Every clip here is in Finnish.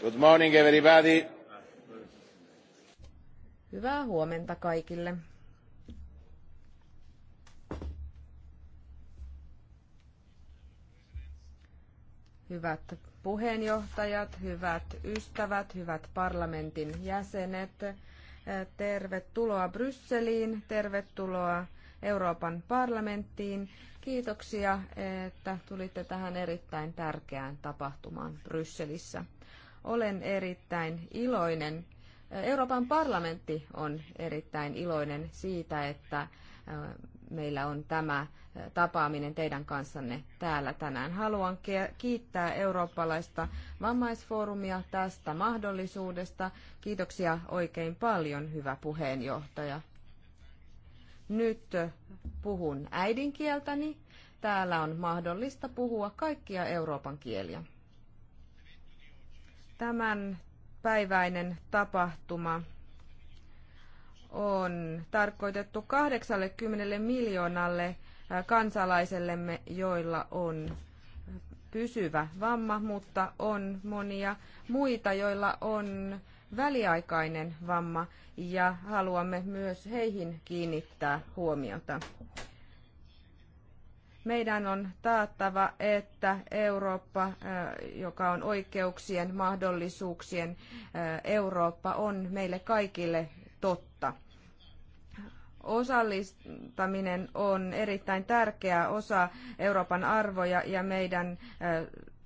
Good morning everybody. Hyvää huomenta kaikille. Hyvät puheenjohtajat, hyvät ystävät, hyvät parlamentin jäsenet, tervetuloa Brysseliin, tervetuloa Euroopan parlamenttiin. Kiitoksia, että tulitte tähän erittäin tärkeään tapahtumaan Brysselissä. Olen erittäin iloinen. Euroopan parlamentti on erittäin iloinen siitä, että meillä on tämä tapaaminen teidän kanssanne täällä tänään. Haluan kiittää eurooppalaista vammaisfoorumia tästä mahdollisuudesta. Kiitoksia oikein paljon, hyvä puheenjohtaja. Nyt puhun äidinkieltäni. Täällä on mahdollista puhua kaikkia Euroopan kieliä. Tämän päiväinen tapahtuma on tarkoitettu 80 miljoonalle kansalaisellemme, joilla on pysyvä vamma, mutta on monia muita, joilla on väliaikainen vamma ja haluamme myös heihin kiinnittää huomiota. Meidän on taattava, että Eurooppa, joka on oikeuksien, mahdollisuuksien Eurooppa, on meille kaikille totta osallistaminen on erittäin tärkeä osa Euroopan arvoja ja meidän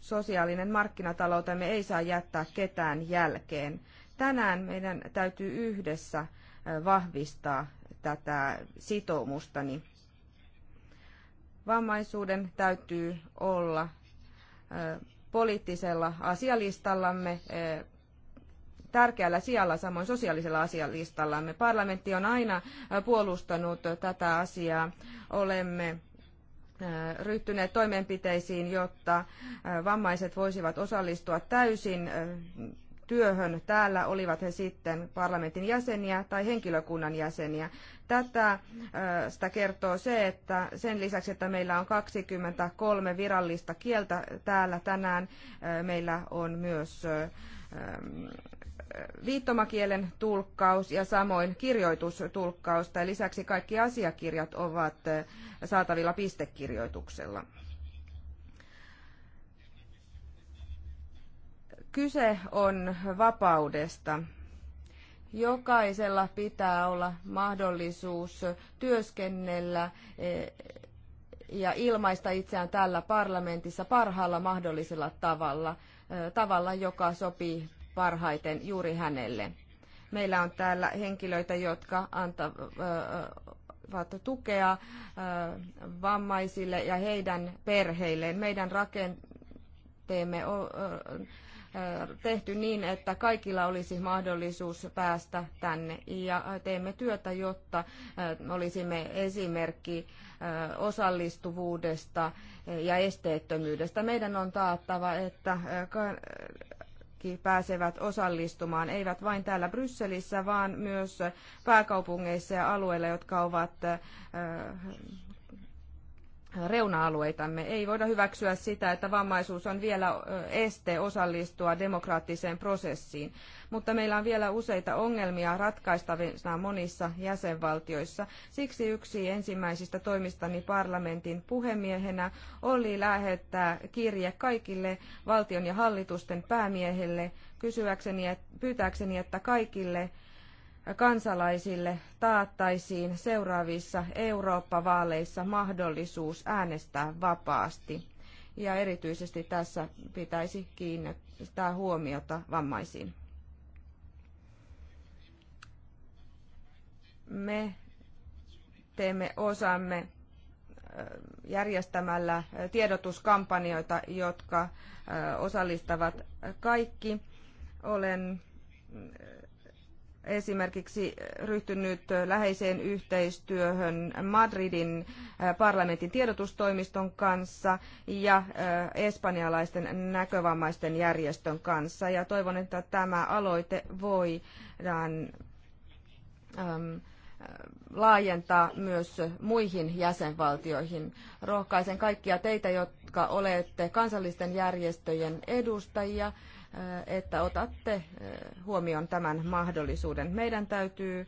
sosiaalinen markkinataloutemme ei saa jättää ketään jälkeen. Tänään meidän täytyy yhdessä vahvistaa tätä sitoumustani. Vammaisuuden täytyy olla poliittisella asialistallamme tärkeällä sijalla, samoin sosiaalisella asialistallamme. Parlamentti on aina puolustanut tätä asiaa. Olemme ryhtyneet toimenpiteisiin, jotta vammaiset voisivat osallistua täysin työhön täällä, olivat he sitten parlamentin jäseniä tai henkilökunnan jäseniä. Tätä sitä kertoo se, että sen lisäksi, että meillä on 23 virallista kieltä täällä tänään, meillä on myös viittomakielen tulkkaus ja samoin kirjoitustulkkausta. lisäksi kaikki asiakirjat ovat saatavilla pistekirjoituksella. Kyse on vapaudesta. Jokaisella pitää olla mahdollisuus työskennellä e, ja ilmaista itseään täällä parlamentissa parhaalla mahdollisella tavalla, e, tavalla joka sopii parhaiten juuri hänelle. Meillä on täällä henkilöitä, jotka antavat tukea vammaisille ja heidän perheilleen. Meidän rakenteemme on tehty niin, että kaikilla olisi mahdollisuus päästä tänne. Ja teemme työtä, jotta olisimme esimerkki osallistuvuudesta ja esteettömyydestä. Meidän on taattava, että kaikki pääsevät osallistumaan, eivät vain täällä Brysselissä, vaan myös pääkaupungeissa ja alueilla, jotka ovat reuna-alueitamme. Ei voida hyväksyä sitä, että vammaisuus on vielä este osallistua demokraattiseen prosessiin, mutta meillä on vielä useita ongelmia ratkaistavina monissa jäsenvaltioissa. Siksi yksi ensimmäisistä toimistani parlamentin puhemiehenä oli lähettää kirje kaikille valtion ja hallitusten päämiehille kysyäkseni, pyytääkseni, että kaikille kansalaisille taattaisiin seuraavissa Eurooppa-vaaleissa mahdollisuus äänestää vapaasti. Ja erityisesti tässä pitäisi kiinnittää huomiota vammaisiin. Me teemme osamme järjestämällä tiedotuskampanjoita, jotka osallistavat kaikki. Olen esimerkiksi ryhtynyt läheiseen yhteistyöhön Madridin parlamentin tiedotustoimiston kanssa ja espanjalaisten näkövammaisten järjestön kanssa. Ja toivon, että tämä aloite voi laajentaa myös muihin jäsenvaltioihin. Rohkaisen kaikkia teitä, jotka olette kansallisten järjestöjen edustajia että otatte huomioon tämän mahdollisuuden. Meidän täytyy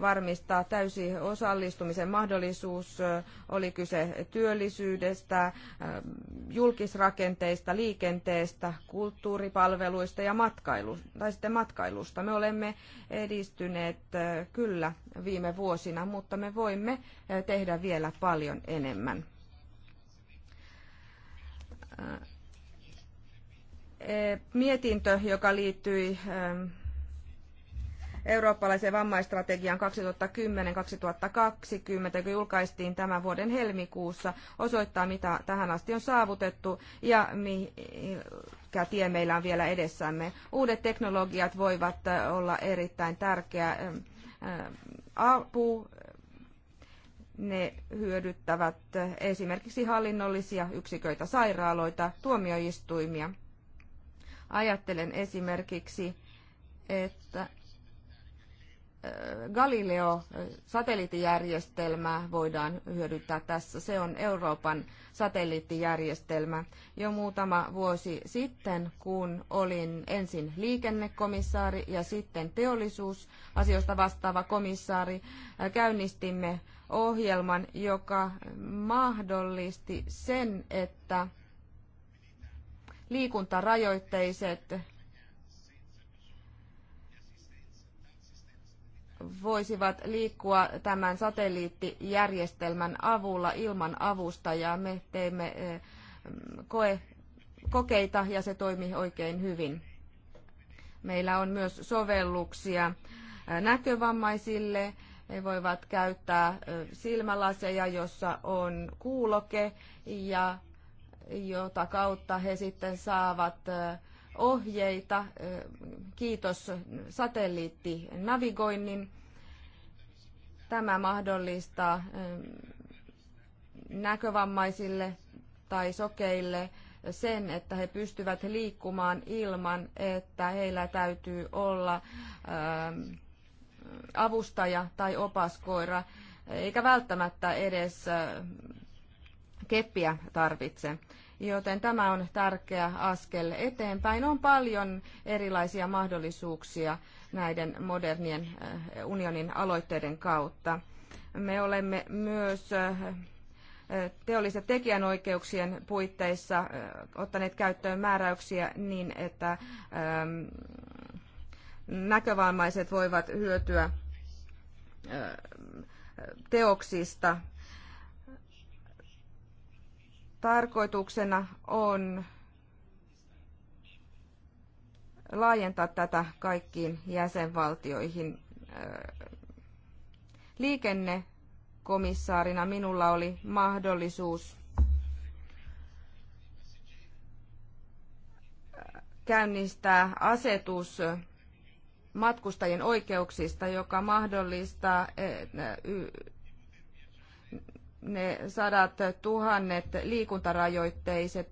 varmistaa täysi osallistumisen mahdollisuus, oli kyse työllisyydestä, julkisrakenteista, liikenteestä, kulttuuripalveluista ja matkailu, tai sitten matkailusta. Me olemme edistyneet kyllä viime vuosina, mutta me voimme tehdä vielä paljon enemmän mietintö, joka liittyi eurooppalaisen vammaistrategian 2010-2020, joka julkaistiin tämän vuoden helmikuussa, osoittaa, mitä tähän asti on saavutettu ja mikä tie meillä on vielä edessämme. Uudet teknologiat voivat äh, olla erittäin tärkeä ähm, äh, apu. Ne hyödyttävät äh, esimerkiksi hallinnollisia yksiköitä, sairaaloita, tuomioistuimia – Ajattelen esimerkiksi, että äh, Galileo-satelliittijärjestelmää äh, voidaan hyödyntää tässä. Se on Euroopan satelliittijärjestelmä. Jo muutama vuosi sitten, kun olin ensin liikennekomissaari ja sitten teollisuusasioista vastaava komissaari, äh, käynnistimme ohjelman, joka mahdollisti sen, että liikuntarajoitteiset voisivat liikkua tämän satelliittijärjestelmän avulla ilman avustajaa. Me teimme eh, koe, kokeita ja se toimi oikein hyvin. Meillä on myös sovelluksia eh, näkövammaisille. He voivat käyttää eh, silmälaseja, jossa on kuuloke ja jota kautta he sitten saavat ohjeita, kiitos satelliittinavigoinnin. Tämä mahdollistaa näkövammaisille tai sokeille sen, että he pystyvät liikkumaan ilman, että heillä täytyy olla avustaja tai opaskoira, eikä välttämättä edes keppiä tarvitse. Joten tämä on tärkeä askel eteenpäin. On paljon erilaisia mahdollisuuksia näiden modernien eh, unionin aloitteiden kautta. Me olemme myös eh, eh, teollisen tekijänoikeuksien puitteissa ottaneet käyttöön määräyksiä niin, että ehm, näkövammaiset voivat hyötyä teoksista tarkoituksena on laajentaa tätä kaikkiin jäsenvaltioihin. Liikennekomissaarina minulla oli mahdollisuus käynnistää asetus matkustajien oikeuksista, joka mahdollistaa eh, eh, ne sadat tuhannet liikuntarajoitteiset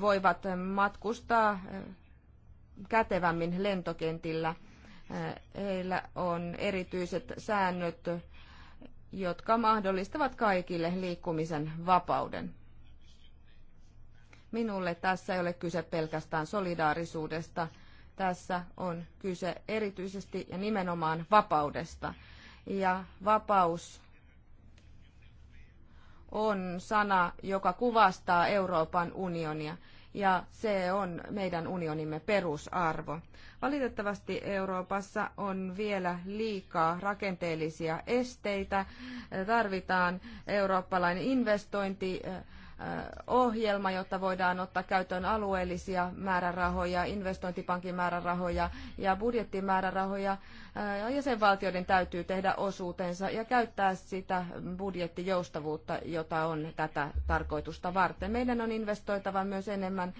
voivat matkustaa kätevämmin lentokentillä. Heillä on erityiset säännöt, jotka mahdollistavat kaikille liikkumisen vapauden. Minulle tässä ei ole kyse pelkästään solidaarisuudesta. Tässä on kyse erityisesti ja nimenomaan vapaudesta. Ja vapaus on sana, joka kuvastaa Euroopan unionia ja se on meidän unionimme perusarvo. Valitettavasti Euroopassa on vielä liikaa rakenteellisia esteitä. Tarvitaan eurooppalainen investointi ohjelma, jotta voidaan ottaa käyttöön alueellisia määrärahoja, investointipankin määrärahoja ja budjettimäärärahoja. Jäsenvaltioiden täytyy tehdä osuutensa ja käyttää sitä budjettijoustavuutta, jota on tätä tarkoitusta varten. Meidän on investoitava myös enemmän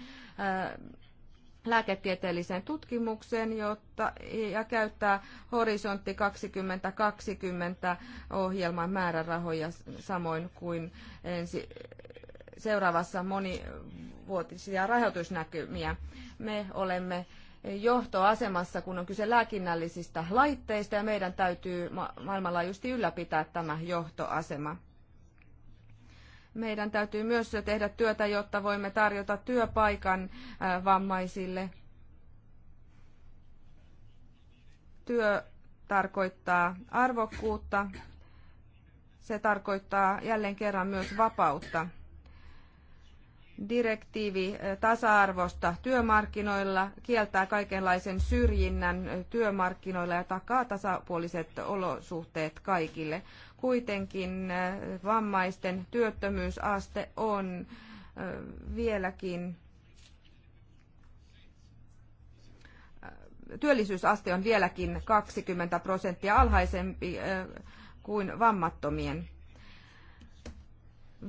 lääketieteelliseen tutkimukseen jotta, ja käyttää Horisontti 2020 ohjelman määrärahoja samoin kuin ensi seuraavassa monivuotisia rahoitusnäkymiä. Me olemme johtoasemassa, kun on kyse lääkinnällisistä laitteista, ja meidän täytyy ma- maailmanlaajuisesti ylläpitää tämä johtoasema. Meidän täytyy myös tehdä työtä, jotta voimme tarjota työpaikan vammaisille. Työ tarkoittaa arvokkuutta. Se tarkoittaa jälleen kerran myös vapautta. Direktiivi eh, tasa-arvosta työmarkkinoilla kieltää kaikenlaisen syrjinnän eh, työmarkkinoilla ja takaa tasapuoliset olosuhteet kaikille. Kuitenkin eh, vammaisten työttömyysaste on vieläkin työllisyysaste on vieläkin 20 prosenttia alhaisempi kuin vammattomien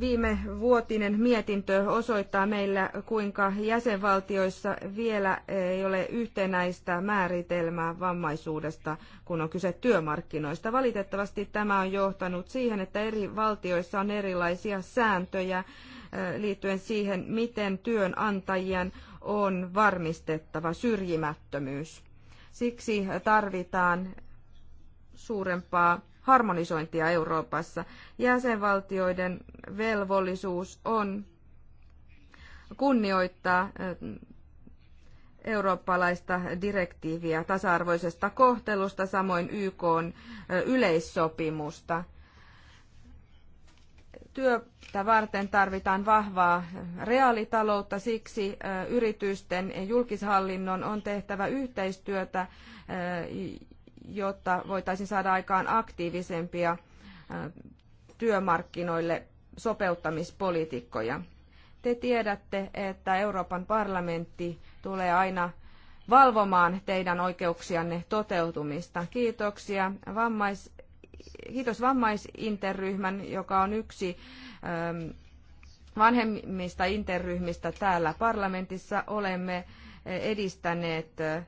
viime vuotinen mietintö osoittaa meillä, kuinka jäsenvaltioissa vielä ei ole yhtenäistä määritelmää vammaisuudesta, kun on kyse työmarkkinoista. Valitettavasti tämä on johtanut siihen, että eri valtioissa on erilaisia sääntöjä eh, liittyen siihen, miten työnantajien on varmistettava syrjimättömyys. Siksi tarvitaan suurempaa harmonisointia Euroopassa. Jäsenvaltioiden velvollisuus on kunnioittaa eurooppalaista direktiiviä tasa-arvoisesta kohtelusta, samoin YK yleissopimusta. Työtä varten tarvitaan vahvaa reaalitaloutta, siksi yritysten ja julkishallinnon on tehtävä yhteistyötä jotta voitaisiin saada aikaan aktiivisempia työmarkkinoille sopeuttamispolitiikkoja. Te tiedätte, että Euroopan parlamentti tulee aina valvomaan teidän oikeuksianne toteutumista. Kiitoksia. Vammais, kiitos vammaisinterryhmän, joka on yksi ähm, vanhemmista interryhmistä täällä parlamentissa. Olemme äh, edistäneet äh,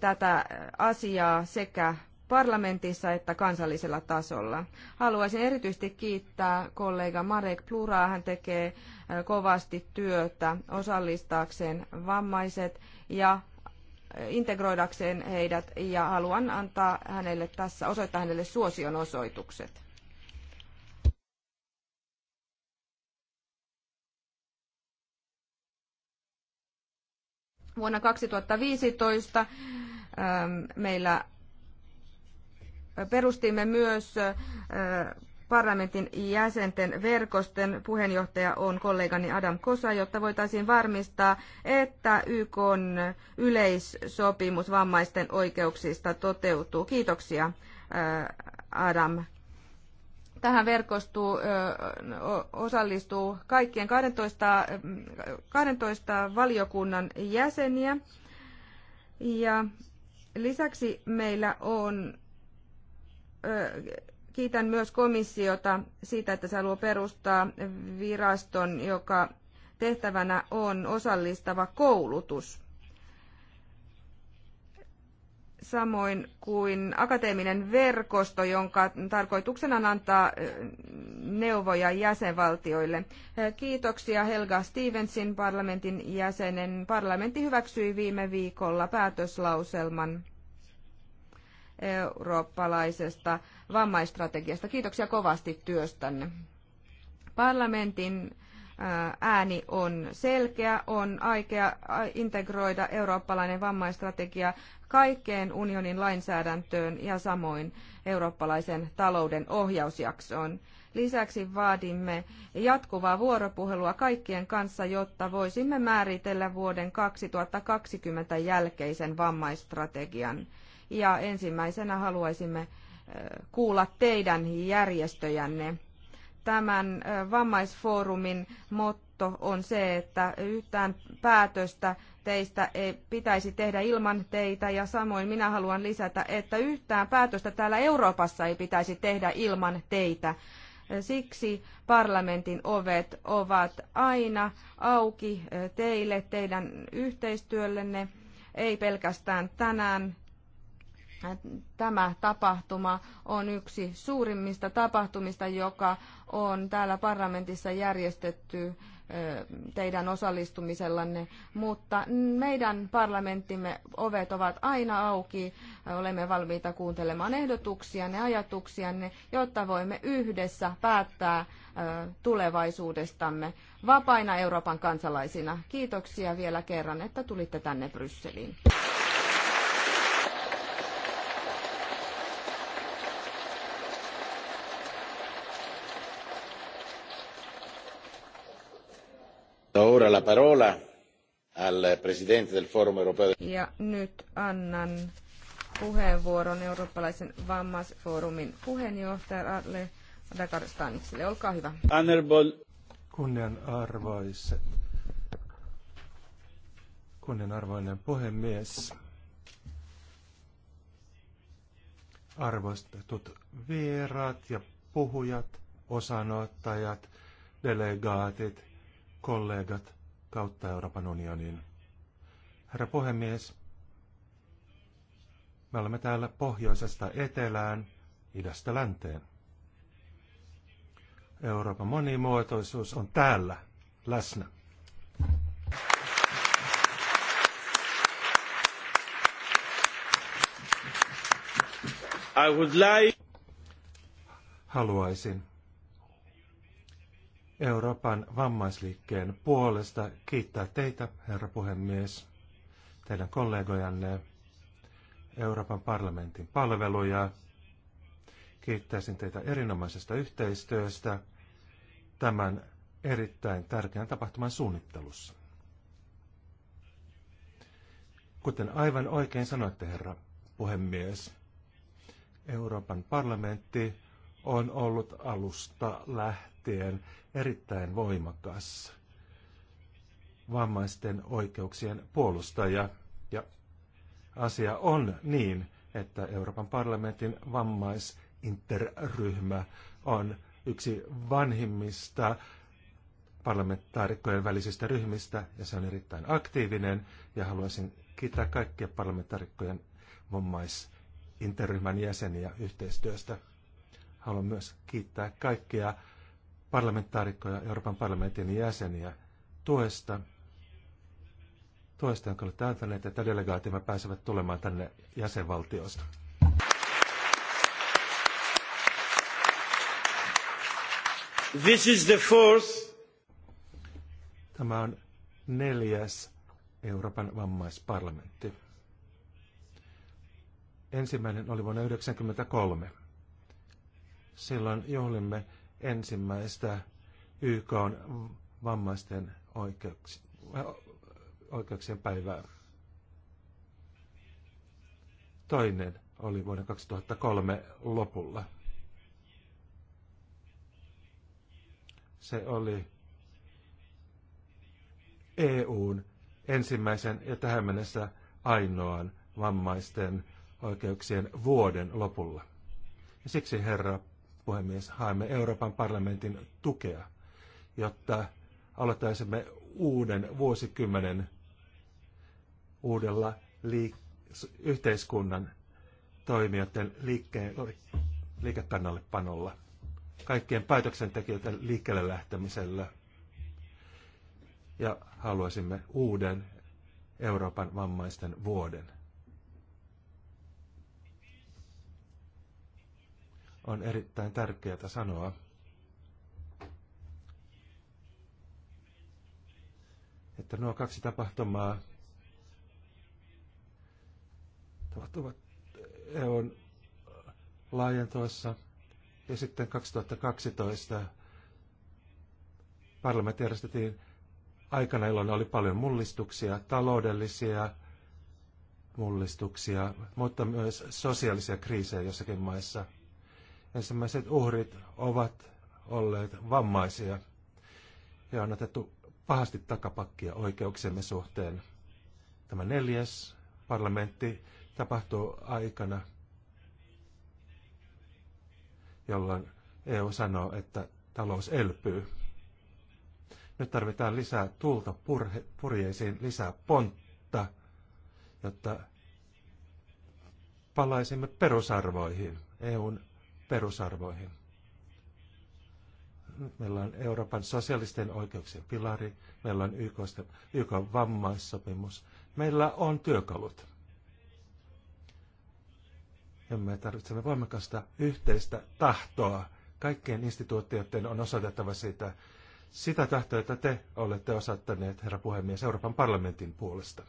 tätä asiaa sekä parlamentissa että kansallisella tasolla. Haluaisin erityisesti kiittää kollega Marek Pluraa. Hän tekee äh, kovasti työtä osallistaakseen vammaiset ja äh, integroidakseen heidät ja haluan antaa hänelle tässä, osoittaa hänelle suosion osoitukset. Vuonna 2015 ähm, meillä äh, perustimme myös äh, parlamentin jäsenten verkosten puheenjohtaja on kollegani Adam Kosa, jotta voitaisiin varmistaa, että YK yleissopimus vammaisten oikeuksista toteutuu. Kiitoksia äh, Adam Tähän verkostuu, osallistuu kaikkien 12, 12 valiokunnan jäseniä. Ja lisäksi meillä on, kiitän myös komissiota siitä, että se haluaa perustaa viraston, joka tehtävänä on osallistava koulutus samoin kuin akateeminen verkosto, jonka tarkoituksena on antaa neuvoja jäsenvaltioille. Kiitoksia Helga Stevensin parlamentin jäsenen. Parlamentti hyväksyi viime viikolla päätöslauselman eurooppalaisesta vammaistrategiasta. Kiitoksia kovasti työstänne. Parlamentin ääni on selkeä, on aikea integroida eurooppalainen vammaistrategia kaikkeen unionin lainsäädäntöön ja samoin eurooppalaisen talouden ohjausjaksoon. Lisäksi vaadimme jatkuvaa vuoropuhelua kaikkien kanssa, jotta voisimme määritellä vuoden 2020 jälkeisen vammaistrategian. Ja ensimmäisenä haluaisimme äh, kuulla teidän järjestöjänne tämän vammaisfoorumin motto on se, että yhtään päätöstä teistä ei pitäisi tehdä ilman teitä ja samoin minä haluan lisätä, että yhtään päätöstä täällä Euroopassa ei pitäisi tehdä ilman teitä. Siksi parlamentin ovet ovat aina auki teille, teidän yhteistyöllenne, ei pelkästään tänään Tämä tapahtuma on yksi suurimmista tapahtumista, joka on täällä parlamentissa järjestetty teidän osallistumisellanne, mutta meidän parlamenttimme ovet ovat aina auki. Olemme valmiita kuuntelemaan ehdotuksianne, ajatuksianne, jotta voimme yhdessä päättää tulevaisuudestamme vapaina Euroopan kansalaisina. Kiitoksia vielä kerran, että tulitte tänne Brysseliin. Ora la parola al presidente del forum europeo. Ja nyt annan puheenvuoron eurooppalaisen vammaisfoorumin puheenjohtajalle Dakar Stanikselle. Olkaa hyvä. Honorable. Kunnianarvoiset. Kunnianarvoinen puhemies. Arvostetut vieraat ja puhujat, osanottajat, delegaatit, kollegat kautta Euroopan unionin. Herra puhemies, me olemme täällä pohjoisesta etelään, idästä länteen. Euroopan monimuotoisuus on täällä läsnä. I would like... Haluaisin Euroopan vammaisliikkeen puolesta kiittää teitä, herra puhemies, teidän kollegojanne, Euroopan parlamentin palveluja. Kiittäisin teitä erinomaisesta yhteistyöstä tämän erittäin tärkeän tapahtuman suunnittelussa. Kuten aivan oikein sanoitte, herra puhemies, Euroopan parlamentti on ollut alusta lähtien erittäin voimakas vammaisten oikeuksien puolustaja. Ja asia on niin, että Euroopan parlamentin vammaisinterryhmä on yksi vanhimmista parlamentaarikkojen välisistä ryhmistä ja se on erittäin aktiivinen ja haluaisin kiittää kaikkia parlamentaarikkojen vammaisinterryhmän jäseniä yhteistyöstä. Haluan myös kiittää kaikkia parlamentaarikkoja, Euroopan parlamentin jäseniä tuesta, tuesta, jonka olette antaneet, että delegaatimme pääsevät tulemaan tänne jäsenvaltiosta. This is the fourth. Tämä on neljäs Euroopan vammaisparlamentti. Ensimmäinen oli vuonna 1993 silloin juhlimme ensimmäistä YK on vammaisten oikeuks- oikeuksien päivää. Toinen oli vuoden 2003 lopulla. Se oli EUn ensimmäisen ja tähän mennessä ainoan vammaisten oikeuksien vuoden lopulla. Ja siksi, herra puhemies, haemme Euroopan parlamentin tukea, jotta aloittaisimme uuden vuosikymmenen uudella liik- yhteiskunnan toimijoiden liikkeen, liikekannalle panolla, kaikkien päätöksentekijöiden liikkeelle lähtemisellä. Ja haluaisimme uuden Euroopan vammaisten vuoden. on erittäin tärkeää sanoa. Että nuo kaksi tapahtumaa tapahtuvat EUn laajentuessa ja sitten 2012 parlamentti järjestettiin aikana, jolloin oli paljon mullistuksia, taloudellisia mullistuksia, mutta myös sosiaalisia kriisejä jossakin maissa – ensimmäiset uhrit ovat olleet vammaisia ja on otettu pahasti takapakkia oikeuksiemme suhteen. Tämä neljäs parlamentti tapahtuu aikana, jolloin EU sanoo, että talous elpyy. Nyt tarvitaan lisää tulta purhe, purjeisiin, lisää pontta, jotta palaisimme perusarvoihin, EUn perusarvoihin. Meillä on Euroopan sosiaalisten oikeuksien pilari, meillä on YK, YK vammaissopimus, meillä on työkalut. Ja me tarvitsemme voimakasta yhteistä tahtoa. Kaikkien instituutioiden on osoitettava siitä, sitä tahtoa, että te olette osattaneet, herra puhemies, Euroopan parlamentin puolesta.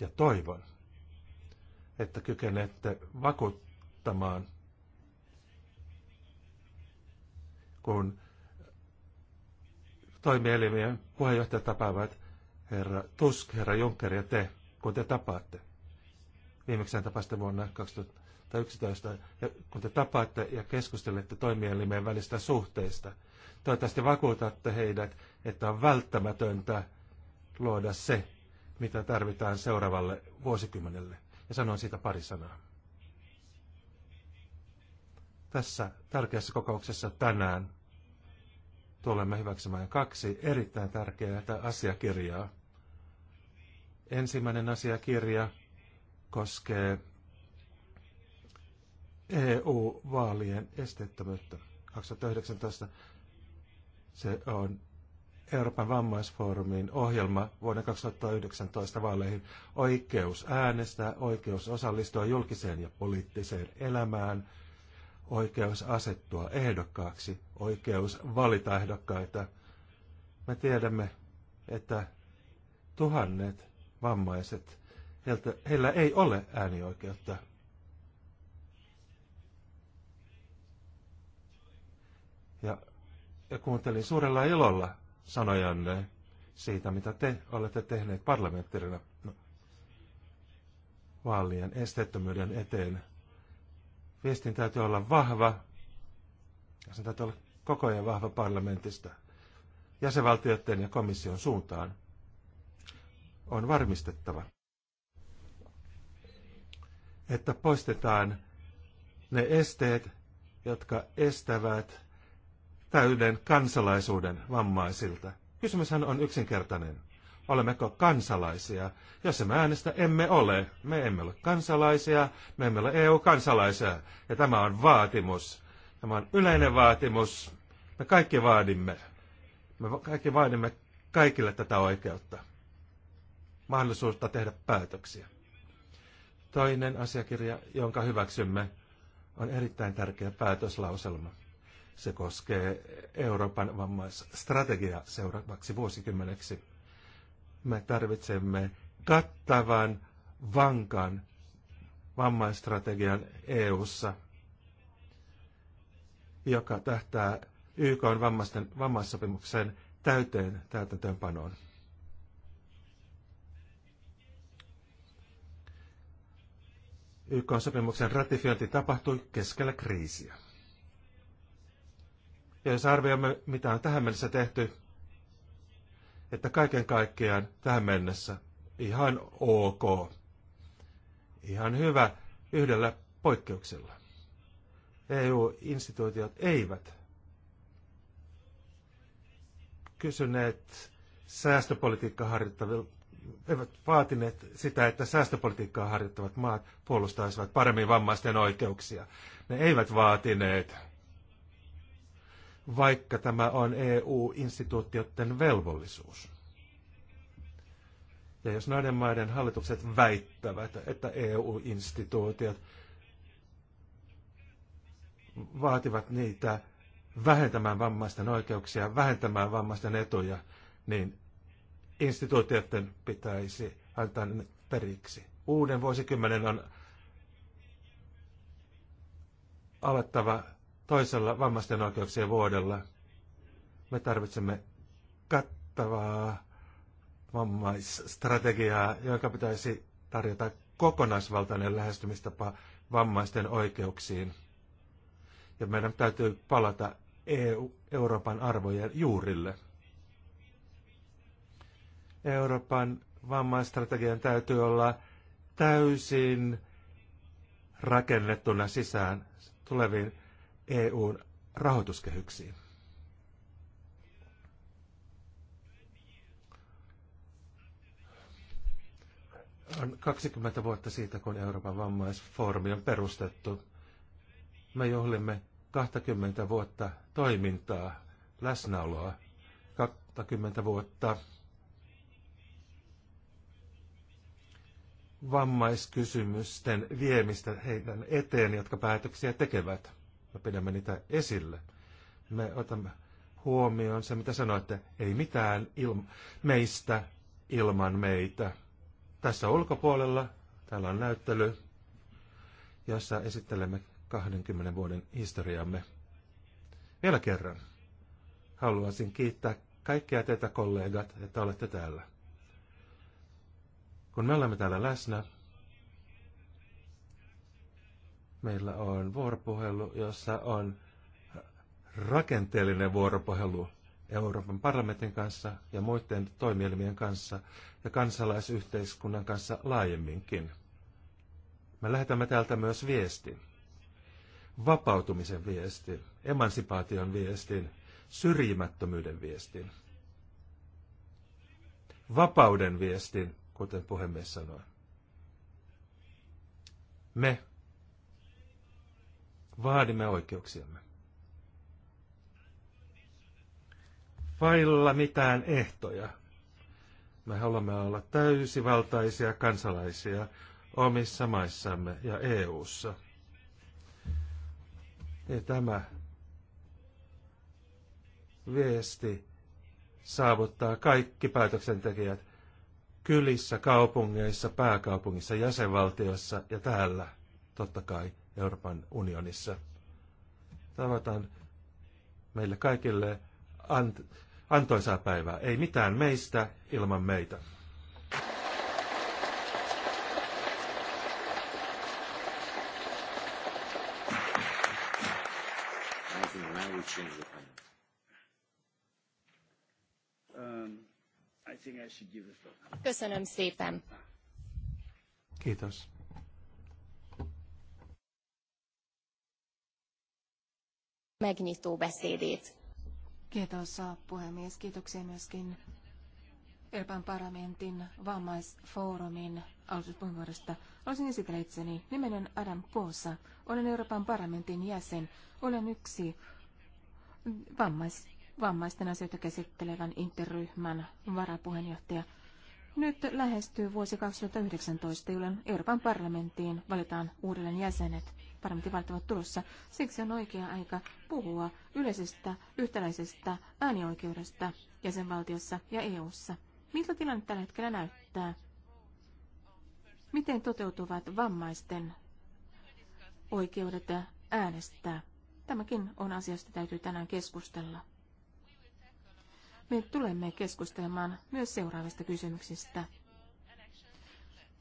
Ja toivon, että kykenette vakuuttamaan, kun toimielimien puheenjohtajat tapaavat herra Tusk, herra Juncker ja te, kun te tapaatte. Viimeksi tapasitte vuonna 2011, ja kun te tapaatte ja keskustelette toimielimien välistä suhteista. Toivottavasti vakuutatte heidät, että on välttämätöntä luoda se, mitä tarvitaan seuraavalle vuosikymmenelle ja sanoin siitä pari sanaa. Tässä tärkeässä kokouksessa tänään tulemme hyväksymään kaksi erittäin tärkeää asiakirjaa. Ensimmäinen asiakirja koskee EU-vaalien esteettömyyttä 2019. Se on Euroopan vammaisfoorumin ohjelma vuoden 2019 vaaleihin oikeus äänestää, oikeus osallistua julkiseen ja poliittiseen elämään, oikeus asettua ehdokkaaksi, oikeus valita ehdokkaita. Me tiedämme, että tuhannet vammaiset, heiltä, heillä ei ole äänioikeutta. Ja, ja kuuntelin suurella ilolla sanojanne siitä, mitä te olette tehneet parlamenttirina no, vaalien esteettömyyden eteen. Viestin täytyy olla vahva, ja sen täytyy olla koko ajan vahva parlamentista, jäsenvaltioiden ja komission suuntaan. On varmistettava, että poistetaan ne esteet, jotka estävät täyden kansalaisuuden vammaisilta. Kysymyshän on yksinkertainen. Olemmeko kansalaisia? Jos emme äänestä, emme ole. Me emme ole kansalaisia, me emme ole EU-kansalaisia. Ja tämä on vaatimus. Tämä on yleinen vaatimus. Me kaikki vaadimme. Me kaikki vaadimme kaikille tätä oikeutta. Mahdollisuutta tehdä päätöksiä. Toinen asiakirja, jonka hyväksymme, on erittäin tärkeä päätöslauselma. Se koskee Euroopan vammaisstrategiaa seuraavaksi vuosikymmeneksi. Me tarvitsemme kattavan, vankan vammaistrategian EU:ssa, joka tähtää YK vammaisten, vammaissopimuksen täyteen täytäntöönpanoon. YK-sopimuksen ratifiointi tapahtui keskellä kriisiä. Ja jos arvioimme, mitä on tähän mennessä tehty, että kaiken kaikkiaan tähän mennessä ihan ok. Ihan hyvä yhdellä poikkeuksella. EU-instituutiot eivät kysyneet säästöpolitiikkaa harjoittavilta, eivät vaatineet sitä, että säästöpolitiikkaa harjoittavat maat puolustaisivat paremmin vammaisten oikeuksia. Ne eivät vaatineet vaikka tämä on EU-instituutioiden velvollisuus. Ja jos näiden maiden hallitukset väittävät, että EU-instituutiot vaativat niitä vähentämään vammaisten oikeuksia, vähentämään vammaisten etuja, niin instituutioiden pitäisi antaa ne periksi. Uuden vuosikymmenen on alettava toisella vammaisten oikeuksien vuodella. Me tarvitsemme kattavaa vammaisstrategiaa, joka pitäisi tarjota kokonaisvaltainen lähestymistapa vammaisten oikeuksiin. Ja meidän täytyy palata EU, Euroopan arvojen juurille. Euroopan vammaistrategian täytyy olla täysin rakennettuna sisään tuleviin EUn rahoituskehyksiin. On 20 vuotta siitä, kun Euroopan vammaisfoorumi on perustettu. Me juhlimme 20 vuotta toimintaa, läsnäoloa, 20 vuotta vammaiskysymysten viemistä heidän eteen, jotka päätöksiä tekevät. Me pidämme niitä esille. Me otamme huomioon se, mitä sanoitte, ei mitään ilma, meistä ilman meitä. Tässä ulkopuolella täällä on näyttely, jossa esittelemme 20 vuoden historiamme. Vielä kerran haluaisin kiittää kaikkia teitä kollegat, että olette täällä. Kun me olemme täällä läsnä, Meillä on vuoropuhelu, jossa on rakenteellinen vuoropuhelu Euroopan parlamentin kanssa ja muiden toimielimien kanssa ja kansalaisyhteiskunnan kanssa laajemminkin. Me lähetämme täältä myös viestin. Vapautumisen viestin, emansipaation viestin, syrjimättömyyden viestin. Vapauden viestin, kuten puhemies sanoi. Me vaadimme oikeuksiamme. Vailla mitään ehtoja. Me haluamme olla täysivaltaisia kansalaisia omissa maissamme ja EU:ssa. Ja tämä viesti saavuttaa kaikki päätöksentekijät kylissä, kaupungeissa, pääkaupungissa, jäsenvaltiossa ja täällä, totta kai. Euroopan unionissa. Tavataan meille kaikille ant- antoisaa päivää. Ei mitään meistä ilman meitä. Köszönöm szépen. Kiitos. megnyitó beszédét. Kiitos puhemies, kiitoksia myöskin Euroopan parlamentin vammaisfoorumin aloituspuheenvuorosta. Olisin esitellä itseni. Nimeni on Adam Poosa. Olen Euroopan parlamentin jäsen. Olen yksi vammais, vammaisten asioita käsittelevän interryhmän varapuheenjohtaja. Nyt lähestyy vuosi 2019, jolloin Euroopan parlamenttiin valitaan uudelleen jäsenet parlamentin valittavat tulossa. Siksi on oikea aika puhua yleisestä yhtäläisestä äänioikeudesta jäsenvaltiossa ja EU:ssa. Miltä tilanne tällä hetkellä näyttää? Miten toteutuvat vammaisten oikeudet äänestää? Tämäkin on asia, josta täytyy tänään keskustella. Me tulemme keskustelemaan myös seuraavista kysymyksistä.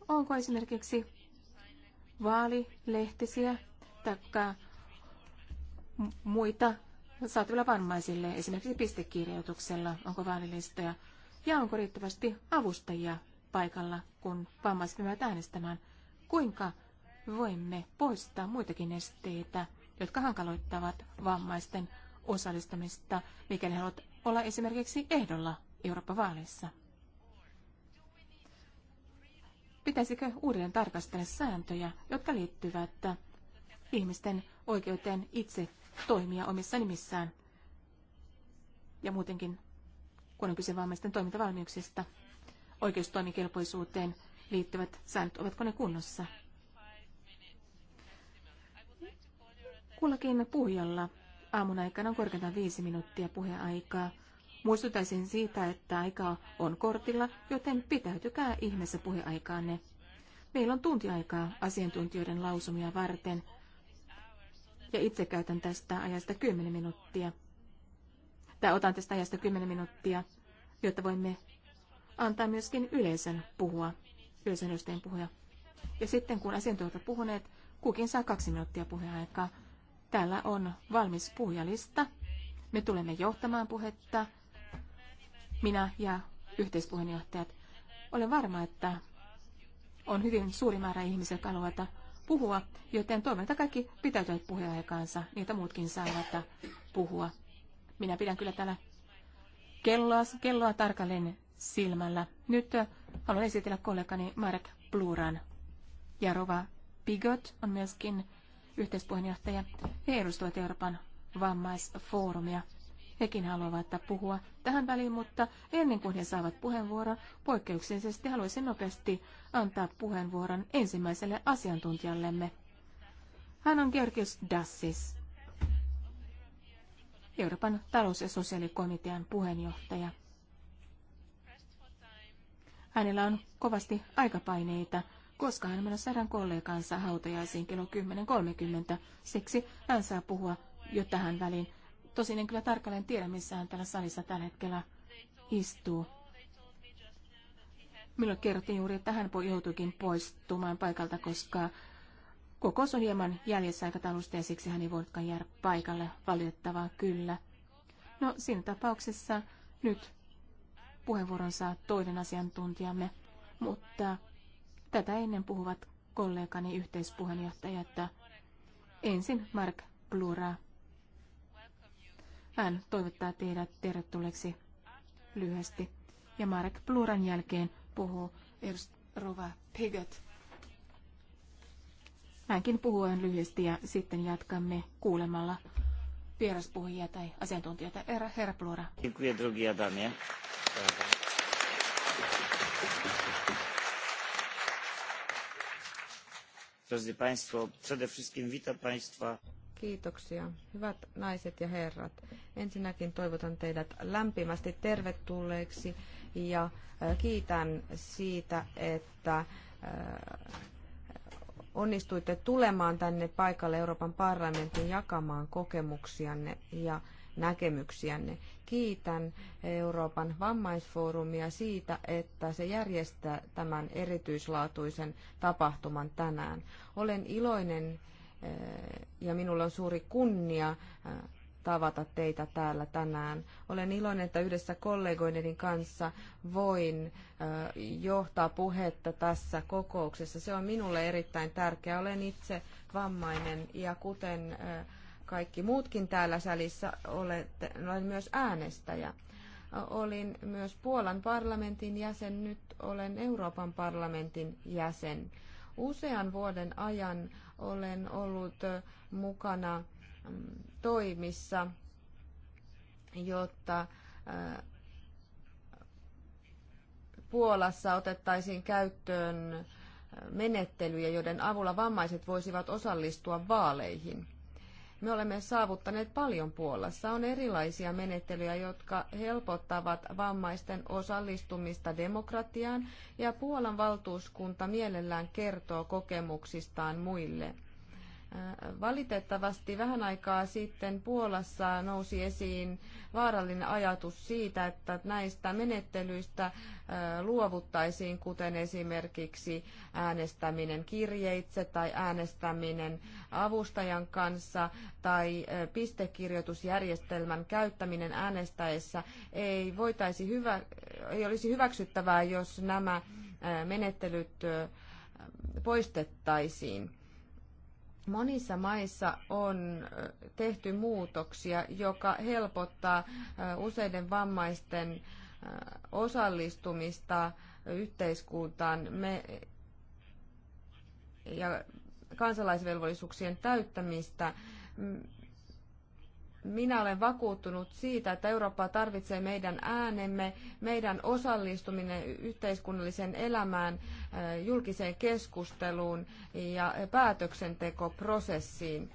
Onko esimerkiksi vaalilehtisiä tai muita saatavilla vammaisille, esimerkiksi pistekirjoituksella, onko vaalilistoja ja onko riittävästi avustajia paikalla, kun vammaiset menevät äänestämään. Kuinka voimme poistaa muitakin esteitä, jotka hankaloittavat vammaisten osallistumista, mikäli haluat olla esimerkiksi ehdolla Euroopan vaaleissa? Pitäisikö uudelleen tarkastella sääntöjä, jotka liittyvät ihmisten oikeuteen itse toimia omissa nimissään ja muutenkin, kun on kyse vammaisten toimintavalmiuksista. Oikeustoimikelpoisuuteen liittyvät säännöt, ovatko ne kunnossa? Kullakin puhujalla aamun aikana on korkeintaan viisi minuuttia puheaikaa. Muistutaisin siitä, että aika on kortilla, joten pitäytykää ihmeessä puheaikaanne. Meillä on tuntiaikaa asiantuntijoiden lausumia varten – ja itse käytän tästä ajasta 10 minuuttia. Tai otan tästä ajasta 10 minuuttia, jotta voimme antaa myöskin yleisön puhua, yleisön edustajien puhua. Ja sitten kun asiantuntijat ovat puhuneet, kukin saa kaksi minuuttia puheaikaa. Täällä on valmis puhujalista. Me tulemme johtamaan puhetta, minä ja yhteispuheenjohtajat. Olen varma, että on hyvin suuri määrä ihmisiä, jotka haluavat puhua, joten toivon, että kaikki pitäytyvät puheenaikaansa, niitä muutkin saavat puhua. Minä pidän kyllä täällä kelloa, kelloa tarkalleen silmällä. Nyt äh, haluan esitellä kollegani Marek Pluran. Ja Rova Bigot on myöskin yhteispuheenjohtaja. He edustavat Euroopan vammaisfoorumia. Hekin haluavat puhua tähän väliin, mutta ennen kuin he saavat puheenvuoron, poikkeuksellisesti haluaisin nopeasti antaa puheenvuoron ensimmäiselle asiantuntijallemme. Hän on Georgios Dassis, Euroopan talous- ja sosiaalikomitean puheenjohtaja. Hänellä on kovasti aikapaineita, koska hän menossa sadan kollegansa hautajaisiin kello 10.30. Siksi hän saa puhua jo tähän väliin Tosin en kyllä tarkalleen tiedä, missä hän täällä salissa tällä hetkellä istuu. Minulle kerrottiin juuri, että hän joutuikin poistumaan paikalta, koska kokous on hieman jäljessä aikataulusta ja siksi hän ei voinutkaan jäädä paikalle. Valitettavaa kyllä. No siinä tapauksessa nyt puheenvuoron saa toinen asiantuntijamme, mutta tätä ennen puhuvat kollegani yhteispuheenjohtajat. Ensin Mark Blura. Hän toivottaa teidät tervetulleeksi lyhyesti. Ja Marek Pluran jälkeen puhuu Rova Pigot. Hänkin puhuu lyhyesti ja sitten jatkamme kuulemalla vieraspuhujia tai asiantuntijoita. Herra, herra Plura. Drodzy Państwo, przede wszystkim witam Państwa. Kiitoksia. Hyvät naiset ja herrat, ensinnäkin toivotan teidät lämpimästi tervetulleeksi ja äh, kiitän siitä, että äh, onnistuitte tulemaan tänne paikalle Euroopan parlamentin jakamaan kokemuksianne ja näkemyksiänne. Kiitän Euroopan vammaisfoorumia siitä, että se järjestää tämän erityislaatuisen tapahtuman tänään. Olen iloinen ja minulla on suuri kunnia tavata teitä täällä tänään. Olen iloinen, että yhdessä kollegoideni kanssa voin johtaa puhetta tässä kokouksessa. Se on minulle erittäin tärkeää. Olen itse vammainen ja kuten kaikki muutkin täällä salissa, olen myös äänestäjä. Olin myös Puolan parlamentin jäsen, nyt olen Euroopan parlamentin jäsen Usean vuoden ajan olen ollut mukana mm, toimissa, jotta Puolassa otettaisiin käyttöön menettelyjä, joiden avulla vammaiset voisivat osallistua vaaleihin. Me olemme saavuttaneet paljon Puolassa. On erilaisia menettelyjä, jotka helpottavat vammaisten osallistumista demokratiaan, ja Puolan valtuuskunta mielellään kertoo kokemuksistaan muille. Valitettavasti vähän aikaa sitten Puolassa nousi esiin vaarallinen ajatus siitä, että näistä menettelyistä luovuttaisiin, kuten esimerkiksi äänestäminen kirjeitse tai äänestäminen avustajan kanssa tai pistekirjoitusjärjestelmän käyttäminen äänestäessä ei, voitaisi hyvä, ei olisi hyväksyttävää, jos nämä menettelyt poistettaisiin Monissa maissa on tehty muutoksia, joka helpottaa useiden vammaisten osallistumista yhteiskuntaan me, ja kansalaisvelvollisuuksien täyttämistä. Minä olen vakuuttunut siitä, että Eurooppa tarvitsee meidän äänemme, meidän osallistuminen yhteiskunnalliseen elämään, julkiseen keskusteluun ja päätöksentekoprosessiin.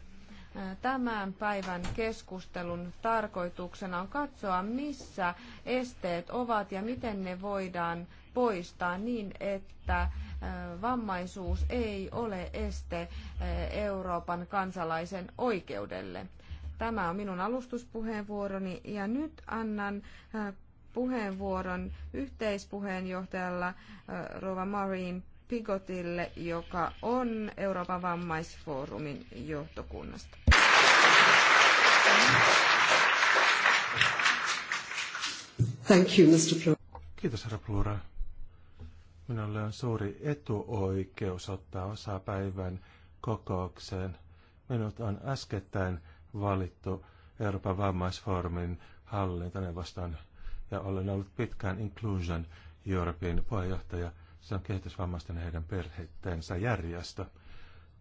Tämän päivän keskustelun tarkoituksena on katsoa, missä esteet ovat ja miten ne voidaan poistaa niin, että vammaisuus ei ole este Euroopan kansalaisen oikeudelle. Tämä on minun alustuspuheenvuoroni ja nyt annan äh, puheenvuoron yhteispuheenjohtajalla äh, Rova Maureen Pigotille, joka on Euroopan vammaisfoorumin johtokunnasta. Thank you, Mr. Plura. Kiitos, herra Plura. Minulle on suuri etuoikeus ottaa osaa päivän kokoukseen. Minut on äskettäin valittu Euroopan vammaisfoorumin hallintoneuvoston ja olen ollut pitkään Inclusion Europein puheenjohtaja. Se on kehitysvammaisten heidän perheittensä järjestö.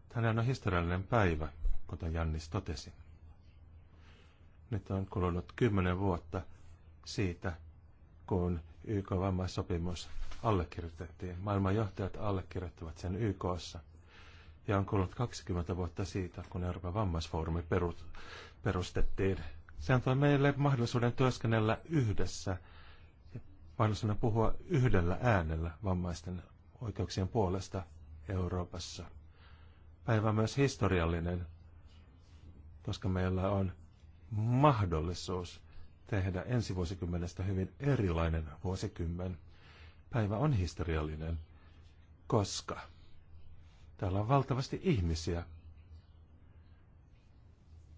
Tänään on historiallinen päivä, kuten Jannis totesi. Nyt on kulunut kymmenen vuotta siitä, kun YK-vammaissopimus allekirjoitettiin. Maailman johtajat allekirjoittavat sen YKssa – ja on kulunut 20 vuotta siitä, kun Euroopan vammaisfoorumi perustettiin. Se antoi meille mahdollisuuden työskennellä yhdessä ja mahdollisuuden puhua yhdellä äänellä vammaisten oikeuksien puolesta Euroopassa. Päivä on myös historiallinen, koska meillä on mahdollisuus tehdä ensi vuosikymmenestä hyvin erilainen vuosikymmen. Päivä on historiallinen, koska Täällä on valtavasti ihmisiä.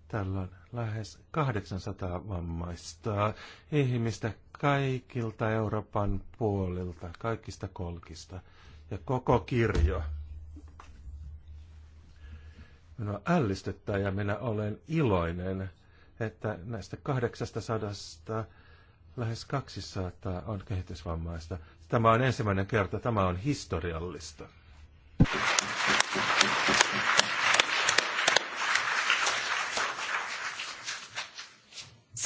Täällä on lähes 800 vammaista ihmistä kaikilta Euroopan puolilta, kaikista kolkista ja koko kirjo. Minua ällistyttää ja minä olen iloinen, että näistä 800 lähes 200 on kehitysvammaista. Tämä on ensimmäinen kerta, tämä on historiallista.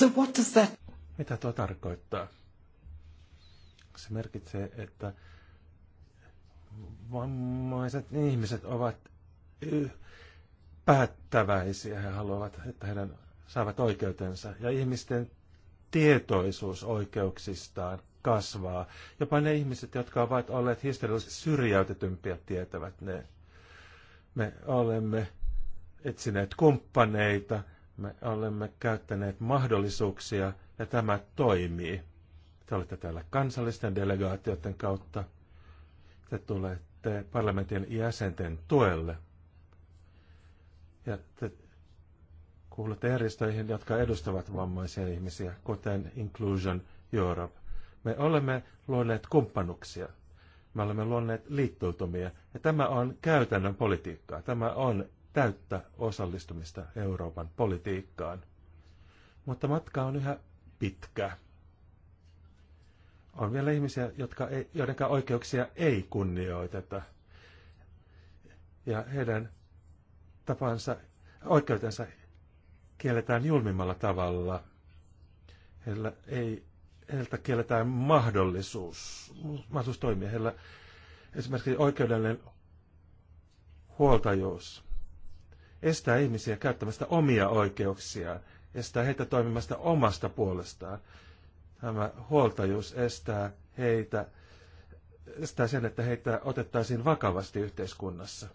So what does that... Mitä tuo tarkoittaa? Se merkitsee, että vammaiset ihmiset ovat päättäväisiä. He haluavat, että heidän saavat oikeutensa. Ja ihmisten tietoisuus oikeuksistaan kasvaa. Jopa ne ihmiset, jotka ovat olleet historiallisesti syrjäytetympiä, tietävät ne. Me olemme etsineet kumppaneita, me olemme käyttäneet mahdollisuuksia ja tämä toimii. Te olette täällä kansallisten delegaatioiden kautta. Te tulette parlamentin jäsenten tuelle. Ja te kuulutte järjestöihin, jotka edustavat vammaisia ihmisiä, kuten Inclusion Europe. Me olemme luoneet kumppanuksia. Me olemme luoneet liittoutumia. Ja tämä on käytännön politiikkaa. Tämä on täyttä osallistumista Euroopan politiikkaan. Mutta matka on yhä pitkä. On vielä ihmisiä, jotka ei, joidenkaan oikeuksia ei kunnioiteta. Ja heidän tapansa, oikeutensa kielletään julmimmalla tavalla. Heillä ei, heiltä kielletään mahdollisuus, mahdollisuus toimia. Heillä esimerkiksi oikeudellinen huoltajuus estää ihmisiä käyttämästä omia oikeuksiaan, estää heitä toimimasta omasta puolestaan. Tämä huoltajuus estää heitä, estää sen, että heitä otettaisiin vakavasti yhteiskunnassa.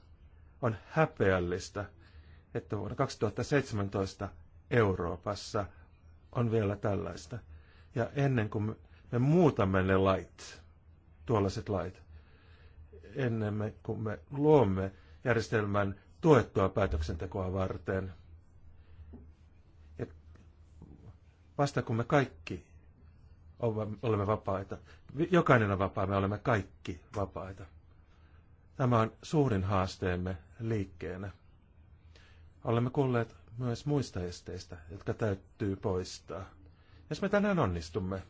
On häpeällistä, että vuonna 2017 Euroopassa on vielä tällaista. Ja ennen kuin me muutamme ne lait, tuollaiset lait, ennen kuin me luomme järjestelmän, tuettua päätöksentekoa varten. Ja vasta kun me kaikki olemme vapaita, jokainen on vapaa, me olemme kaikki vapaita. Tämä on suurin haasteemme liikkeenä. Olemme kuulleet myös muista esteistä, jotka täytyy poistaa. Jos me tänään onnistumme,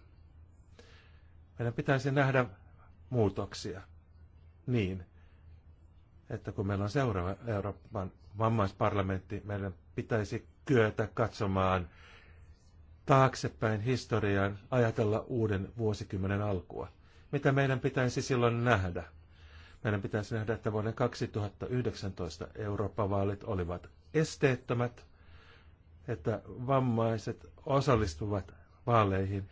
meidän pitäisi nähdä muutoksia niin, että kun meillä on seuraava Euroopan vammaisparlamentti, meidän pitäisi kyetä katsomaan taaksepäin historiaan, ajatella uuden vuosikymmenen alkua. Mitä meidän pitäisi silloin nähdä? Meidän pitäisi nähdä, että vuoden 2019 Eurooppa-vaalit olivat esteettömät, että vammaiset osallistuvat vaaleihin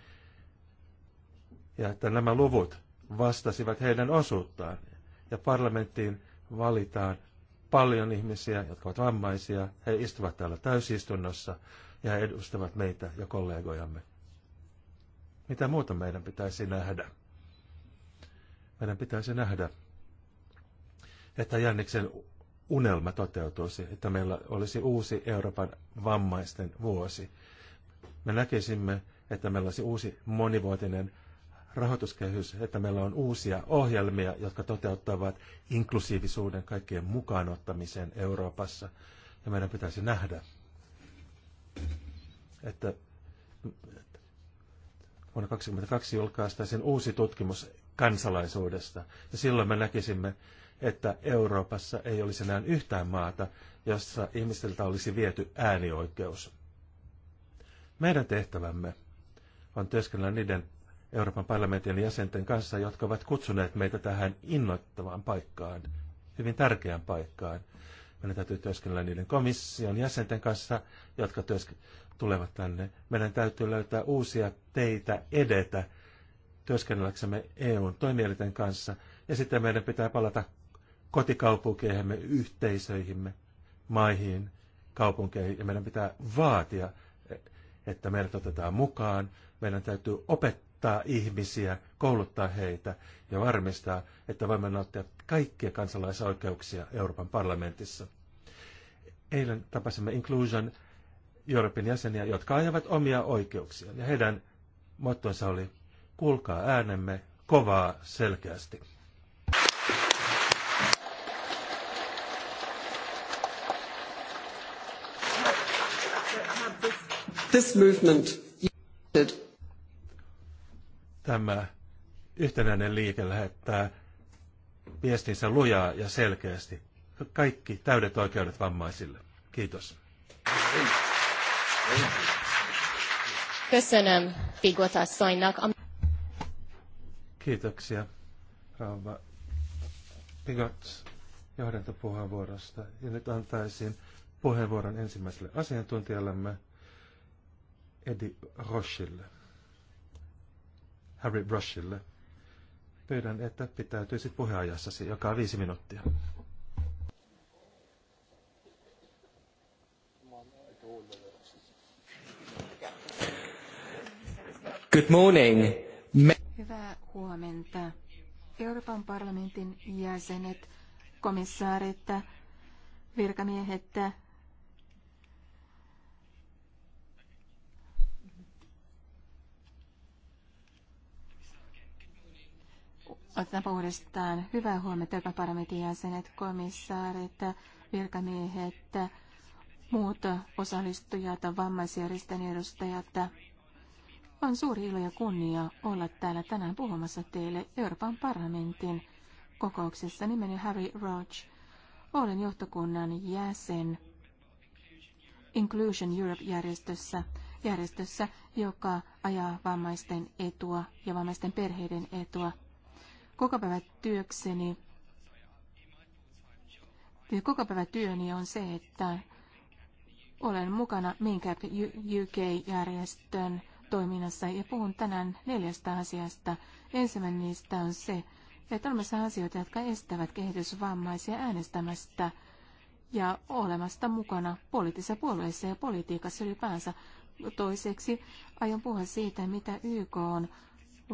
ja että nämä luvut vastasivat heidän osuuttaan. Ja parlamenttiin valitaan paljon ihmisiä, jotka ovat vammaisia. He istuvat täällä täysistunnossa ja he edustavat meitä ja kollegojamme. Mitä muuta meidän pitäisi nähdä? Meidän pitäisi nähdä, että Janniksen unelma toteutuisi, että meillä olisi uusi Euroopan vammaisten vuosi. Me näkisimme, että meillä olisi uusi monivuotinen rahoituskehys, että meillä on uusia ohjelmia, jotka toteuttavat inklusiivisuuden kaikkien mukaanottamisen Euroopassa. Ja meidän pitäisi nähdä, että vuonna 2022 julkaistaisiin uusi tutkimus kansalaisuudesta. Ja silloin me näkisimme, että Euroopassa ei olisi enää yhtään maata, jossa ihmisiltä olisi viety äänioikeus. Meidän tehtävämme on työskennellä niiden Euroopan parlamentin jäsenten kanssa, jotka ovat kutsuneet meitä tähän innoittavaan paikkaan, hyvin tärkeään paikkaan. Meidän täytyy työskennellä niiden komission jäsenten kanssa, jotka työsk- tulevat tänne. Meidän täytyy löytää uusia teitä edetä työskennelläksemme EUn toimielinten kanssa. Ja sitten meidän pitää palata kotikaupunkeihimme, yhteisöihimme, maihin, kaupunkeihin. Ja meidän pitää vaatia, että meidät otetaan mukaan. Meidän täytyy opettaa auttaa ihmisiä, kouluttaa heitä ja varmistaa, että voimme nauttia kaikkia kansalaisoikeuksia Euroopan parlamentissa. Eilen tapasimme Inclusion Euroopan jäseniä, jotka ajavat omia oikeuksiaan. Ja heidän mottonsa oli, kuulkaa äänemme kovaa selkeästi. This movement tämä yhtenäinen liike lähettää viestinsä lujaa ja selkeästi. Kaikki täydet oikeudet vammaisille. Kiitos. Köszönöm Figot asszonynak. Kiitoksia, Rauva Pigot johdantopuheenvuorosta. Ja nyt antaisin puheenvuoron ensimmäiselle asiantuntijallemme, Edi Rochille. Harry Brushille. Pyydän, että pitäytyisit puheajassasi, joka on viisi minuuttia. Good morning. Me- Hyvää huomenta. Euroopan parlamentin jäsenet, komissaarit, virkamiehet, Otetaanpa uudestaan hyvää huomenta, joka parlamentin jäsenet, komissaarit, virkamiehet, muut osallistujat, vammaisjärjestön edustajat. On suuri ilo ja kunnia olla täällä tänään puhumassa teille Euroopan parlamentin kokouksessa. Nimeni Harry Roach. Olen johtokunnan jäsen Inclusion Europe-järjestössä, järjestössä, joka ajaa vammaisten etua ja vammaisten perheiden etua – koko päivä työkseni, koko päivä työni on se, että olen mukana Minkäp UK-järjestön toiminnassa ja puhun tänään neljästä asiasta. Ensimmäinen niistä on se, että olemassa asioita, jotka estävät kehitysvammaisia äänestämästä ja olemasta mukana poliittisessa puolueessa ja politiikassa ylipäänsä. Toiseksi aion puhua siitä, mitä YK on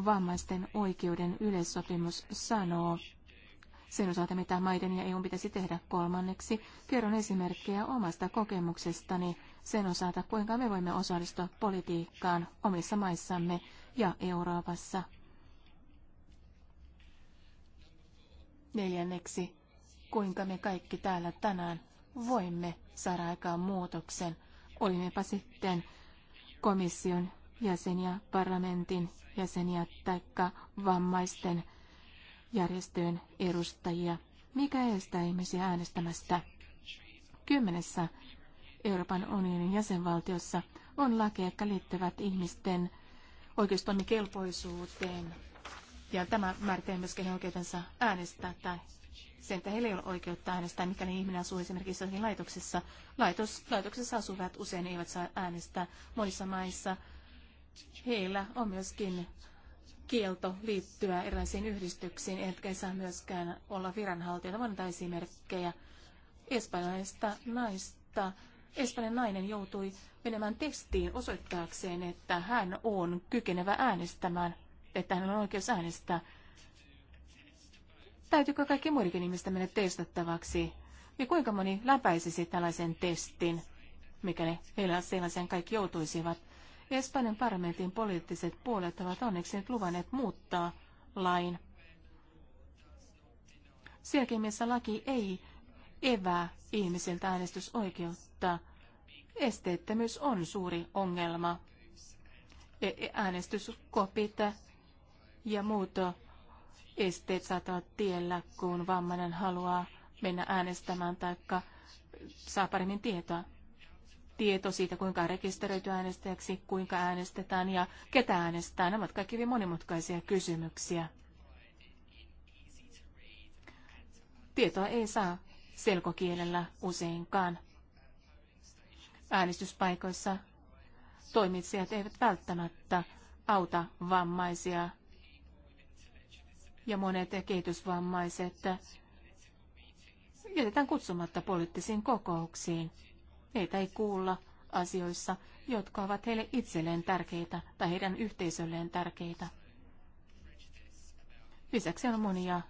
vammaisten oikeuden yleissopimus sanoo. Sen osalta, mitä maiden ja EUn pitäisi tehdä kolmanneksi, kerron esimerkkejä omasta kokemuksestani sen osalta, kuinka me voimme osallistua politiikkaan omissa maissamme ja Euroopassa. Neljänneksi, kuinka me kaikki täällä tänään voimme saada aikaan muutoksen, olimmepa sitten komission jäseniä, parlamentin jäseniä tai vammaisten järjestöjen edustajia. Mikä estää ihmisiä äänestämästä? Kymmenessä Euroopan unionin jäsenvaltiossa on lakeja, jotka liittyvät ihmisten oikeustoimikelpoisuuteen. Ja tämä myös myöskin oikeutensa äänestää tai sen, että heillä ei ole oikeutta äänestää, mikäli ihminen asuu esimerkiksi jossakin laitoksessa. Laitos, laitoksessa asuvat usein eivät saa äänestää. Monissa maissa heillä on myöskin kielto liittyä erilaisiin yhdistyksiin, etkä saa myöskään olla viranhaltijoita. Voin antaa esimerkkejä espanjalaista naista. Espanjan nainen joutui menemään testiin osoittaakseen, että hän on kykenevä äänestämään, että hän on oikeus äänestää. Täytyykö kaikki muidenkin ihmisten mennä testattavaksi? Ja kuinka moni läpäisisi tällaisen testin, mikäli heillä sellaisen kaikki joutuisivat? Espanjan parlamentin poliittiset puolet ovat onneksi nyt luvanneet muuttaa lain. Sielläkin, missä laki ei evää ihmisiltä äänestysoikeutta, esteettömyys on suuri ongelma. E, e, äänestyskopit ja muut esteet saattavat tiellä, kun vammainen haluaa mennä äänestämään tai saa paremmin tietoa tieto siitä, kuinka rekisteröity äänestäjäksi, kuinka äänestetään ja ketä äänestää. Nämä ovat kaikki hyvin monimutkaisia kysymyksiä. Tietoa ei saa selkokielellä useinkaan. Äänestyspaikoissa toimitsijat eivät välttämättä auta vammaisia ja monet kehitysvammaiset jätetään kutsumatta poliittisiin kokouksiin. Heitä ei kuulla asioissa, jotka ovat heille itselleen tärkeitä tai heidän yhteisölleen tärkeitä. Lisäksi on monia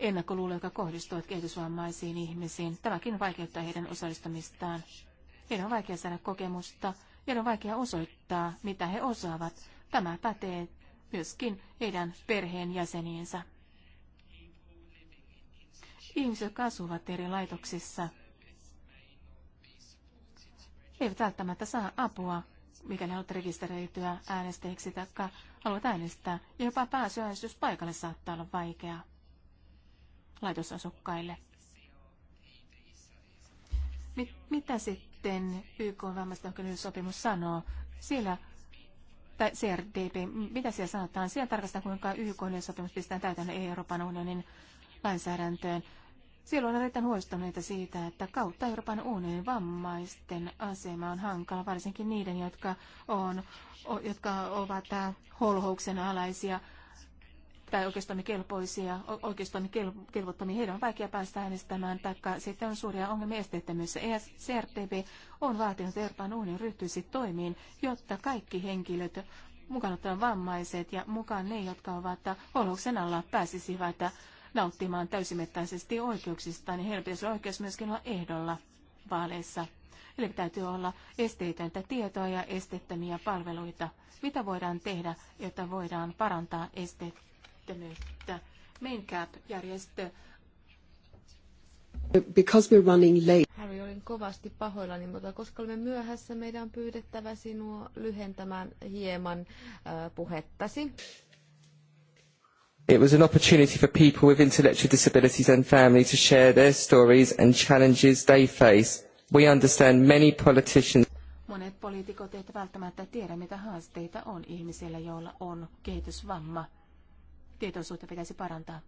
ennakkoluuloja, jotka kohdistuvat kehitysvammaisiin ihmisiin. Tämäkin vaikeuttaa heidän osallistumistaan. Heidän on vaikea saada kokemusta, heidän on vaikea osoittaa, mitä he osaavat. Tämä pätee myöskin heidän perheenjäseniinsä. Ihmiset, jotka asuvat eri laitoksissa, eivät välttämättä saa apua, mikäli haluat rekisteröityä äänestäjiksi tai haluat äänestää, ja jopa pääsy äänestyspaikalle saattaa olla vaikeaa laitosasukkaille. Mit, mitä sitten YK vammaisten sopimus sanoo? Siellä tai CRDP, mitä siellä sanotaan? Siellä tarkastetaan, kuinka YK sopimus pistetään täytäntöön Euroopan unionin lainsäädäntöön. Siellä on erittäin huolestuneita siitä, että kautta Euroopan unionin vammaisten asema on hankala, varsinkin niiden, jotka, on, jotka ovat äh, holhouksen alaisia tai oikeistoimikelpoisia, oikeistoimikelvottomia, heidän on vaikea päästä äänestämään, taikka sitten on suuria ongelmia esteettömyyssä. E CRTV on vaatinut Euroopan unionin ryhtyisi toimiin, jotta kaikki henkilöt, mukaan ottaen vammaiset ja mukaan ne, jotka ovat äh, holhouksen alla, pääsisivät äh, nauttimaan täysimittaisesti oikeuksista, niin heillä pitäisi olla oikeus myöskin olla ehdolla vaaleissa. Eli täytyy olla esteetöntä tietoa ja esteettömiä palveluita. Mitä voidaan tehdä, jotta voidaan parantaa esteettömyyttä? Maincap-järjestö Because we're running late. Harry, olin kovasti pahoillani, mutta koska olemme myöhässä, meidän on pyydettävä sinua lyhentämään hieman äh, puhettasi. It was an opportunity for people with intellectual disabilities and families to share their stories and challenges they face. We understand many politicians Monet poliitikot eivät välttämättä tiedä, mitä haasteita on ihmisillä, joilla on kehitysvamma. Tietoisuutta pitäisi parantaa.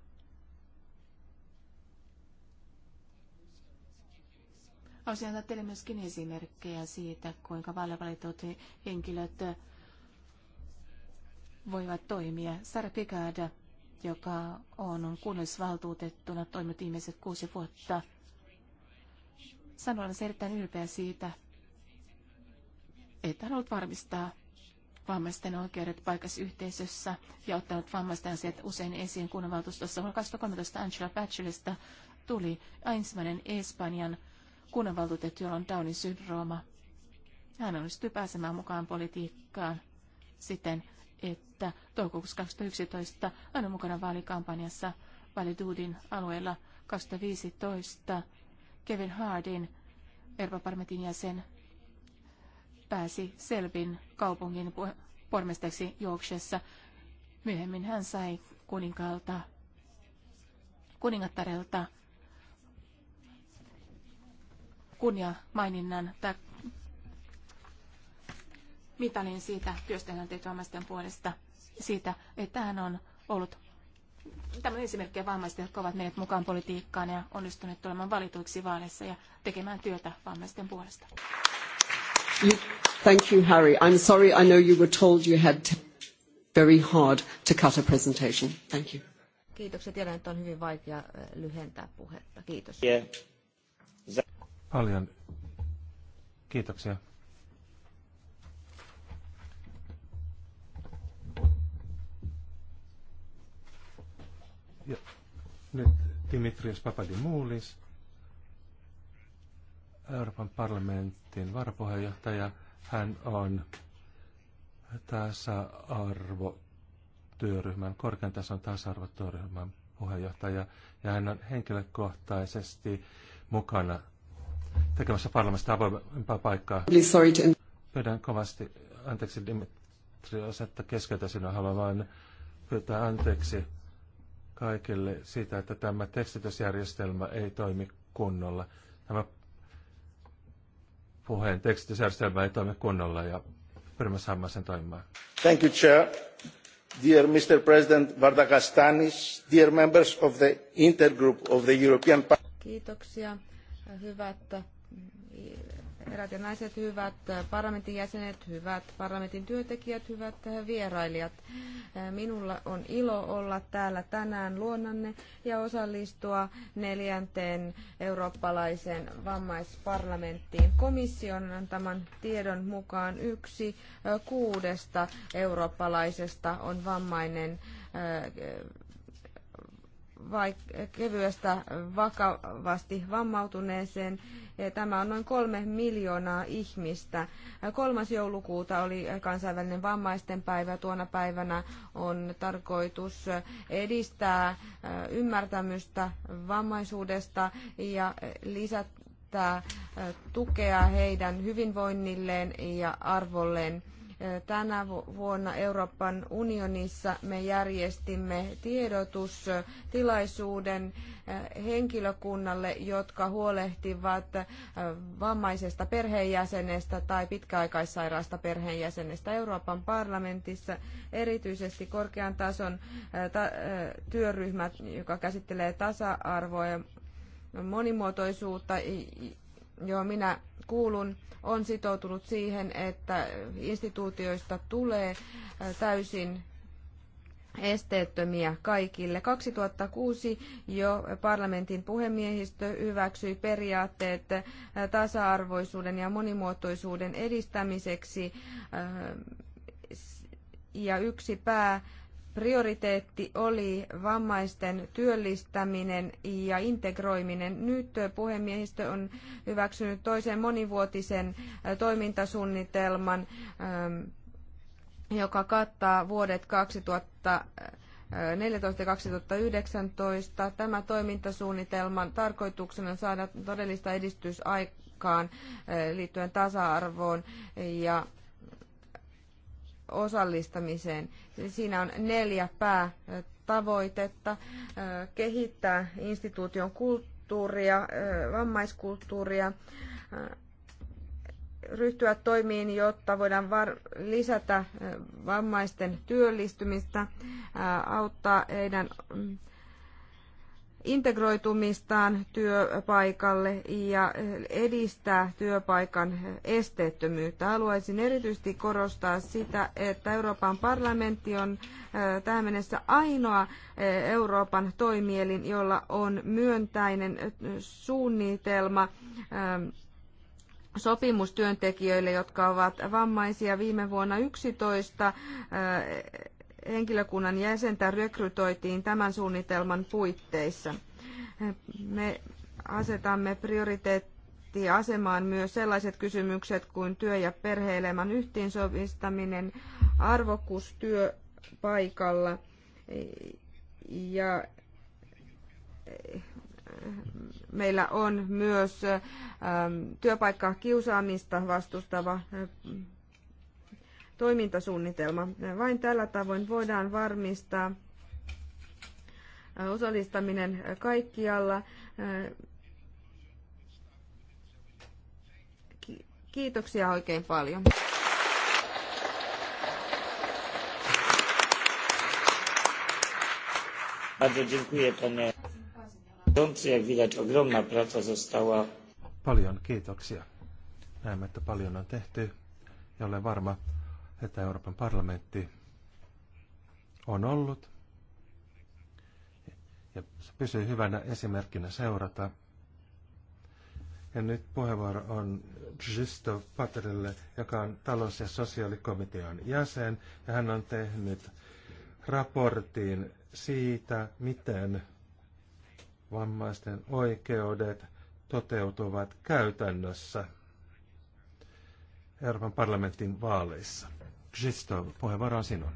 Asialta teille myöskin esimerkkejä siitä, kuinka valvalitut henkilöt voivat toimia. Sara Picard joka on kunnallisvaltuutettuna toiminut viimeiset kuusi vuotta. Sanon se, erittäin ylpeä siitä, että hän ollut varmistaa vammaisten oikeudet paikassa yhteisössä ja ottanut vammaisten asiat usein esiin kunnanvaltuustossa. Vuonna 2013 Angela Bachelista tuli ensimmäinen Espanjan kunnanvaltuutettu, jolla on Downin syndrooma. Hän onnistui pääsemään mukaan politiikkaan siten, että toukokuussa 2011 aina mukana vaalikampanjassa Validudin alueella 2015 Kevin Hardin, Euroopan parlamentin jäsen, pääsi Selbin kaupungin pormestariksi Yorkshiressa. Myöhemmin hän sai kuninkalta, kuningattarelta kunnia maininnan tai mitalin siitä työstä, vammaisten puolesta, siitä, että hän on ollut Tämä esimerkki vammaista, jotka ovat menneet mukaan politiikkaan ja onnistuneet tulemaan valituiksi vaaleissa ja tekemään työtä vammaisten puolesta. You, thank you, Harry. I'm sorry, I know you were told you had very hard to cut a presentation. Thank you. Kiitokset Tiedän, että on hyvin vaikea äh, lyhentää puhetta. Kiitos. Yeah. Paljon kiitoksia. Ja nyt Dimitrios Papadimoulis, Euroopan parlamentin varapuheenjohtaja. Hän on tasa-arvotyöryhmän, korkean tason tasa-arvotyöryhmän puheenjohtaja. Ja hän on henkilökohtaisesti mukana tekemässä parlamentista avoimempaa paikkaa. Pyydän kovasti anteeksi Dimitrios, että keskeytä sinua. Haluan vain pyytää anteeksi kaikille siitä, että tämä tekstitysjärjestelmä ei toimi kunnolla. Tämä puheen tekstitysjärjestelmä ei toimi kunnolla ja pyrimme saamaan sen toimimaan. Thank you, Chair. Dear Mr. President Vardagastanis, dear members of the intergroup of the European Parliament. Kiitoksia. että Herät ja naiset, hyvät parlamentin jäsenet, hyvät parlamentin työntekijät, hyvät vierailijat. Minulla on ilo olla täällä tänään luonnanne ja osallistua neljänteen eurooppalaisen vammaisparlamenttiin. Komission antaman tiedon mukaan yksi kuudesta eurooppalaisesta on vammainen vai kevyestä vakavasti vammautuneeseen. Tämä on noin kolme miljoonaa ihmistä. Kolmas joulukuuta oli kansainvälinen vammaisten päivä. Tuona päivänä on tarkoitus edistää ymmärtämystä vammaisuudesta ja lisätä tukea heidän hyvinvoinnilleen ja arvolleen Tänä vuonna Euroopan unionissa me järjestimme tiedotustilaisuuden henkilökunnalle, jotka huolehtivat vammaisesta perheenjäsenestä tai pitkäaikaissairaasta perheenjäsenestä Euroopan parlamentissa. Erityisesti korkean tason työryhmä, joka käsittelee tasa-arvoa ja monimuotoisuutta, johon minä kuulun, on sitoutunut siihen, että instituutioista tulee äh, täysin esteettömiä kaikille. 2006 jo parlamentin puhemiehistö hyväksyi periaatteet äh, tasa-arvoisuuden ja monimuotoisuuden edistämiseksi äh, ja yksi pää prioriteetti oli vammaisten työllistäminen ja integroiminen. Nyt puhemiehistö on hyväksynyt toisen monivuotisen äh, toimintasuunnitelman, ähm, joka kattaa vuodet 2014-2019. Äh, Tämä toimintasuunnitelman tarkoituksena on saada todellista aikaan äh, liittyen tasa-arvoon ja osallistamiseen. Siinä on neljä päätavoitetta. Kehittää instituution kulttuuria, vammaiskulttuuria, ryhtyä toimiin, jotta voidaan lisätä vammaisten työllistymistä, auttaa heidän mm, integroitumistaan työpaikalle ja edistää työpaikan esteettömyyttä. Haluaisin erityisesti korostaa sitä, että Euroopan parlamentti on tähän mennessä ainoa Euroopan toimielin, jolla on myöntäinen suunnitelma sopimustyöntekijöille, jotka ovat vammaisia viime vuonna 11 henkilökunnan jäsentä rekrytoitiin tämän suunnitelman puitteissa. Me asetamme prioriteettiasemaan myös sellaiset kysymykset kuin työ- ja perheelämän yhteensovistaminen, arvokkuus työpaikalla ja meillä on myös ähm, työpaikkakiusaamista vastustava toimintasuunnitelma. Vain tällä tavoin voidaan varmistaa äh, osallistaminen kaikkialla. Äh, kiitoksia oikein paljon. Bardzo dziękuję panie przewodniczący. Jak widać ogromna praca została. Paljon kiitoksia. Näemme, että paljon on tehty ja olen varma, että Euroopan parlamentti on ollut ja se pysyy hyvänä esimerkkinä seurata. Ja nyt puheenvuoro on Gisto Paterille, joka on talous- ja sosiaalikomitean jäsen, ja hän on tehnyt raportin siitä, miten vammaisten oikeudet toteutuvat käytännössä Euroopan parlamentin vaaleissa. Krzysztof, puheenvuoro on sinun. Uh,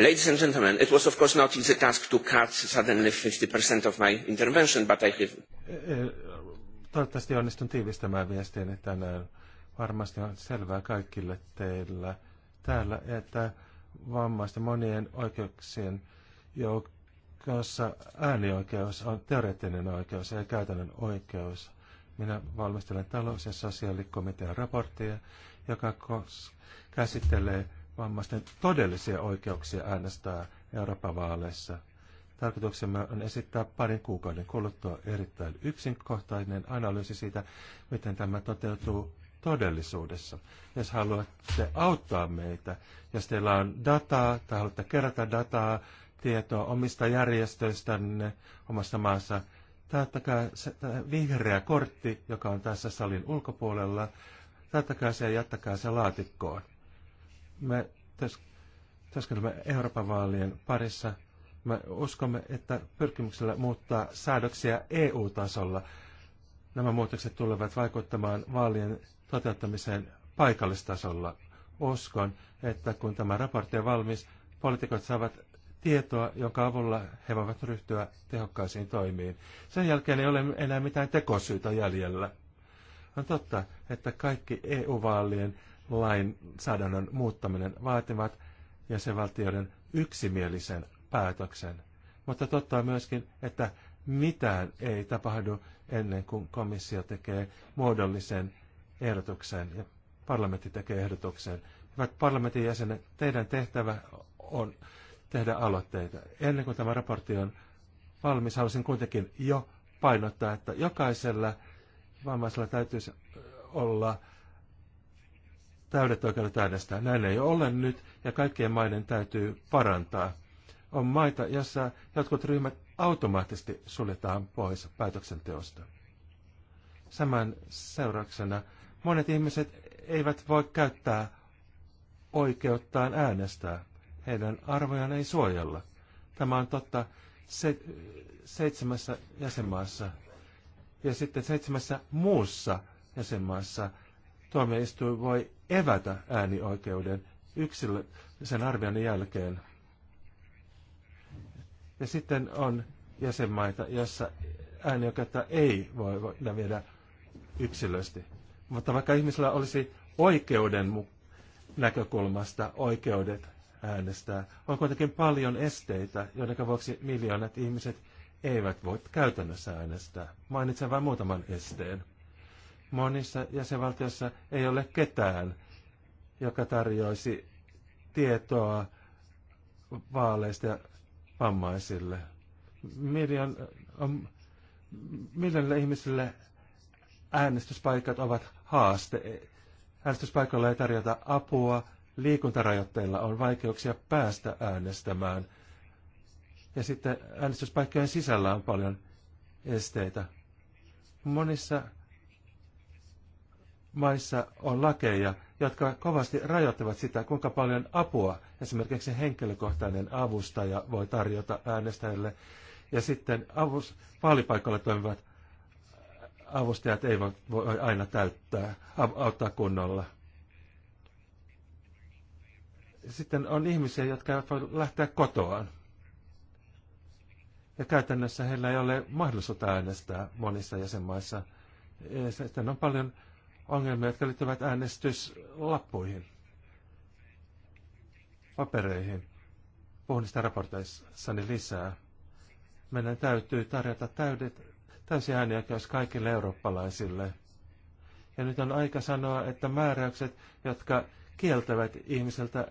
ladies and gentlemen, it was of course not easy task to cut suddenly 50% of my intervention, but I have... Eh, eh, toivottavasti onnistun tiivistämään viestiäni tänään. Varmasti on selvää kaikille teillä täällä, että vammaisten monien oikeuksien joukossa äänioikeus on teoreettinen oikeus ja käytännön oikeus – minä valmistelen talous- ja sosiaalikomitean raportteja, joka käsittelee vammaisten todellisia oikeuksia äänestää Euroopan vaaleissa. Tarkoituksemme on esittää parin kuukauden kuluttua erittäin yksinkohtainen analyysi siitä, miten tämä toteutuu todellisuudessa. Jos haluatte auttaa meitä, jos teillä on dataa tai haluatte kerätä dataa, tietoa omista järjestöistänne omasta maassa, Täyttäkää se vihreä kortti, joka on tässä salin ulkopuolella. Täyttäkää se ja jättäkää se laatikkoon. Me työskentelemme Euroopan vaalien parissa. Me uskomme, että pyrkimyksellä muuttaa säädöksiä EU-tasolla nämä muutokset tulevat vaikuttamaan vaalien toteuttamiseen paikallistasolla. Uskon, että kun tämä raportti on valmis, poliitikot saavat tietoa, jonka avulla he voivat ryhtyä tehokkaisiin toimiin. Sen jälkeen ei ole enää mitään tekosyitä jäljellä. On totta, että kaikki EU-vaalien lainsäädännön muuttaminen vaativat jäsenvaltioiden yksimielisen päätöksen. Mutta totta on myöskin, että mitään ei tapahdu ennen kuin komissio tekee muodollisen ehdotuksen ja parlamentti tekee ehdotuksen. Hyvät parlamentin jäsenet, teidän tehtävä on tehdä aloitteita. Ennen kuin tämä raportti on valmis, haluaisin kuitenkin jo painottaa, että jokaisella vammaisella täytyisi olla täydet oikeudet äänestää. Näin ei ole nyt, ja kaikkien maiden täytyy parantaa. On maita, jossa jotkut ryhmät automaattisesti suljetaan pois päätöksenteosta. Saman seurauksena monet ihmiset eivät voi käyttää oikeuttaan äänestää heidän arvojaan ei suojella. Tämä on totta se, seitsemässä jäsenmaassa ja sitten seitsemässä muussa jäsenmaassa tuomioistuin voi evätä äänioikeuden yksilö sen arvion jälkeen. Ja sitten on jäsenmaita, jossa äänioikeutta ei voi viedä yksilösti. Mutta vaikka ihmisellä olisi oikeuden näkökulmasta oikeudet äänestää. On kuitenkin paljon esteitä, joiden vuoksi miljoonat ihmiset eivät voi käytännössä äänestää. Mainitsen vain muutaman esteen. Monissa jäsenvaltioissa ei ole ketään, joka tarjoisi tietoa vaaleista ja vammaisille. Miljoon, on, miljoonille ihmisille äänestyspaikat ovat haaste. Äänestyspaikalla ei tarjota apua, liikuntarajoitteilla on vaikeuksia päästä äänestämään. Ja sitten äänestyspaikkojen sisällä on paljon esteitä. Monissa maissa on lakeja, jotka kovasti rajoittavat sitä, kuinka paljon apua esimerkiksi henkilökohtainen avustaja voi tarjota äänestäjille. Ja sitten avus, vaalipaikalla toimivat avustajat eivät voi aina täyttää, auttaa kunnolla sitten on ihmisiä, jotka eivät voi lähteä kotoaan. Ja käytännössä heillä ei ole mahdollisuutta äänestää monissa jäsenmaissa. Ja sitten on paljon ongelmia, jotka liittyvät äänestyslappuihin, papereihin. Puhun niistä raporteissani lisää. Meidän täytyy tarjota täydet, täysi äänioikeus kaikille eurooppalaisille. Ja nyt on aika sanoa, että määräykset, jotka kieltävät ihmiseltä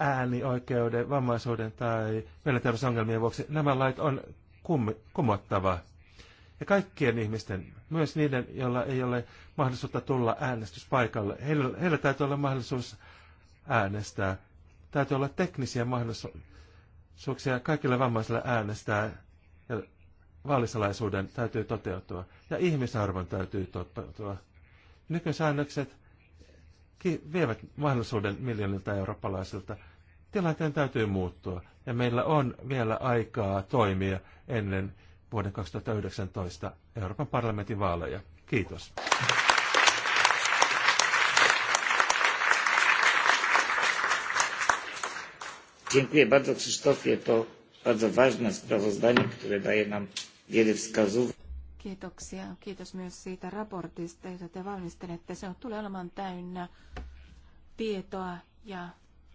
äänioikeuden, vammaisuuden tai mielenterveysongelmien vuoksi, nämä lait on kum, kumottava. Ja kaikkien ihmisten, myös niiden, joilla ei ole mahdollisuutta tulla äänestyspaikalle, heillä, heillä täytyy olla mahdollisuus äänestää. Täytyy olla teknisiä mahdollisuuksia kaikille vammaisille äänestää ja vaalisalaisuuden täytyy toteutua ja ihmisarvon täytyy toteutua. Nykysäännökset vievät mahdollisuuden miljoonilta eurooppalaisilta. Tilanteen täytyy muuttua ja meillä on vielä aikaa toimia ennen vuoden 2019 Euroopan parlamentin vaaleja. Kiitos. Dziękuję bardzo Krzysztofie. To bardzo ważne sprawozdanie, które daje nam wiele wskazówek. Kiitoksia. Kiitos myös siitä raportista, jota te valmistelette. Se on, tulee olemaan täynnä tietoa ja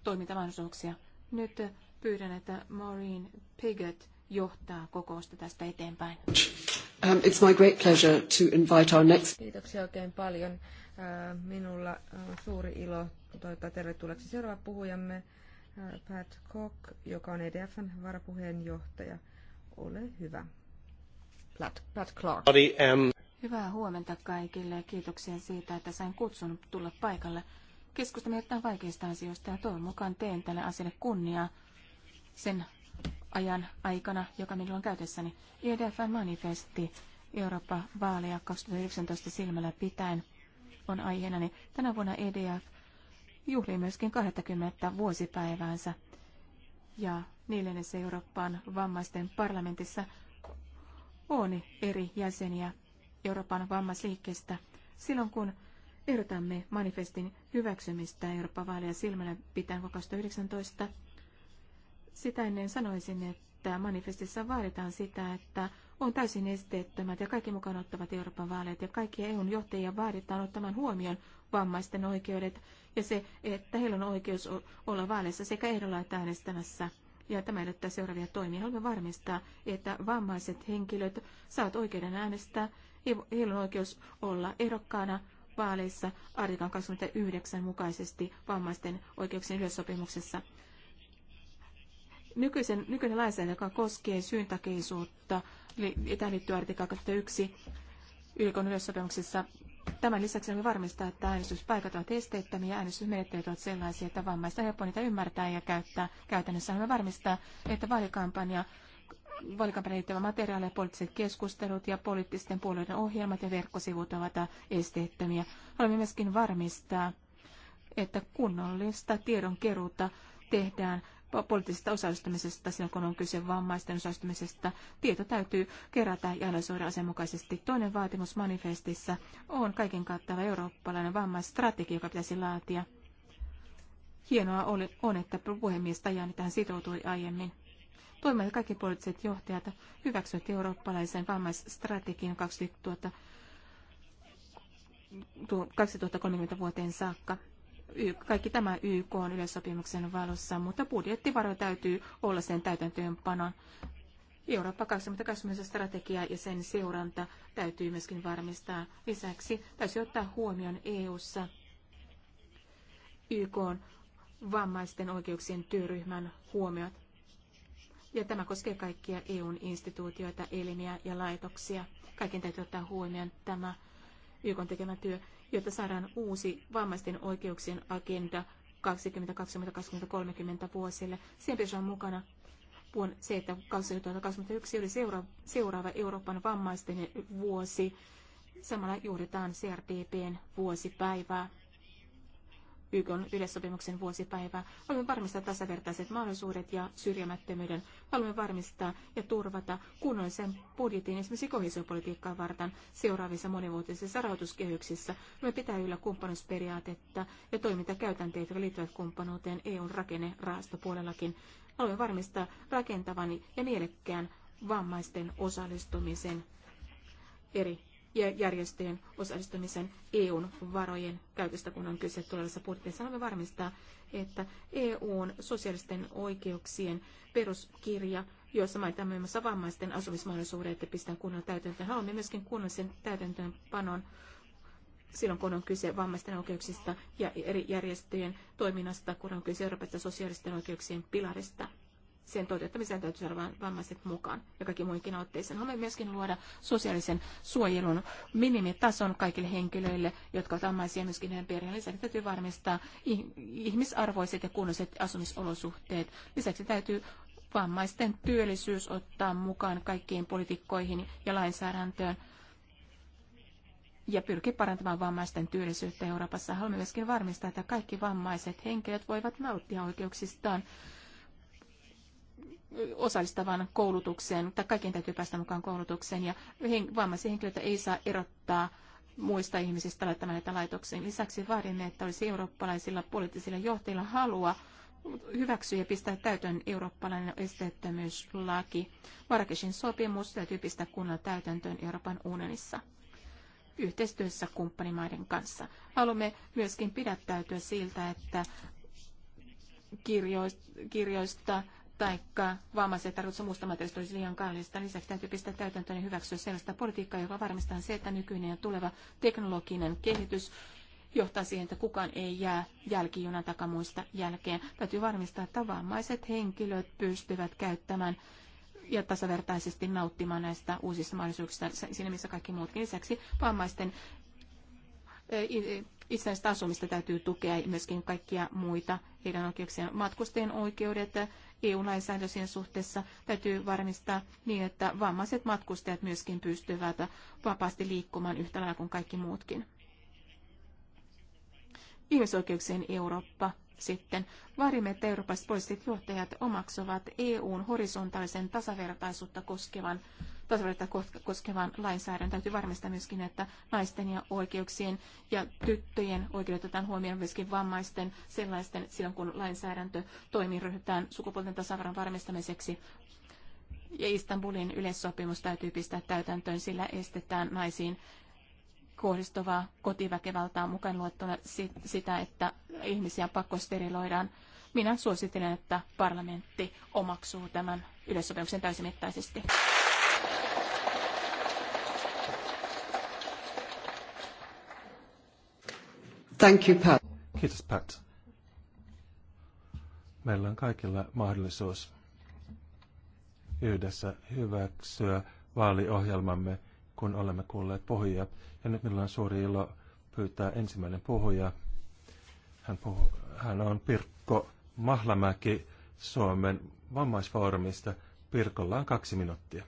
toimintamahdollisuuksia. Nyt pyydän, että Maureen Piggott johtaa kokousta tästä eteenpäin. Um, it's my great pleasure to invite our next... Kiitoksia oikein paljon. Uh, minulla on suuri ilo toivottaa tervetulleeksi seuraava puhujamme, uh, Pat Cock, joka on EDFn varapuheenjohtaja. Ole hyvä. Pat, Pat Clark. Hyvää huomenta kaikille ja kiitoksia siitä, että sain kutsun tulla paikalle. Keskustelemme jotain vaikeista asioista ja toivon mukaan teen tälle asialle kunniaa sen ajan aikana, joka minulla on käytössäni. IDF-manifesti Eurooppa-vaaleja 2019 silmällä pitäen on aiheenani. Niin tänä vuonna EDF juhlii myöskin 20 vuosipäiväänsä. Ja neljännessä Euroopan vammaisten parlamentissa on eri jäseniä Euroopan vammaisliikkeestä. Silloin kun ehdotamme manifestin hyväksymistä Euroopan vaaleja silmällä pitäen 2019, sitä ennen sanoisin, että manifestissa vaaditaan sitä, että on täysin esteettömät ja kaikki mukaan ottavat Euroopan vaaleet ja kaikki EUn johtajia vaaditaan ottamaan huomioon vammaisten oikeudet ja se, että heillä on oikeus olla vaaleissa sekä ehdolla että äänestämässä ja tämä edellyttää seuraavia toimia. Haluamme varmistaa, että vammaiset henkilöt saavat oikeuden äänestää, heillä on oikeus olla ehdokkaana vaaleissa artikan 29 mukaisesti vammaisten oikeuksien yleissopimuksessa. Nykyisen, nykyinen lainsäädäntö, joka koskee syyntakeisuutta, eli tämä liittyy artikla 21 YK yleissopimuksessa Tämän lisäksi me varmistaa, että äänestyspaikat ovat esteettömiä ja äänestysmenettelyt ovat sellaisia, että vammaista helppo niitä ymmärtää ja käyttää. Käytännössä me varmistaa, että vaalikampanja vaalikampanjan liittyvä materiaali ja poliittiset keskustelut ja poliittisten puolueiden ohjelmat ja verkkosivut ovat esteettömiä. Haluamme myöskin varmistaa, että kunnollista tiedonkeruuta tehdään poliittisesta osallistumisesta, silloin kun on kyse vammaisten osallistumisesta. Tieto täytyy kerätä ja analysoida asianmukaisesti. Toinen vaatimus manifestissa on kaiken kattava eurooppalainen vammaisstrategia, joka pitäisi laatia. Hienoa oli, on, että puhemies Tajani tähän sitoutui aiemmin. Toimme, että kaikki poliittiset johtajat hyväksyvät eurooppalaisen vammaisstrategian 2000 2030 vuoteen saakka kaikki tämä YK on yleissopimuksen valossa, mutta budjettivaro täytyy olla sen täytäntöönpanon. Eurooppa 2020 strategia ja sen seuranta täytyy myöskin varmistaa. Lisäksi täytyy ottaa huomioon EU-ssa YK on vammaisten oikeuksien työryhmän huomiot. Ja tämä koskee kaikkia EUn instituutioita, elimiä ja laitoksia. Kaiken täytyy ottaa huomioon tämä YK tekemä työ jotta saadaan uusi vammaisten oikeuksien agenda 2020-2030 vuosille. Siinä pitäisi olla mukana vuon se, että 2021 oli seuraava, seuraava Euroopan vammaisten vuosi. Samalla juhlitaan CRDPn vuosipäivää. YK on yleissopimuksen vuosipäivää. Haluamme varmistaa tasavertaiset mahdollisuudet ja syrjimättömyyden. Haluamme varmistaa ja turvata kunnollisen budjetin esimerkiksi kohesiopolitiikkaa varten seuraavissa monivuotisissa rahoituskehyksissä. Me pitää yllä kumppanuusperiaatetta ja toimintakäytänteitä, jotka liittyvät kumppanuuteen EUn rakennerahastopuolellakin. Haluamme varmistaa rakentavan ja mielekkään vammaisten osallistumisen eri järjestöjen osallistumisen EUn varojen käytöstä, kun on kyse tulevassa budjetissa. Haluamme varmistaa, että EUn sosiaalisten oikeuksien peruskirja, jossa mainitaan muun muassa vammaisten asumismahdollisuudet, että pistetään kunnolla täytäntöön. Haluamme myöskin kunnollisen täytäntöönpanon silloin, kun on kyse vammaisten oikeuksista ja eri järjestöjen toiminnasta, kun on kyse Euroopan sosiaalisten oikeuksien pilarista sen toteuttamiseen täytyy saada vammaiset mukaan ja kaikki muinkin otteisiin. Haluamme myöskin luoda sosiaalisen suojelun minimitason kaikille henkilöille, jotka ovat vammaisia myöskin heidän perheen. Lisäksi täytyy varmistaa ihmisarvoiset ja kunnolliset asumisolosuhteet. Lisäksi täytyy vammaisten työllisyys ottaa mukaan kaikkiin politiikkoihin ja lainsäädäntöön ja pyrkii parantamaan vammaisten työllisyyttä Euroopassa. Haluamme myöskin varmistaa, että kaikki vammaiset henkilöt voivat nauttia oikeuksistaan osallistavan koulutukseen, tai kaikkien täytyy päästä mukaan koulutukseen, ja vammaisia henkilöitä ei saa erottaa muista ihmisistä laittamaan näitä laitoksiin. Lisäksi vaadimme, että olisi eurooppalaisilla poliittisilla johtajilla halua hyväksyä ja pistää täytön eurooppalainen esteettömyyslaki. Marrakeshin sopimus täytyy pistää kunnolla täytäntöön Euroopan unionissa yhteistyössä kumppanimaiden kanssa. Haluamme myöskin pidättäytyä siltä, että kirjoista, kirjoista taikka vammaiset tarvitsevat muusta materiaalista olisi liian kallista. Lisäksi täytyy pistää täytäntöön ja hyväksyä sellaista politiikkaa, joka varmistaa se, että nykyinen ja tuleva teknologinen kehitys johtaa siihen, että kukaan ei jää jälkijunan takamuista jälkeen. Täytyy varmistaa, että vammaiset henkilöt pystyvät käyttämään ja tasavertaisesti nauttimaan näistä uusista mahdollisuuksista siinä, missä kaikki muutkin. Lisäksi vammaisten eh, eh, itsenäistä asumista täytyy tukea ja myöskin kaikkia muita heidän oikeuksien Matkustajien oikeudet, eu lainsäädäntöjen suhteessa täytyy varmistaa niin, että vammaiset matkustajat myöskin pystyvät vapaasti liikkumaan yhtä lailla kuin kaikki muutkin. Ihmisoikeuksien Eurooppa sitten. Vaadimme, että Euroopan poliittiset johtajat omaksuvat EUn horisontaalisen tasavertaisuutta koskevan tasaverta koskevan lainsäädännön Täytyy varmistaa myöskin, että naisten ja oikeuksien ja tyttöjen oikeudet otetaan huomioon myöskin vammaisten sellaisten silloin, kun lainsäädäntö toimii ryhdytään sukupuolten tasaveron varmistamiseksi. Ja Istanbulin yleissopimus täytyy pistää täytäntöön, sillä estetään naisiin kohdistuvaa kotiväkevaltaa mukaan luettuna sitä, että ihmisiä pakkosteriloidaan. Minä suosittelen, että parlamentti omaksuu tämän yleissopimuksen täysimittaisesti. Thank you, Pat. Kiitos, Pat. Meillä on kaikilla mahdollisuus yhdessä hyväksyä vaaliohjelmamme, kun olemme kuulleet puhujia. Ja nyt meillä on suuri ilo pyytää ensimmäinen puhuja. Hän, puhu, hän on Pirkko Mahlamäki Suomen vammaisfoorumista. Pirkolla on kaksi minuuttia.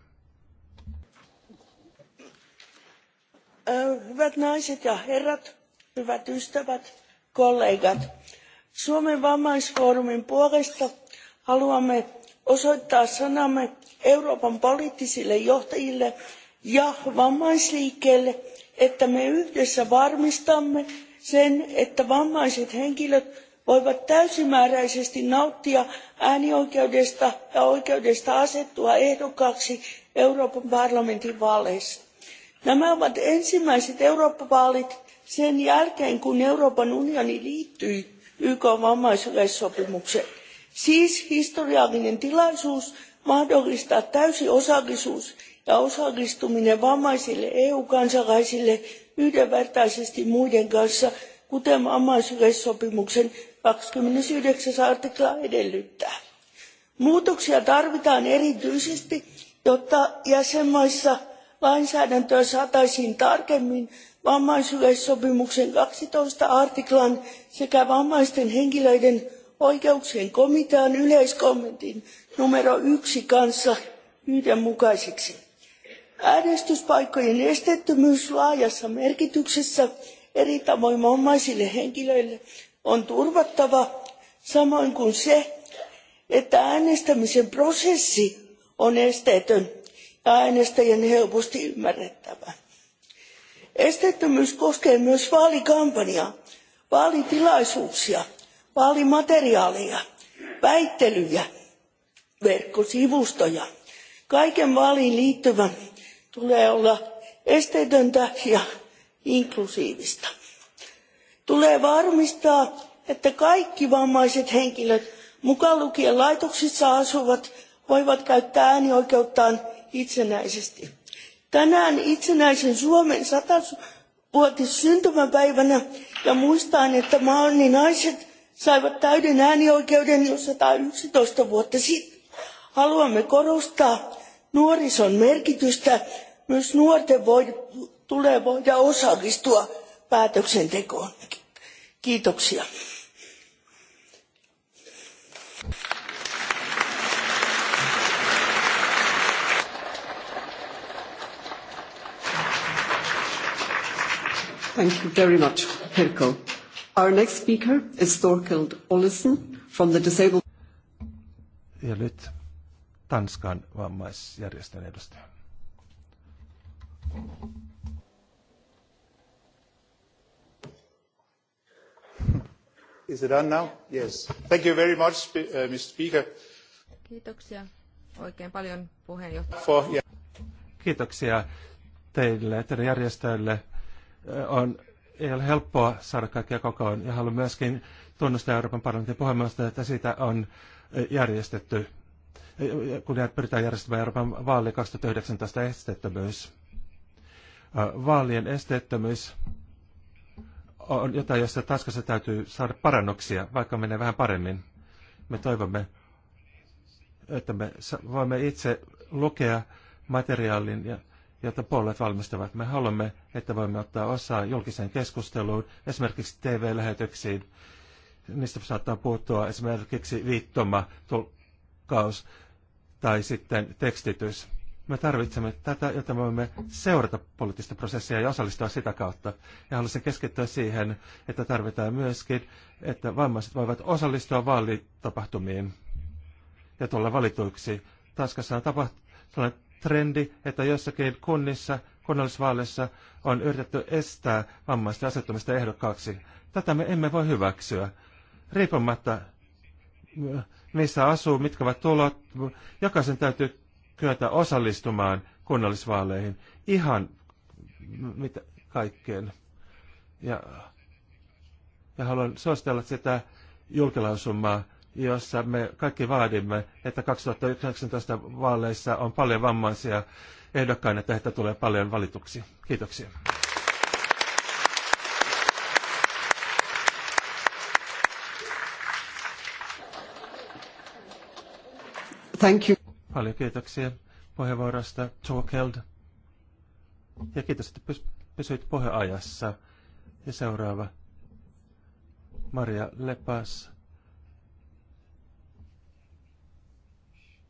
Hyvät naiset ja herrat, hyvät ystävät kollegat suomen vammaisfoorumin puolesta haluamme osoittaa sanamme euroopan poliittisille johtajille ja vammaisliikkeelle että me yhdessä varmistamme sen että vammaiset henkilöt voivat täysimääräisesti nauttia äänioikeudesta ja oikeudesta asettua ehdokkaaksi euroopan parlamentin vaaleissa. nämä ovat ensimmäiset eurooppa vaalit sen jälkeen kun Euroopan unioni liittyi YK vammaisyleissopimukseen. Siis historiallinen tilaisuus mahdollistaa täysi osallisuus ja osallistuminen vammaisille EU-kansalaisille yhdenvertaisesti muiden kanssa, kuten vammaisyleissopimuksen 29. artikla edellyttää. Muutoksia tarvitaan erityisesti, jotta jäsenmaissa lainsäädäntöä saataisiin tarkemmin vammaisyleissopimuksen 12 artiklan sekä vammaisten henkilöiden oikeuksien komitean yleiskommentin numero yksi kanssa yhdenmukaisiksi. Äänestyspaikkojen estettömyys laajassa merkityksessä eri tavoin vammaisille henkilöille on turvattava, samoin kuin se, että äänestämisen prosessi on esteetön ja äänestäjien helposti ymmärrettävä esteettömyys koskee myös vaalikampanjaa vaalitilaisuuksia vaalimateriaaleja väittelyjä verkkosivustoja. kaiken vaaliin liittyvän tulee olla esteetöntä ja inklusiivista. tulee varmistaa että kaikki vammaiset henkilöt mukaan lukien laitoksissa asuvat voivat käyttää äänioikeuttaan itsenäisesti. Tänään itsenäisen Suomen syntymäpäivänä ja muistan, että maani naiset saivat täyden äänioikeuden jo 111 vuotta sitten. Haluamme korostaa nuorison merkitystä. Myös nuorten voi, tulee voida osallistua päätöksentekoon. Kiitoksia. Thank you very much, Pirkko. Our next speaker is Thorkild Olesen from the Disabled... Ja nyt Tanskan vammaisjärjestön edustaja. Is it on now? Yes. Thank you very much, uh, Mr. Speaker. Kiitoksia oikein paljon puheenjohtaja. Kiitoksia teille, teidän järjestöille on, ei ole helppoa saada kaikkia kokoon. Ja haluan myöskin tunnustaa Euroopan parlamentin puheenjohtaja, että siitä on järjestetty, kun pyritään järjestämään Euroopan vaali 2019 esteettömyys. Vaalien esteettömyys on jotain, jossa Tanskassa täytyy saada parannuksia, vaikka menee vähän paremmin. Me toivomme, että me voimme itse lukea materiaalin ja jota puolet valmistavat. Me haluamme, että voimme ottaa osaa julkiseen keskusteluun, esimerkiksi TV-lähetyksiin. Niistä saattaa puuttua esimerkiksi viittoma, tulkkaus tai sitten tekstitys. Me tarvitsemme tätä, jotta voimme seurata poliittista prosessia ja osallistua sitä kautta. Ja haluaisin keskittyä siihen, että tarvitaan myöskin, että vammaiset voivat osallistua vaalitapahtumiin ja tulla valituiksi. Tanskassa on tapahtunut trendi, että jossakin kunnissa kunnallisvaaleissa on yritetty estää vammaisten asettumista ehdokkaaksi. Tätä me emme voi hyväksyä. Riippumatta missä asuu, mitkä ovat tulot, jokaisen täytyy kyetä osallistumaan kunnallisvaaleihin ihan mitä kaikkeen. Ja, ja haluan suositella sitä julkilausumaa, jossa me kaikki vaadimme, että 2019 vaaleissa on paljon vammaisia ehdokkaina, että heitä tulee paljon valituksi. Kiitoksia. Thank you. Paljon kiitoksia puheenvuorosta, Torkeld. Ja kiitos, että pysyit puheajassa. Ja seuraava, Maria Lepas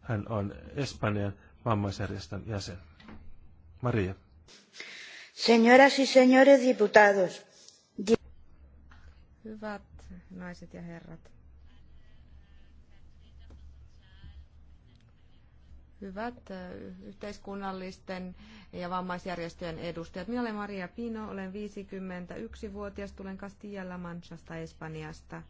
Hän on Espanjan vammaisjärjestön jäsen. Maria. Señoras y señores diputados. Hyvät naiset ja herrat. Hyvät yhteiskunnallisten ja vammaisjärjestöjen edustajat. Minä olen Maria Pino, olen 51-vuotias, tulen Castilla-La Manchasta, Espanjasta.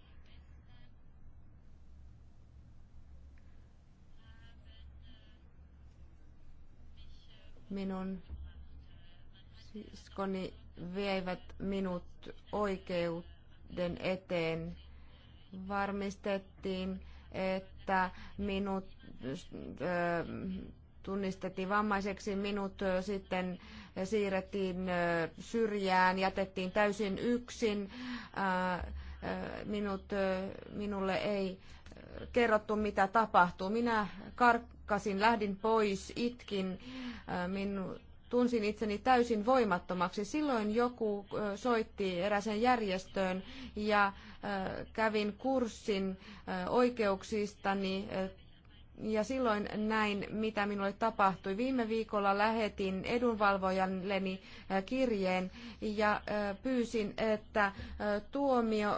minun siskoni veivät minut oikeuden eteen. Varmistettiin, että minut tunnistettiin vammaiseksi, minut sitten siirrettiin syrjään, jätettiin täysin yksin, minut, minulle ei kerrottu mitä tapahtuu. Minä kar- pakkasin, lähdin pois, itkin, äh, minun tunsin itseni täysin voimattomaksi. Silloin joku äh, soitti eräseen järjestöön ja äh, kävin kurssin oikeuksistani ja silloin näin, mitä minulle tapahtui. Viime viikolla lähetin edunvalvojalleni kirjeen ja pyysin, että tuomio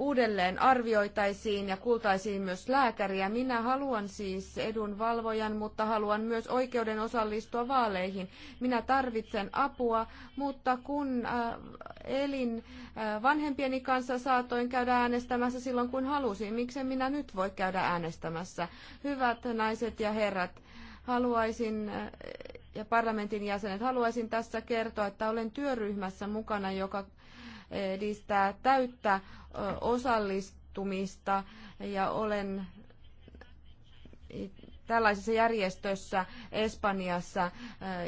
uudelleen arvioitaisiin ja kuultaisiin myös lääkäriä. Minä haluan siis edunvalvojan, mutta haluan myös oikeuden osallistua vaaleihin. Minä tarvitsen apua, mutta kun äh, elin äh, vanhempieni kanssa saatoin käydä äänestämässä silloin kun halusin, miksen minä nyt voi käydä äänestämässä? Hyvät naiset ja herrat, haluaisin äh, ja parlamentin jäsenet, haluaisin tässä kertoa, että olen työryhmässä mukana, joka edistää täyttä osallistumista ja olen tällaisessa järjestössä Espanjassa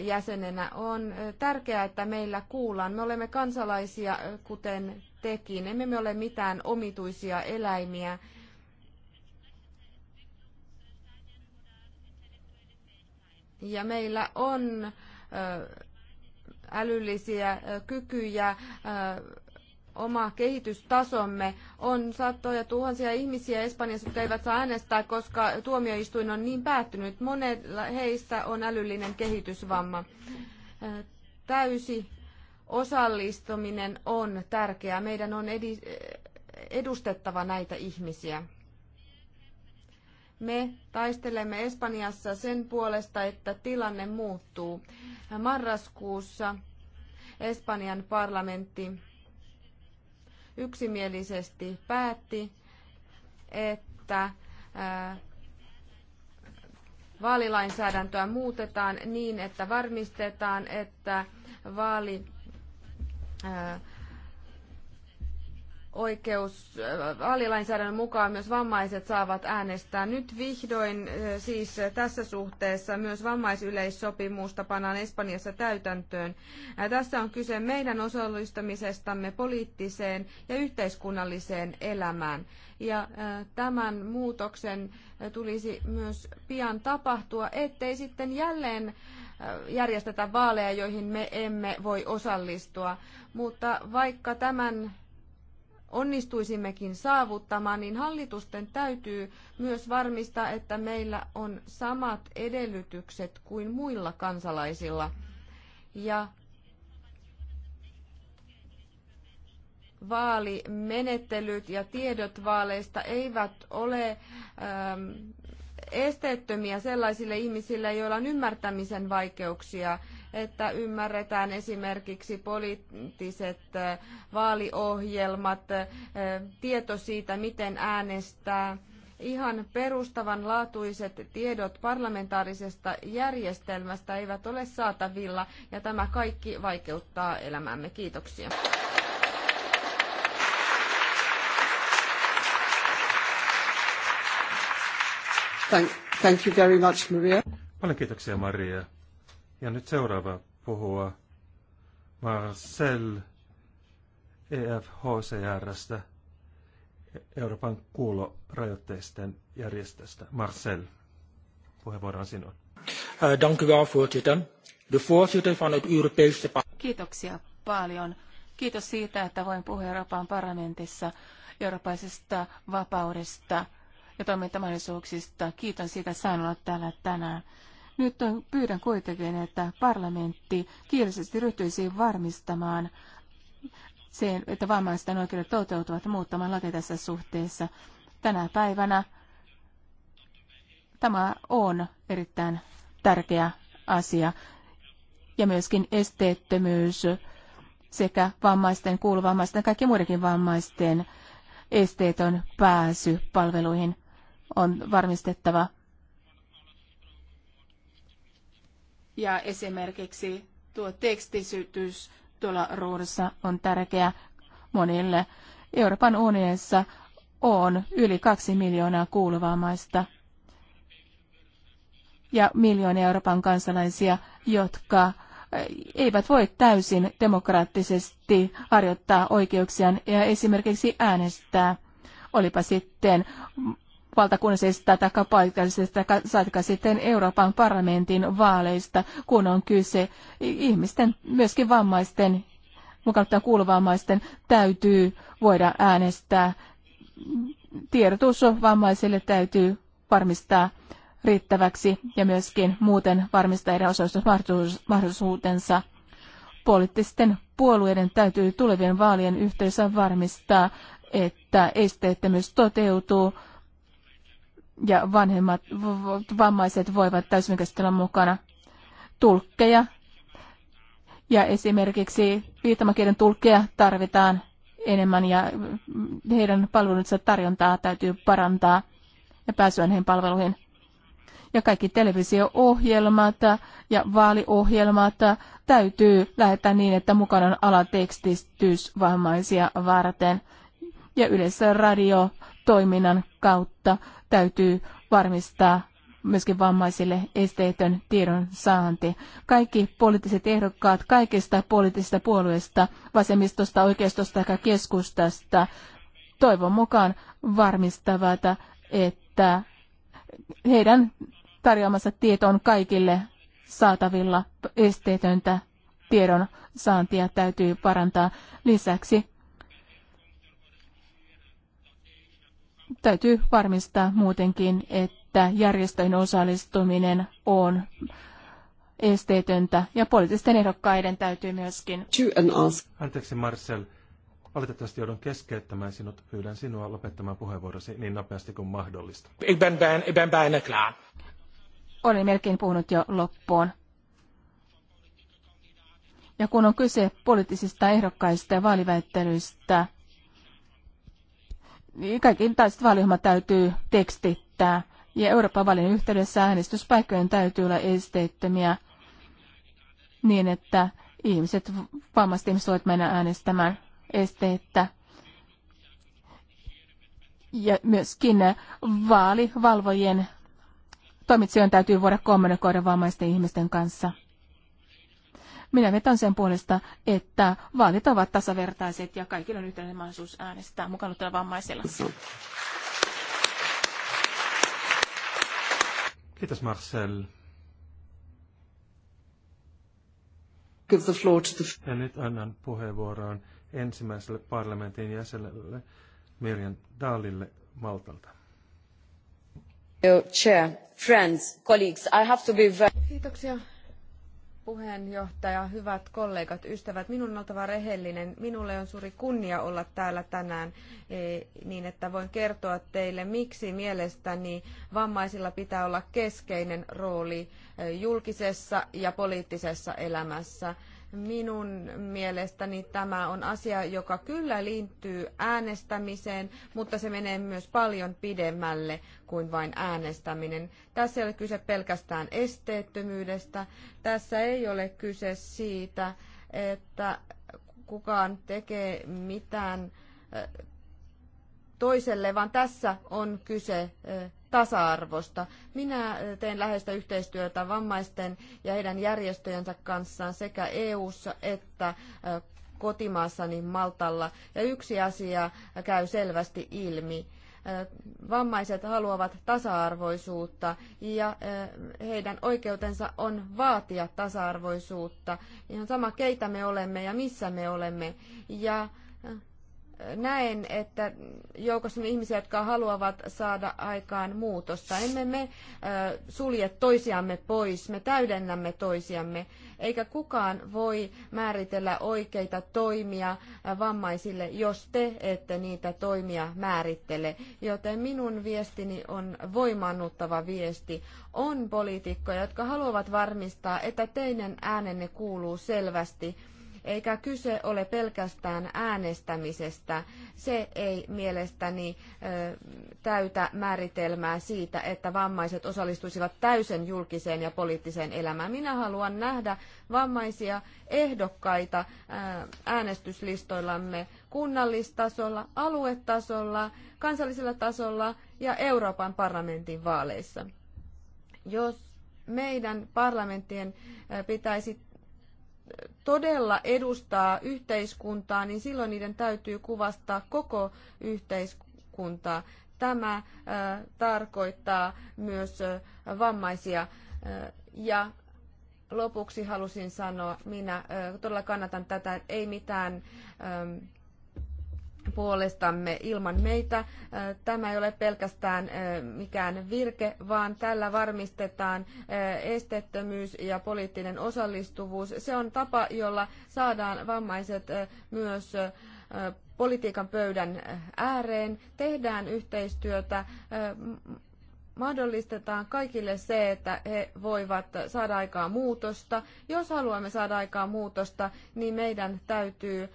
jäsenenä. On tärkeää, että meillä kuullaan. Me olemme kansalaisia, kuten tekin. Emme me ole mitään omituisia eläimiä. Ja meillä on älyllisiä kykyjä, oma kehitystasomme. On satoja tuhansia ihmisiä Espanjassa, jotka eivät saa äänestää, koska tuomioistuin on niin päättynyt. Monella heistä on älyllinen kehitysvamma. Äh, täysi osallistuminen on tärkeää. Meidän on äh, edustettava näitä ihmisiä. Me taistelemme Espanjassa sen puolesta, että tilanne muuttuu. Marraskuussa Espanjan parlamentti yksimielisesti päätti, että vaalilainsäädäntöä muutetaan niin, että varmistetaan, että vaali oikeus vaalilainsäädännön äh, mukaan myös vammaiset saavat äänestää. Nyt vihdoin äh, siis äh, tässä suhteessa myös vammaisyleissopimusta pannaan Espanjassa täytäntöön. Tässä on kyse meidän osallistumisestamme poliittiseen ja yhteiskunnalliseen elämään. Ja tämän muutoksen tulisi myös pian tapahtua, ettei sitten jälleen järjestetä vaaleja, joihin me emme voi osallistua. Mutta vaikka tämän onnistuisimmekin saavuttamaan, niin hallitusten täytyy myös varmistaa, että meillä on samat edellytykset kuin muilla kansalaisilla. Ja vaalimenettelyt ja tiedot vaaleista eivät ole ähm, esteettömiä sellaisille ihmisille, joilla on ymmärtämisen vaikeuksia että ymmärretään esimerkiksi poliittiset vaaliohjelmat, tieto siitä, miten äänestää, ihan perustavanlaatuiset tiedot parlamentaarisesta järjestelmästä eivät ole saatavilla ja tämä kaikki vaikeuttaa elämäämme. Kiitoksia. Thank, thank you very much, Maria. Paljon kiitoksia, Maria. Ja nyt seuraava puhua Marcel EFHCRstä, Euroopan kuulorajoitteisten järjestöstä. Marcel, puheenvuoro on sinun. Äh, Kiitoksia paljon. Kiitos siitä, että voin puhua Euroopan parlamentissa eurooppaisesta vapaudesta ja toimintamahdollisuuksista. Kiitos siitä, että sain olla täällä tänään. Nyt pyydän kuitenkin, että parlamentti kiireisesti ryhtyisi varmistamaan sen, että vammaisten oikeudet toteutuvat muuttamaan laki tässä suhteessa. Tänä päivänä tämä on erittäin tärkeä asia ja myöskin esteettömyys sekä vammaisten, kuuluvammaisten ja muidenkin vammaisten esteetön pääsy palveluihin on varmistettava. Ja esimerkiksi tuo tekstisytys tuolla ruudussa on tärkeä monille. Euroopan unionissa on yli kaksi miljoonaa kuuluvaa maista ja miljoonia Euroopan kansalaisia, jotka eh, eivät voi täysin demokraattisesti harjoittaa oikeuksiaan ja esimerkiksi äänestää. Olipa sitten valtakunnallisesta tai paikallisesta, saatika sitten Euroopan parlamentin vaaleista, kun on kyse ihmisten, myöskin vammaisten, mukaan kuulovammaisten, täytyy voida äänestää. Tiedotus vammaisille täytyy varmistaa riittäväksi ja myöskin muuten varmistaa heidän osallistumismahdollisuutensa. Poliittisten puolueiden täytyy tulevien vaalien yhteydessä varmistaa, että esteettömyys toteutuu ja vanhemmat, vammaiset voivat täysmykäisesti olla mukana. Tulkkeja ja esimerkiksi viittomakielen tulkkeja tarvitaan enemmän ja heidän palvelunsa tarjontaa täytyy parantaa ja pääsyä näihin palveluihin. Ja kaikki televisio-ohjelmat ja vaaliohjelmat täytyy lähettää niin, että mukana on alatekstitys vammaisia varten. Ja yleensä radio toiminnan kautta täytyy varmistaa myöskin vammaisille esteetön tiedon saanti. Kaikki poliittiset ehdokkaat kaikista poliittisista puolueista, vasemmistosta, oikeistosta ja keskustasta, toivon mukaan varmistavat, että heidän tarjoamansa tieto on kaikille saatavilla esteetöntä tiedon saantia täytyy parantaa. Lisäksi Täytyy varmistaa muutenkin, että järjestöjen osallistuminen on esteetöntä ja poliittisten ehdokkaiden täytyy myöskin. Anteeksi Marcel, valitettavasti joudun keskeyttämään sinut. Pyydän sinua lopettamaan puheenvuorosi niin nopeasti kuin mahdollista. Ik ben, ben, ik ben bijna klaar. Olin melkein puhunut jo loppuun. Ja kun on kyse poliittisista ehdokkaista ja vaaliväittelyistä, kaikki taiset vaaliohjelma täytyy tekstittää. Ja Euroopan vaalien yhteydessä äänestyspaikkojen täytyy olla esteettömiä niin, että ihmiset, vammaiset ihmiset voivat mennä äänestämään esteettä. Ja myöskin vaalivalvojen toimitsijoiden täytyy voida kommunikoida vammaisten ihmisten kanssa. Minä vetän sen puolesta, että vaalit ovat tasavertaiset ja kaikilla on yhteinen mahdollisuus äänestää tällä vammaisella. Kiitos Marcel. Give the floor to the... Ja nyt annan puheenvuoron ensimmäiselle parlamentin jäsenelle Mirjan Daalille Maltalta. Chair, friends, colleagues, I have to be very... Kiitoksia puheenjohtaja, hyvät kollegat, ystävät, minun on oltava rehellinen. Minulle on suuri kunnia olla täällä tänään e, niin, että voin kertoa teille, miksi mielestäni vammaisilla pitää olla keskeinen rooli e, julkisessa ja poliittisessa elämässä. Minun mielestäni tämä on asia, joka kyllä liittyy äänestämiseen, mutta se menee myös paljon pidemmälle kuin vain äänestäminen. Tässä ei ole kyse pelkästään esteettömyydestä. Tässä ei ole kyse siitä, että kukaan tekee mitään eh, toiselle, vaan tässä on kyse eh, tasa-arvosta. Minä teen läheistä yhteistyötä vammaisten ja heidän järjestöjensä kanssa sekä EU:ssa että kotimaassani Maltalla. Ja yksi asia käy selvästi ilmi. Vammaiset haluavat tasa-arvoisuutta ja heidän oikeutensa on vaatia tasa-arvoisuutta. Ihan sama, keitä me olemme ja missä me olemme. Ja näen, että joukossa on ihmisiä, jotka haluavat saada aikaan muutosta. Emme me sulje toisiamme pois, me täydennämme toisiamme, eikä kukaan voi määritellä oikeita toimia vammaisille, jos te ette niitä toimia määrittele. Joten minun viestini on voimannuttava viesti. On poliitikkoja, jotka haluavat varmistaa, että teidän äänenne kuuluu selvästi eikä kyse ole pelkästään äänestämisestä. Se ei mielestäni täytä määritelmää siitä, että vammaiset osallistuisivat täysin julkiseen ja poliittiseen elämään. Minä haluan nähdä vammaisia ehdokkaita äänestyslistoillamme kunnallistasolla, aluetasolla, kansallisella tasolla ja Euroopan parlamentin vaaleissa. Jos meidän parlamenttien pitäisi todella edustaa yhteiskuntaa, niin silloin niiden täytyy kuvastaa koko yhteiskuntaa. Tämä äh, tarkoittaa myös äh, vammaisia. Äh, ja lopuksi halusin sanoa, minä todella kannatan tätä, ei mitään ähm, puolestamme ilman meitä. Tämä ei ole pelkästään mikään virke, vaan tällä varmistetaan esteettömyys ja poliittinen osallistuvuus. Se on tapa, jolla saadaan vammaiset myös politiikan pöydän ääreen, tehdään yhteistyötä mahdollistetaan kaikille se, että he voivat saada aikaa muutosta. Jos haluamme saada aikaa muutosta, niin meidän täytyy äh,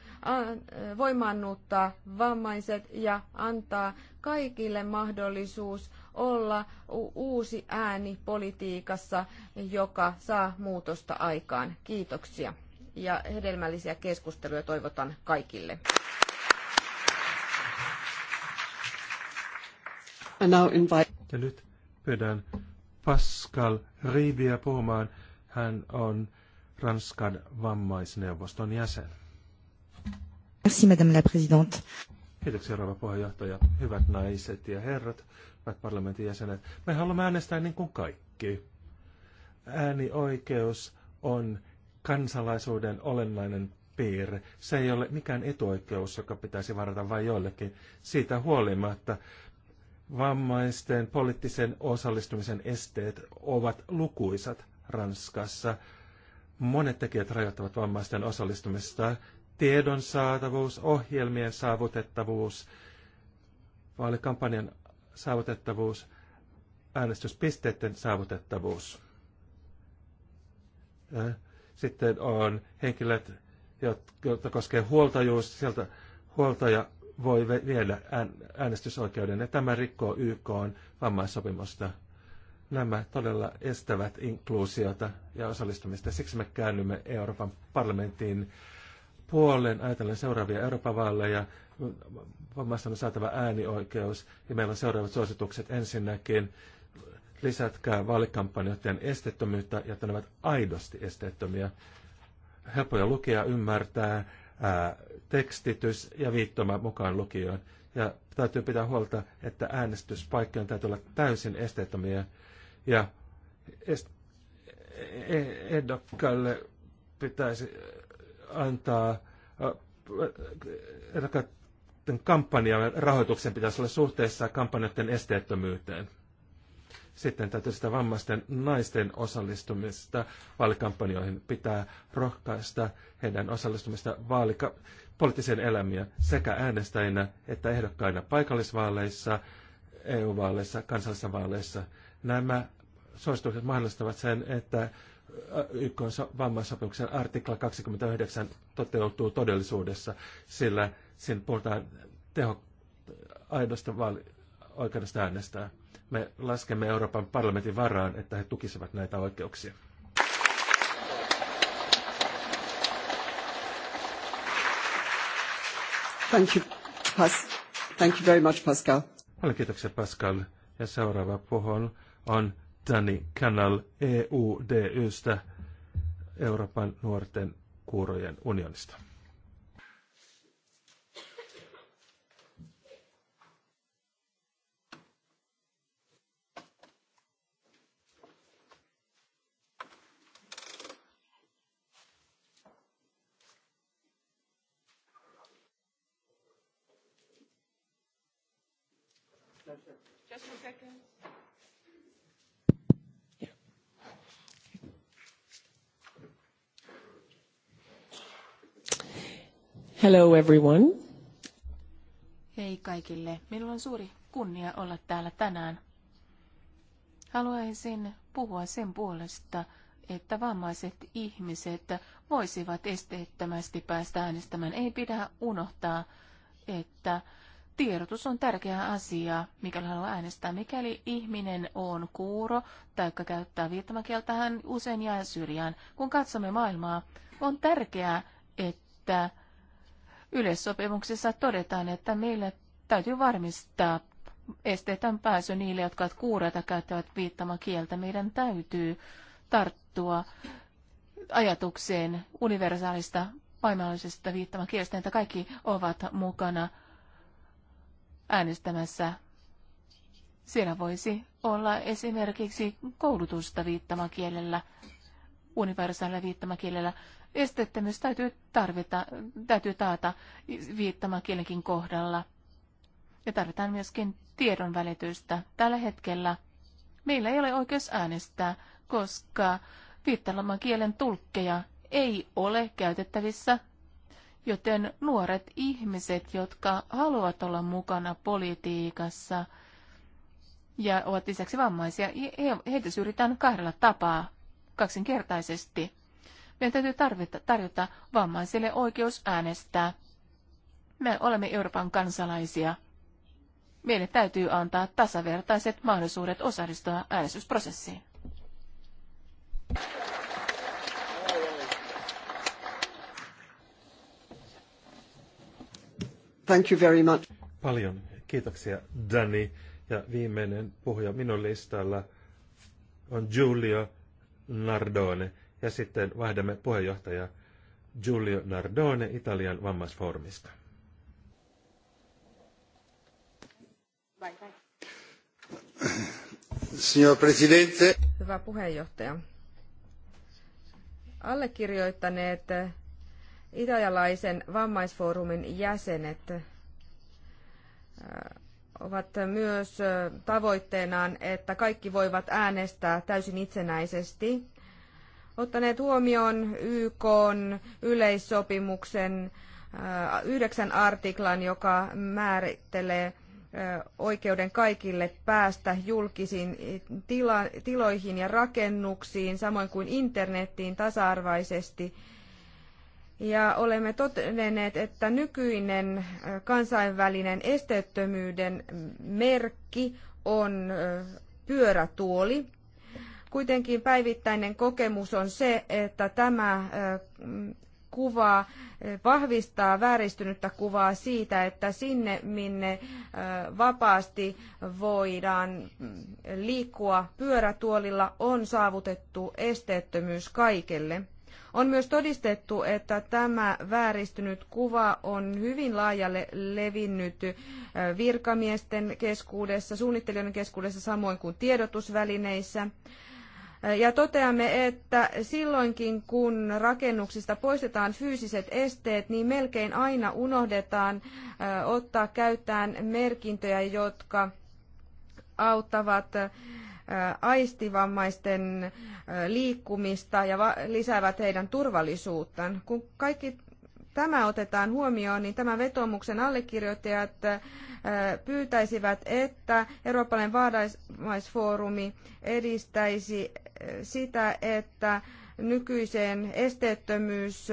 voimannuttaa vammaiset ja antaa kaikille mahdollisuus olla uusi ääni politiikassa, joka saa muutosta aikaan. Kiitoksia ja hedelmällisiä keskusteluja toivotan kaikille. Ja nyt Pyydän Pascal Riibiä puhumaan. Hän on Ranskan vammaisneuvoston jäsen. Merci, Madame la Présidente. Kiitoksia, rouva puheenjohtaja. Hyvät naiset ja herrat, hyvät parlamentin jäsenet. Me haluamme äänestää niin kuin kaikki. Äänioikeus on kansalaisuuden olennainen piirre. Se ei ole mikään etuoikeus, joka pitäisi varata vain joillekin. Siitä huolimatta Vammaisten poliittisen osallistumisen esteet ovat lukuisat Ranskassa. Monet tekijät rajoittavat vammaisten osallistumista. Tiedon saatavuus, ohjelmien saavutettavuus, vaalikampanjan saavutettavuus, äänestyspisteiden saavutettavuus. Sitten on henkilöt, jotka koskee huoltajuus, sieltä huoltaja voi vielä äänestysoikeuden, ja tämä rikkoo YK vammaissopimusta. Nämä todella estävät inkluusiota ja osallistumista. Siksi me käännymme Euroopan parlamenttiin puoleen ajatellen seuraavia Euroopan vaaleja. Vammaisten on saatava äänioikeus, ja meillä on seuraavat suositukset ensinnäkin lisätkää vaalikampanjoiden esteettömyyttä, jotta ne ovat aidosti esteettömiä. helpoja lukea, ymmärtää, ää, tekstitys ja viittoma mukaan lukijoon. Ja täytyy pitää huolta, että äänestyspaikkojen täytyy olla täysin esteettömiä ja est- e- ehdokkaille pitäisi antaa ehdokkaiden kampanjan rahoituksen pitäisi olla suhteessa kampanjoiden esteettömyyteen. Sitten täytyy vammaisten naisten osallistumista vaalikampanjoihin pitää rohkaista heidän osallistumista vaalika- poliittiseen elämään sekä äänestäjinä että ehdokkaina paikallisvaaleissa, EU-vaaleissa, kansallisissa vaaleissa. Nämä suositukset mahdollistavat sen, että YK vammaissopimuksen artikla 29 toteutuu todellisuudessa, sillä siinä puhutaan teho, aidosta vaali, oikeudesta äänestää me laskemme Euroopan parlamentin varaan, että he tukisivat näitä oikeuksia. Thank you, Pas- Thank you very much, Pascal. Paljon kiitoksia, Pascal. Ja seuraava puhon on Dani Canal EUDYstä, Euroopan nuorten kuurojen unionista. Hello everyone. Hei kaikille. Minulla on suuri kunnia olla täällä tänään. Haluaisin puhua sen puolesta, että vammaiset ihmiset voisivat esteettömästi päästä äänestämään. Ei pidä unohtaa, että tiedotus on tärkeä asia, mikäli haluaa äänestää. Mikäli ihminen on kuuro tai käyttää viittomakieltä, hän usein jää syrjään. Kun katsomme maailmaa, on tärkeää, että Yleissopimuksessa todetaan, että meillä täytyy varmistaa esteetön pääsy niille, jotka ovat kuureita käyttävät viittamakieltä. Meidän täytyy tarttua ajatukseen universaalista maailmallisesta viittamakielestä, että kaikki ovat mukana äänestämässä. Siellä voisi olla esimerkiksi koulutusta viittamakielellä, universaalilla viittamakielellä. Esteettömyys täytyy, tarvita, täytyy taata viittomakielenkin kohdalla. Ja tarvitaan myöskin tiedonvälitystä. Tällä hetkellä meillä ei ole oikeus äänestää, koska kielen tulkkeja ei ole käytettävissä, joten nuoret ihmiset, jotka haluavat olla mukana politiikassa ja ovat lisäksi vammaisia, heitä syrjitään kahdella tapaa kaksinkertaisesti. Meidän täytyy tarvita, tarjota vammaisille oikeus äänestää. Me olemme Euroopan kansalaisia. Meille täytyy antaa tasavertaiset mahdollisuudet osallistua äänestysprosessiin. Thank you very much. Paljon kiitoksia, Dani. Ja viimeinen puhuja minun listalla on Giulio Nardone ja sitten vaihdamme puheenjohtaja Giulio Nardone Italian vammaisfoorumista. Signor Presidente. Hyvä puheenjohtaja. Allekirjoittaneet italialaisen vammaisfoorumin jäsenet äh, ovat myös äh, tavoitteenaan, että kaikki voivat äänestää täysin itsenäisesti ottaneet huomioon YK yleissopimuksen äh, yhdeksän artiklan, joka määrittelee äh, oikeuden kaikille päästä julkisiin eh, tila, tiloihin ja rakennuksiin, samoin kuin internettiin tasa-arvaisesti. Ja olemme todenneet, että nykyinen äh, kansainvälinen esteettömyyden merkki on pyörätuoli, Kuitenkin päivittäinen kokemus on se, että tämä kuva vahvistaa vääristynyttä kuvaa siitä, että sinne, minne vapaasti voidaan mm, liikkua pyörätuolilla, on saavutettu esteettömyys kaikille. On myös todistettu, että tämä vääristynyt kuva on hyvin laajalle levinnyt virkamiesten keskuudessa, suunnittelijoiden keskuudessa samoin kuin tiedotusvälineissä. Ja toteamme, että silloinkin kun rakennuksista poistetaan fyysiset esteet, niin melkein aina unohdetaan ottaa käyttään merkintöjä, jotka auttavat aistivammaisten liikkumista ja lisäävät heidän turvallisuuttaan. Kun kaikki tämä otetaan huomioon, niin tämän vetomuksen allekirjoittajat pyytäisivät, että Euroopan vaadaismaisfoorumi edistäisi sitä, että nykyiseen esteettömyys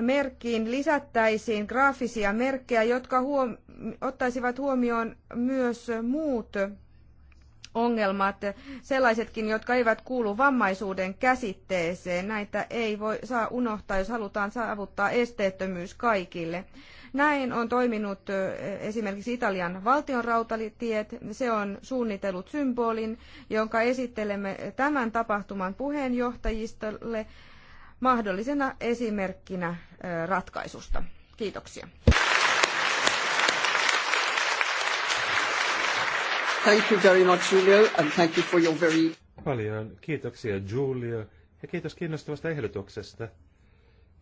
merkkiin lisättäisiin graafisia merkkejä, jotka huom- ottaisivat huomioon myös muut ongelmat, sellaisetkin, jotka eivät kuulu vammaisuuden käsitteeseen. Näitä ei voi saa unohtaa, jos halutaan saavuttaa esteettömyys kaikille. Näin on toiminut esimerkiksi Italian valtion rautalitiet. Se on suunnitellut symbolin, jonka esittelemme tämän tapahtuman puheenjohtajistolle mahdollisena esimerkkinä ratkaisusta. Kiitoksia. Thank you very much, Julia, and thank you for your very... Paljon kiitoksia, Julia, ja kiitos kiinnostavasta ehdotuksesta.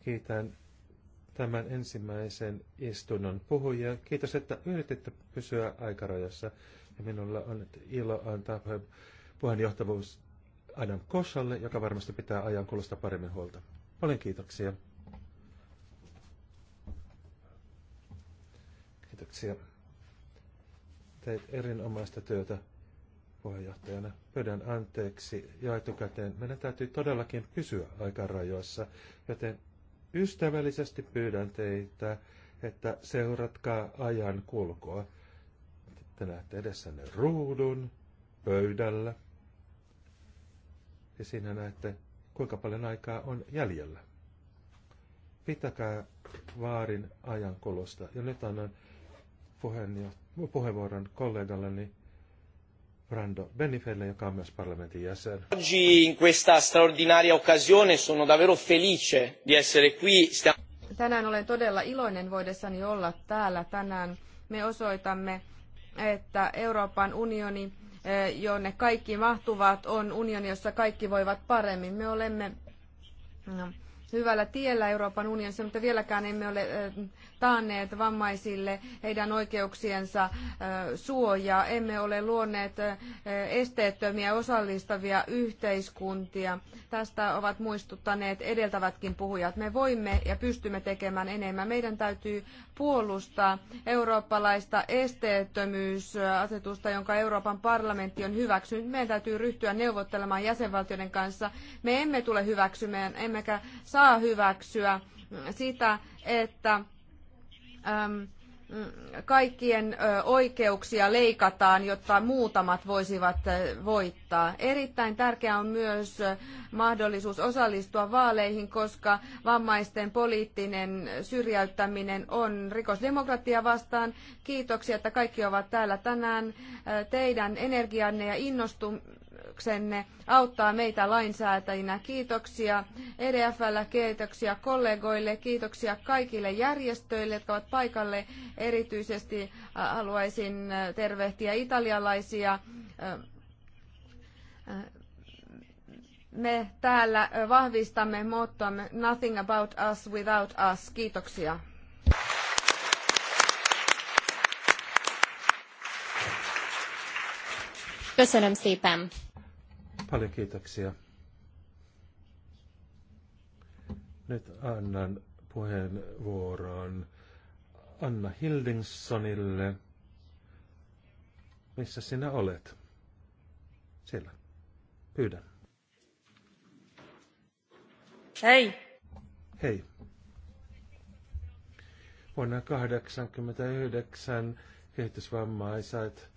Kiitän tämän ensimmäisen istunnon puhujia. Kiitos, että yrititte pysyä aikarajassa. Ja minulla on ilo antaa puheenjohtavuus Adam Kosalle, joka varmasti pitää ajan kulusta paremmin huolta. Paljon kiitoksia. Kiitoksia. Teit erinomaista työtä puheenjohtajana. Pyydän anteeksi ja etukäteen. Meidän täytyy todellakin pysyä aikarajoissa, joten ystävällisesti pyydän teitä, että seuratkaa ajan kulkoa Te näette edessänne ruudun pöydällä. Ja siinä näette, kuinka paljon aikaa on jäljellä. Pitäkää vaarin ajan kulosta. Ja nyt annan puheenvuoron kollegalleni Brando Benifelle, joka on myös parlamentin jäsen. Oggi in questa straordinaria occasione sono davvero felice di essere qui. Tänään olen todella iloinen voidessani olla täällä tänään. Me osoitamme, että Euroopan unioni, eh, jonne kaikki mahtuvat, on unioni, jossa kaikki voivat paremmin. Me olemme no, hyvällä tiellä Euroopan unionissa, mutta vieläkään emme ole taanneet vammaisille heidän oikeuksiensa suojaa. Emme ole luoneet esteettömiä osallistavia yhteiskuntia. Tästä ovat muistuttaneet edeltävätkin puhujat. Me voimme ja pystymme tekemään enemmän. Meidän täytyy puolustaa eurooppalaista esteettömyysasetusta, jonka Euroopan parlamentti on hyväksynyt. Meidän täytyy ryhtyä neuvottelemaan jäsenvaltioiden kanssa. Me emme tule hyväksymään, emmekä saa saa hyväksyä sitä, että kaikkien oikeuksia leikataan, jotta muutamat voisivat voittaa. Erittäin tärkeää on myös mahdollisuus osallistua vaaleihin, koska vammaisten poliittinen syrjäyttäminen on rikosdemokratia vastaan. Kiitoksia, että kaikki ovat täällä tänään. Teidän energianne ja innostumisenne pyrkimyksenne auttaa meitä lainsäätäjinä. Kiitoksia EDFllä, kiitoksia kollegoille, kiitoksia kaikille järjestöille, jotka ovat paikalle. Erityisesti äh, haluaisin äh, tervehtiä italialaisia äh, me täällä vahvistamme mottoamme Nothing about us without us. Kiitoksia. Köszönöm szépen. Paljon kiitoksia. Nyt annan puheenvuoron Anna Hildingsonille. Missä sinä olet? Siellä. Pyydän. Hei. Hei. Vuonna 1989 kehitysvammaiset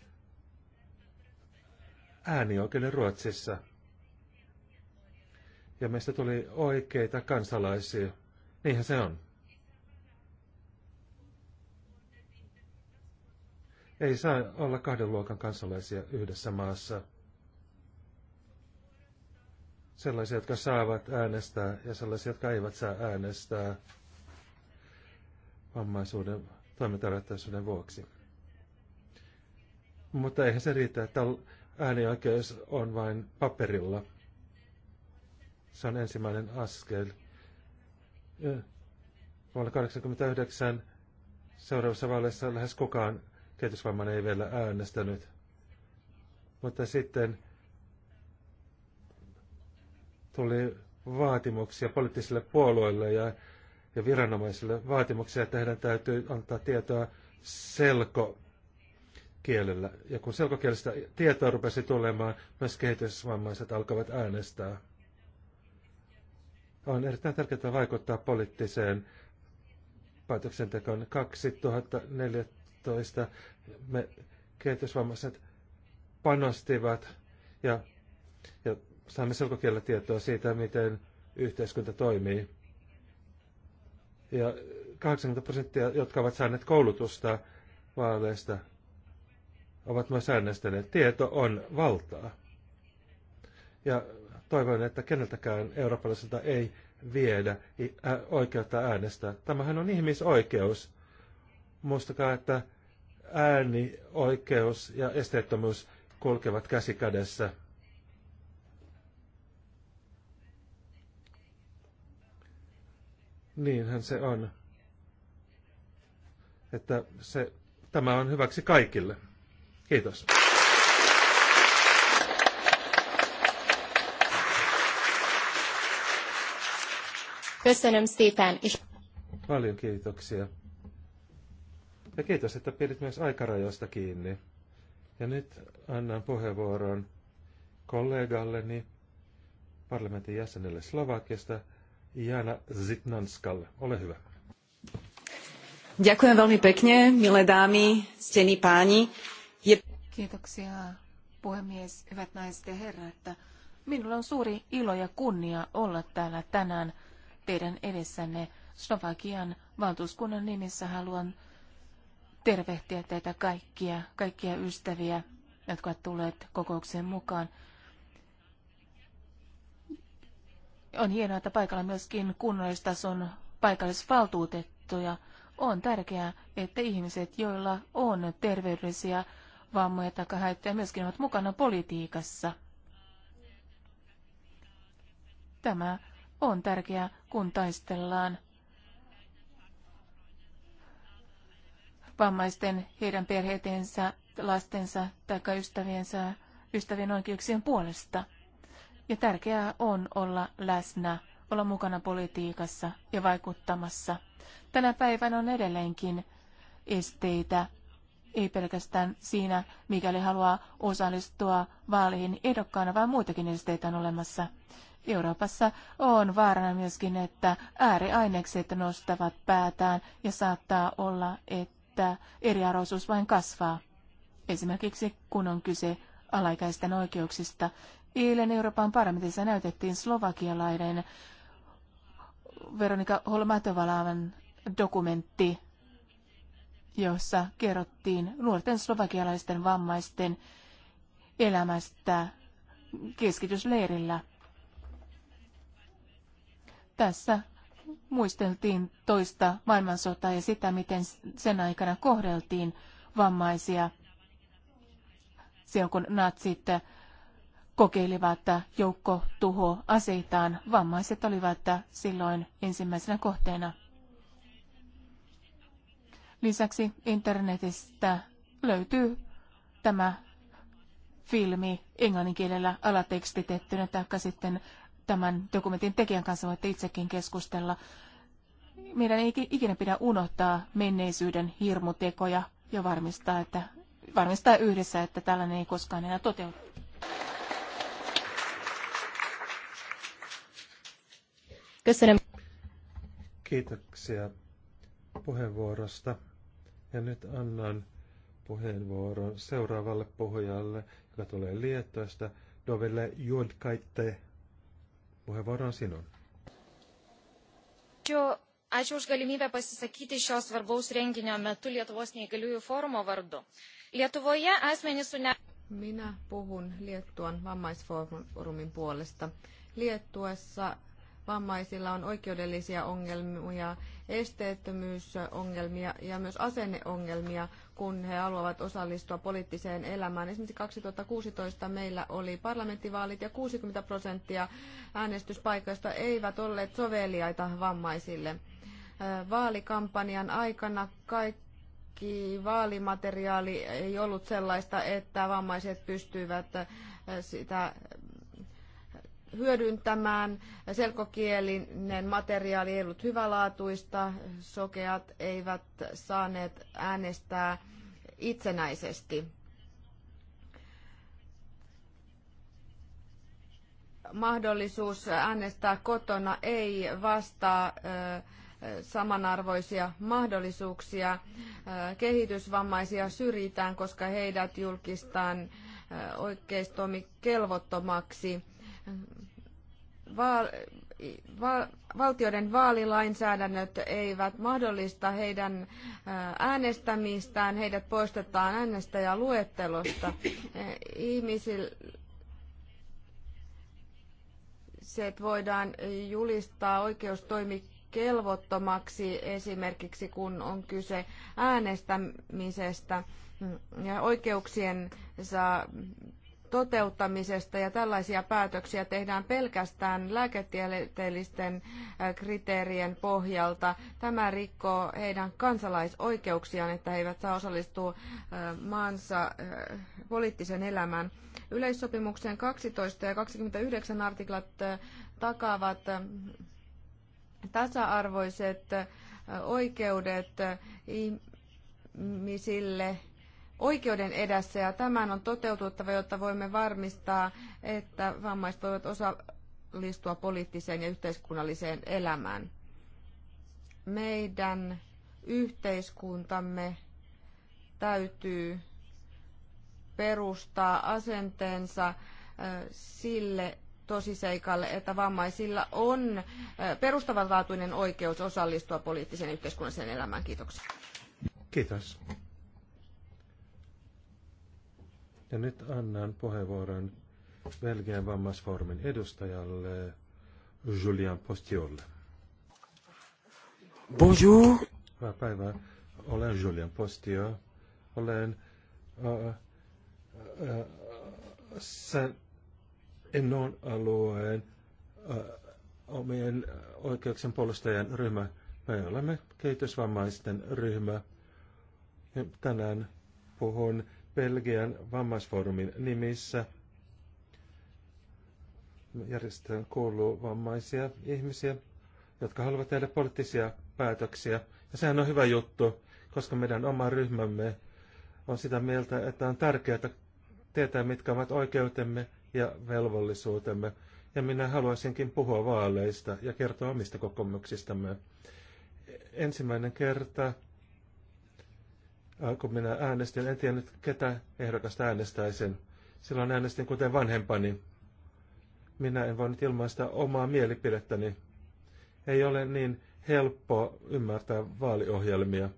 äänioikeuden Ruotsissa ja meistä tuli oikeita kansalaisia. Niinhän se on. Ei saa olla kahden luokan kansalaisia yhdessä maassa. Sellaisia, jotka saavat äänestää ja sellaisia, jotka eivät saa äänestää vammaisuuden toimintarajoitteisuuden vuoksi. Mutta eihän se riitä, että äänioikeus on vain paperilla – se on ensimmäinen askel. Vuonna 1989 seuraavassa vaaleissa lähes kukaan kehitysvammainen ei vielä äänestänyt. Mutta sitten tuli vaatimuksia poliittisille puolueille ja, ja viranomaisille vaatimuksia, että heidän täytyy antaa tietoa kielellä. Ja kun selkokielistä tietoa rupesi tulemaan, myös kehitysvammaiset alkavat äänestää on erittäin tärkeää vaikuttaa poliittiseen päätöksentekoon. 2014 me kehitysvammaiset panostivat ja, ja saimme selkokielellä tietoa siitä, miten yhteiskunta toimii. Ja 80 prosenttia, jotka ovat saaneet koulutusta vaaleista, ovat myös äänestäneet. Tieto on valtaa. Ja Toivon, että keneltäkään eurooppalaiselta ei viedä oikeutta äänestää. Tämähän on ihmisoikeus. Muistakaa, että äänioikeus ja esteettömyys kulkevat käsi kädessä. Niinhän se on. Että se, tämä on hyväksi kaikille. Kiitos. Köszönöm szépen, és... Paljon kiitoksia. Ja kiitos, että pidit myös aikarajoista kiinni. Ja nyt annan puheenvuoron kollegalleni, parlamentin jäsenelle Slovakiasta, Jana Zitnanskalle. Ole hyvä. Ďakujem veľmi pekne, milé dámy, stení páni. Je... Kiitoksia, puhemies, hyvät naiset ja herrat. Minulla on suuri ilo ja kunnia olla täällä tänään – teidän edessänne Slovakian valtuuskunnan nimissä haluan tervehtiä teitä kaikkia, kaikkia ystäviä, jotka ovat tulleet kokoukseen mukaan. On hienoa, että paikalla myöskin kunnallistason paikallisvaltuutettuja. On tärkeää, että ihmiset, joilla on terveydellisiä vammoja tai haittoja, myöskin ovat mukana politiikassa. Tämä on tärkeää, kun taistellaan vammaisten, heidän perheetensä, lastensa tai ystäviensä, ystävien oikeuksien puolesta. Ja tärkeää on olla läsnä, olla mukana politiikassa ja vaikuttamassa. Tänä päivänä on edelleenkin esteitä, ei pelkästään siinä, mikäli haluaa osallistua vaaleihin ehdokkaana, vaan muitakin esteitä on olemassa. Euroopassa on vaarana myöskin, että ääriainekset nostavat päätään ja saattaa olla, että eriarvoisuus vain kasvaa. Esimerkiksi kun on kyse alaikäisten oikeuksista. Eilen Euroopan parlamentissa näytettiin slovakialainen Veronika holmatovalaavan dokumentti, jossa kerrottiin nuorten slovakialaisten vammaisten elämästä keskitysleirillä. Tässä muisteltiin toista maailmansotaa ja sitä, miten sen aikana kohdeltiin vammaisia silloin, kun natsit kokeilivat joukko tuho aseitaan. Vammaiset olivat silloin ensimmäisenä kohteena. Lisäksi internetistä löytyy tämä filmi englanninkielellä alatekstitettynä tai sitten tämän dokumentin tekijän kanssa voitte itsekin keskustella. Meidän ei ikinä pidä unohtaa menneisyyden hirmutekoja ja varmistaa, että, varmistaa yhdessä, että tällainen ei koskaan enää toteudu. Kiitoksia puheenvuorosta. Ja nyt annan puheenvuoron seuraavalle puhujalle, joka tulee liettoista, Dovelle Jodkaitte. Puheenvuoro on sinun. Ačiū, ačiū už galimybę pasisakyti šio svarbaus renginio metu Lietuvos neįgaliųjų forumo vardu. Lietuvoje asmenys su ne... Minä puhun Liettuan vammaisfoorumin puolesta. Liettuessa vammaisilla on oikeudellisia ongelmia esteettömyysongelmia ja myös asenneongelmia, kun he haluavat osallistua poliittiseen elämään. Esimerkiksi 2016 meillä oli parlamenttivaalit ja 60 prosenttia äänestyspaikoista eivät olleet soveliaita vammaisille. Vaalikampanjan aikana kaikki vaalimateriaali ei ollut sellaista, että vammaiset pystyivät sitä hyödyntämään. Selkokielinen materiaali ei ollut hyvälaatuista, sokeat eivät saaneet äänestää itsenäisesti. Mahdollisuus äänestää kotona ei vastaa samanarvoisia mahdollisuuksia. Kehitysvammaisia syrjitään, koska heidät julkistaan oikeistomikelvottomaksi vaal, val, valtioiden vaalilainsäädännöt eivät mahdollista heidän äänestämistään, heidät poistetaan äänestäjäluettelosta. E, se voidaan julistaa oikeustoimikelvottomaksi esimerkiksi, kun on kyse äänestämisestä ja saa toteuttamisesta ja tällaisia päätöksiä tehdään pelkästään lääketieteellisten kriteerien pohjalta. Tämä rikkoo heidän kansalaisoikeuksiaan, että he eivät saa osallistua maansa poliittisen elämään. Yleissopimuksen 12 ja 29 artiklat takaavat tasa-arvoiset oikeudet ihmisille oikeuden edessä ja tämän on toteututtava, jotta voimme varmistaa, että vammaiset voivat osallistua poliittiseen ja yhteiskunnalliseen elämään. Meidän yhteiskuntamme täytyy perustaa asenteensa äh, sille tosiseikalle, että vammaisilla on äh, perustavanlaatuinen oikeus osallistua poliittiseen ja yhteiskunnalliseen elämään. Kiitoksia. Kiitos. Ja nyt annan puheenvuoron Belgian vammaisfoorumin edustajalle Julian Postiolle. Bonjour. Hyvää päivää. Olen Julian Postio. Olen sen Ennon alueen äh, omien oikeuksien puolustajan ryhmä. Me olemme kehitysvammaisten ryhmä. Ja tänään puhun Belgian vammaisfoorumin nimissä. Järjestöön kuuluu vammaisia ihmisiä, jotka haluavat tehdä poliittisia päätöksiä. Ja sehän on hyvä juttu, koska meidän oma ryhmämme on sitä mieltä, että on tärkeää tietää, mitkä ovat oikeutemme ja velvollisuutemme. Ja minä haluaisinkin puhua vaaleista ja kertoa omista kokemuksistamme. Ensimmäinen kerta Äh, kun minä äänestin, en tiennyt ketä ehdokasta äänestäisin. Silloin äänestin kuten vanhempani. Minä en voinut ilmaista omaa mielipidettäni. Ei ole niin helppo ymmärtää vaaliohjelmia.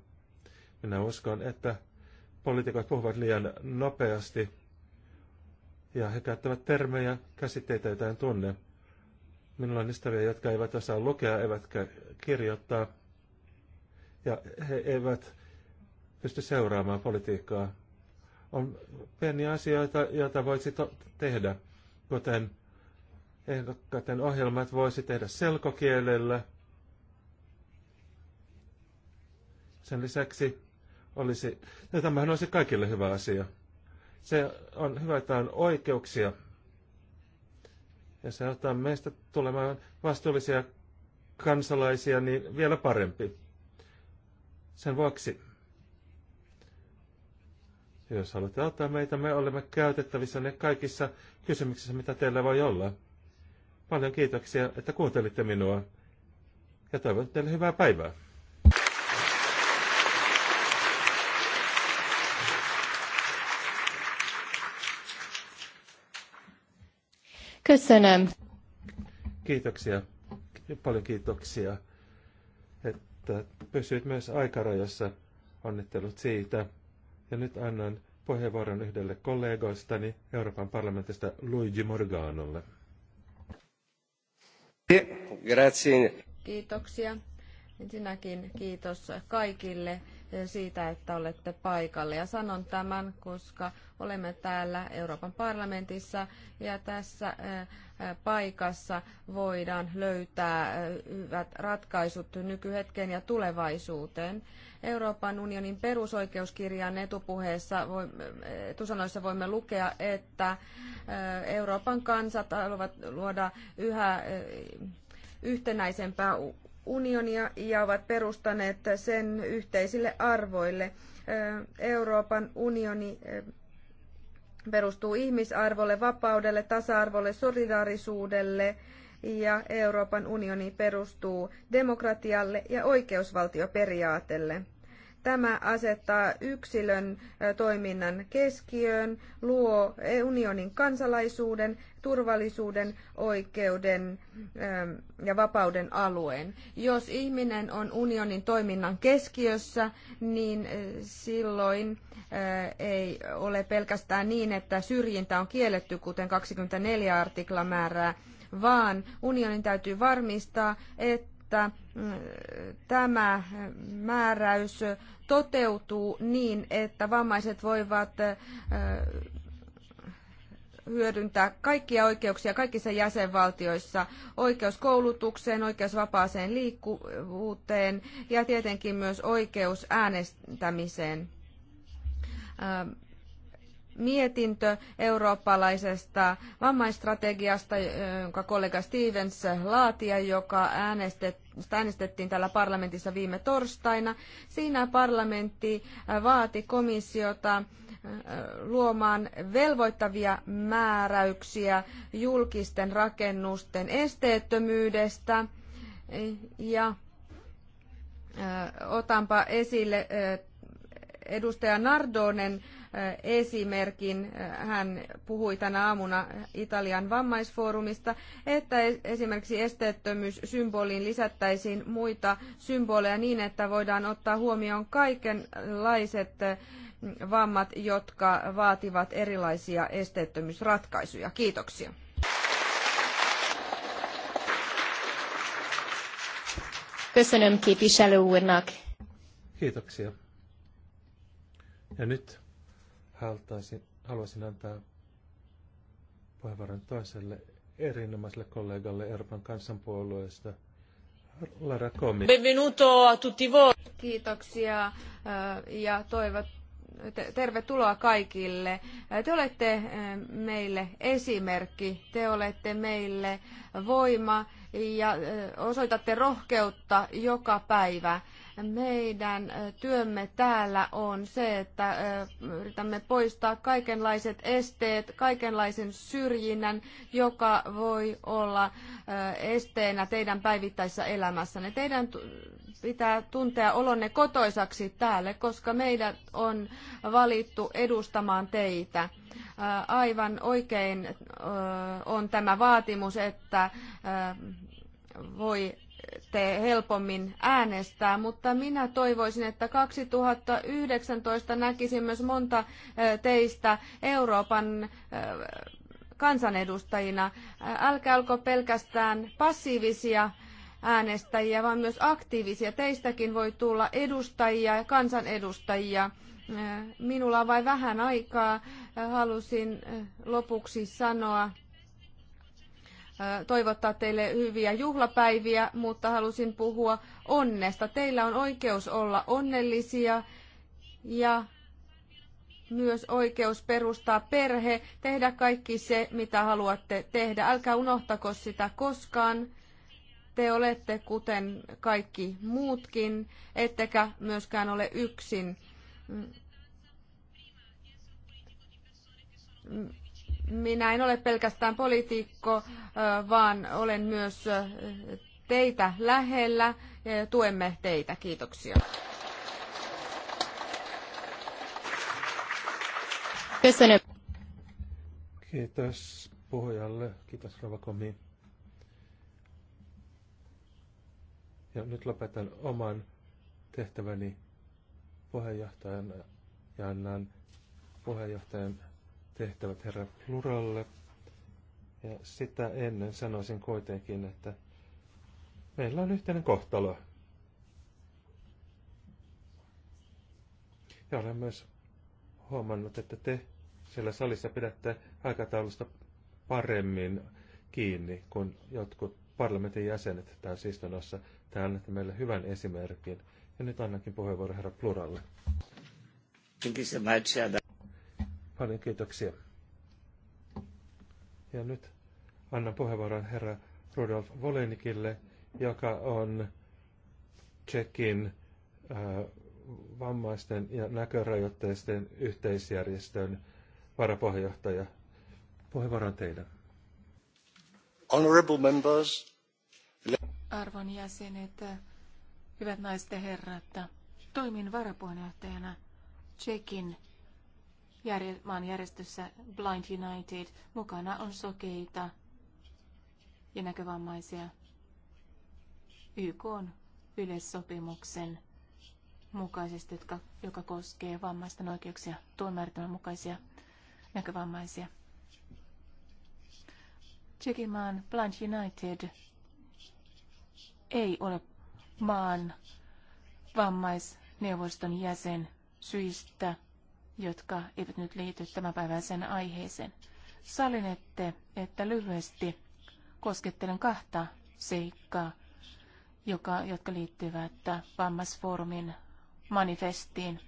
Minä uskon, että poliitikot puhuvat liian nopeasti ja he käyttävät termejä, käsitteitä, joita en tunne. Minulla on ystäviä, jotka eivät osaa lukea eivätkä kirjoittaa ja he eivät pysty seuraamaan politiikkaa. On pieniä asioita, joita voisi tehdä, kuten ehdokkaiden ohjelmat voisi tehdä selkokielellä. Sen lisäksi olisi, ja no, tämähän olisi kaikille hyvä asia. Se on hyvä, että on oikeuksia. Ja se ottaa meistä tulemaan vastuullisia kansalaisia, niin vielä parempi. Sen vuoksi jos haluatte auttaa meitä, me olemme käytettävissä ne kaikissa kysymyksissä, mitä teillä voi olla. Paljon kiitoksia, että kuuntelitte minua ja toivon teille hyvää päivää. Köszönöm. Kiitoksia. Paljon kiitoksia, että pysyit myös aikarajassa. Onnittelut siitä. Ja nyt annan puheenvuoron yhdelle kollegoistani Euroopan parlamentista Luigi Morganolle. Kiitoksia. Ensinnäkin kiitos kaikille siitä, että olette paikalle. Ja sanon tämän, koska olemme täällä Euroopan parlamentissa ja tässä äh, äh, paikassa voidaan löytää äh, hyvät ratkaisut nykyhetkeen ja tulevaisuuteen. Euroopan unionin perusoikeuskirjan etupuheessa etusanoissa voimme lukea, että Euroopan kansat haluavat luoda yhä yhtenäisempää unionia ja ovat perustaneet sen yhteisille arvoille. Euroopan unioni perustuu ihmisarvolle, vapaudelle, tasa-arvolle, solidaarisuudelle, ja Euroopan unioni perustuu demokratialle ja oikeusvaltioperiaatelle. Tämä asettaa yksilön toiminnan keskiöön, luo unionin kansalaisuuden, turvallisuuden, oikeuden ja vapauden alueen. Jos ihminen on unionin toiminnan keskiössä, niin silloin ei ole pelkästään niin, että syrjintä on kielletty, kuten 24 artikla määrää, vaan unionin täytyy varmistaa, että mm, tämä määräys toteutuu niin, että vammaiset voivat hyödyntää kaikkia oikeuksia kaikissa jäsenvaltioissa, oikeus koulutukseen, oikeus vapaaseen liikkuvuuteen ja tietenkin myös oikeus äänestämiseen mietintö eurooppalaisesta vammaistrategiasta, eh, jonka kollega Stevens laati ja joka äänestettiin täällä parlamentissa viime torstaina. Siinä parlamentti eh, vaati komissiota eh, luomaan velvoittavia määräyksiä julkisten rakennusten esteettömyydestä ja otanpa esille edustaja Nardonen esimerkin, hän puhui tänä aamuna Italian vammaisfoorumista, että esimerkiksi esteettömyyssymboliin lisättäisiin muita symboleja niin, että voidaan ottaa huomioon kaikenlaiset vammat, jotka vaativat erilaisia esteettömyysratkaisuja. Kiitoksia. Köszönöm képviselő úrnak. Kiitoksia. Ja nyt Haltaisin, haluaisin antaa puheenvuoron toiselle erinomaiselle kollegalle Euroopan kansanpuolueesta, Lara Komi. Benvenuto a tutti voi. Kiitoksia äh, ja toivot tervetuloa kaikille. Äh, te olette äh, meille esimerkki, te olette meille voima ja osoitatte rohkeutta joka päivä. Meidän työmme täällä on se, että yritämme poistaa kaikenlaiset esteet, kaikenlaisen syrjinnän, joka voi olla esteenä teidän päivittäisessä elämässänne. Teidän pitää tuntea olonne kotoisaksi täällä, koska meidät on valittu edustamaan teitä. Aivan oikein on tämä vaatimus, että voi te helpommin äänestää, mutta minä toivoisin, että 2019 näkisin myös monta teistä Euroopan kansanedustajina. Älkää olko pelkästään passiivisia äänestäjiä, vaan myös aktiivisia. Teistäkin voi tulla edustajia ja kansanedustajia. Minulla on vain vähän aikaa. Halusin lopuksi sanoa, toivottaa teille hyviä juhlapäiviä, mutta halusin puhua onnesta. Teillä on oikeus olla onnellisia ja myös oikeus perustaa perhe, tehdä kaikki se, mitä haluatte tehdä. Älkää unohtako sitä koskaan. Te olette kuten kaikki muutkin, ettekä myöskään ole yksin mm minä en ole pelkästään poliitikko, vaan olen myös teitä lähellä ja tuemme teitä. Kiitoksia. Kiitos puhujalle. Kiitos Ravakomi. Ja nyt lopetan oman tehtäväni puheenjohtajana ja annan puheenjohtajan tehtävät herra Pluralle. Ja sitä ennen sanoisin kuitenkin, että meillä on yhteinen kohtalo. Ja olen myös huomannut, että te siellä salissa pidätte aikataulusta paremmin kiinni kuin jotkut parlamentin jäsenet tässä istunnossa. Tämä annatte meille hyvän esimerkin. Ja nyt annankin puheenvuoron herra Pluralle. Thank you so much, uh, Paljon kiitoksia. Ja nyt annan puheenvuoron herra Rudolf Volenikille, joka on Tsekin äh, vammaisten ja näkörajoitteisten yhteisjärjestön varapuheenjohtaja. on teidän. Honorable members. Arvon jäsenet, hyvät naisten herrat, toimin varapuheenjohtajana Tsekin järje- Blind United. Mukana on sokeita ja näkövammaisia. YK on yleissopimuksen mukaisesti, jotka, joka koskee vammaisten oikeuksia, tuon määritelmän mukaisia näkövammaisia. Tsekimaan Blind United ei ole maan vammaisneuvoston jäsen syistä, jotka eivät nyt liity päiväisen aiheeseen. Salinette, että lyhyesti koskettelen kahta seikkaa, joka, jotka liittyvät vammaisfoorumin manifestiin.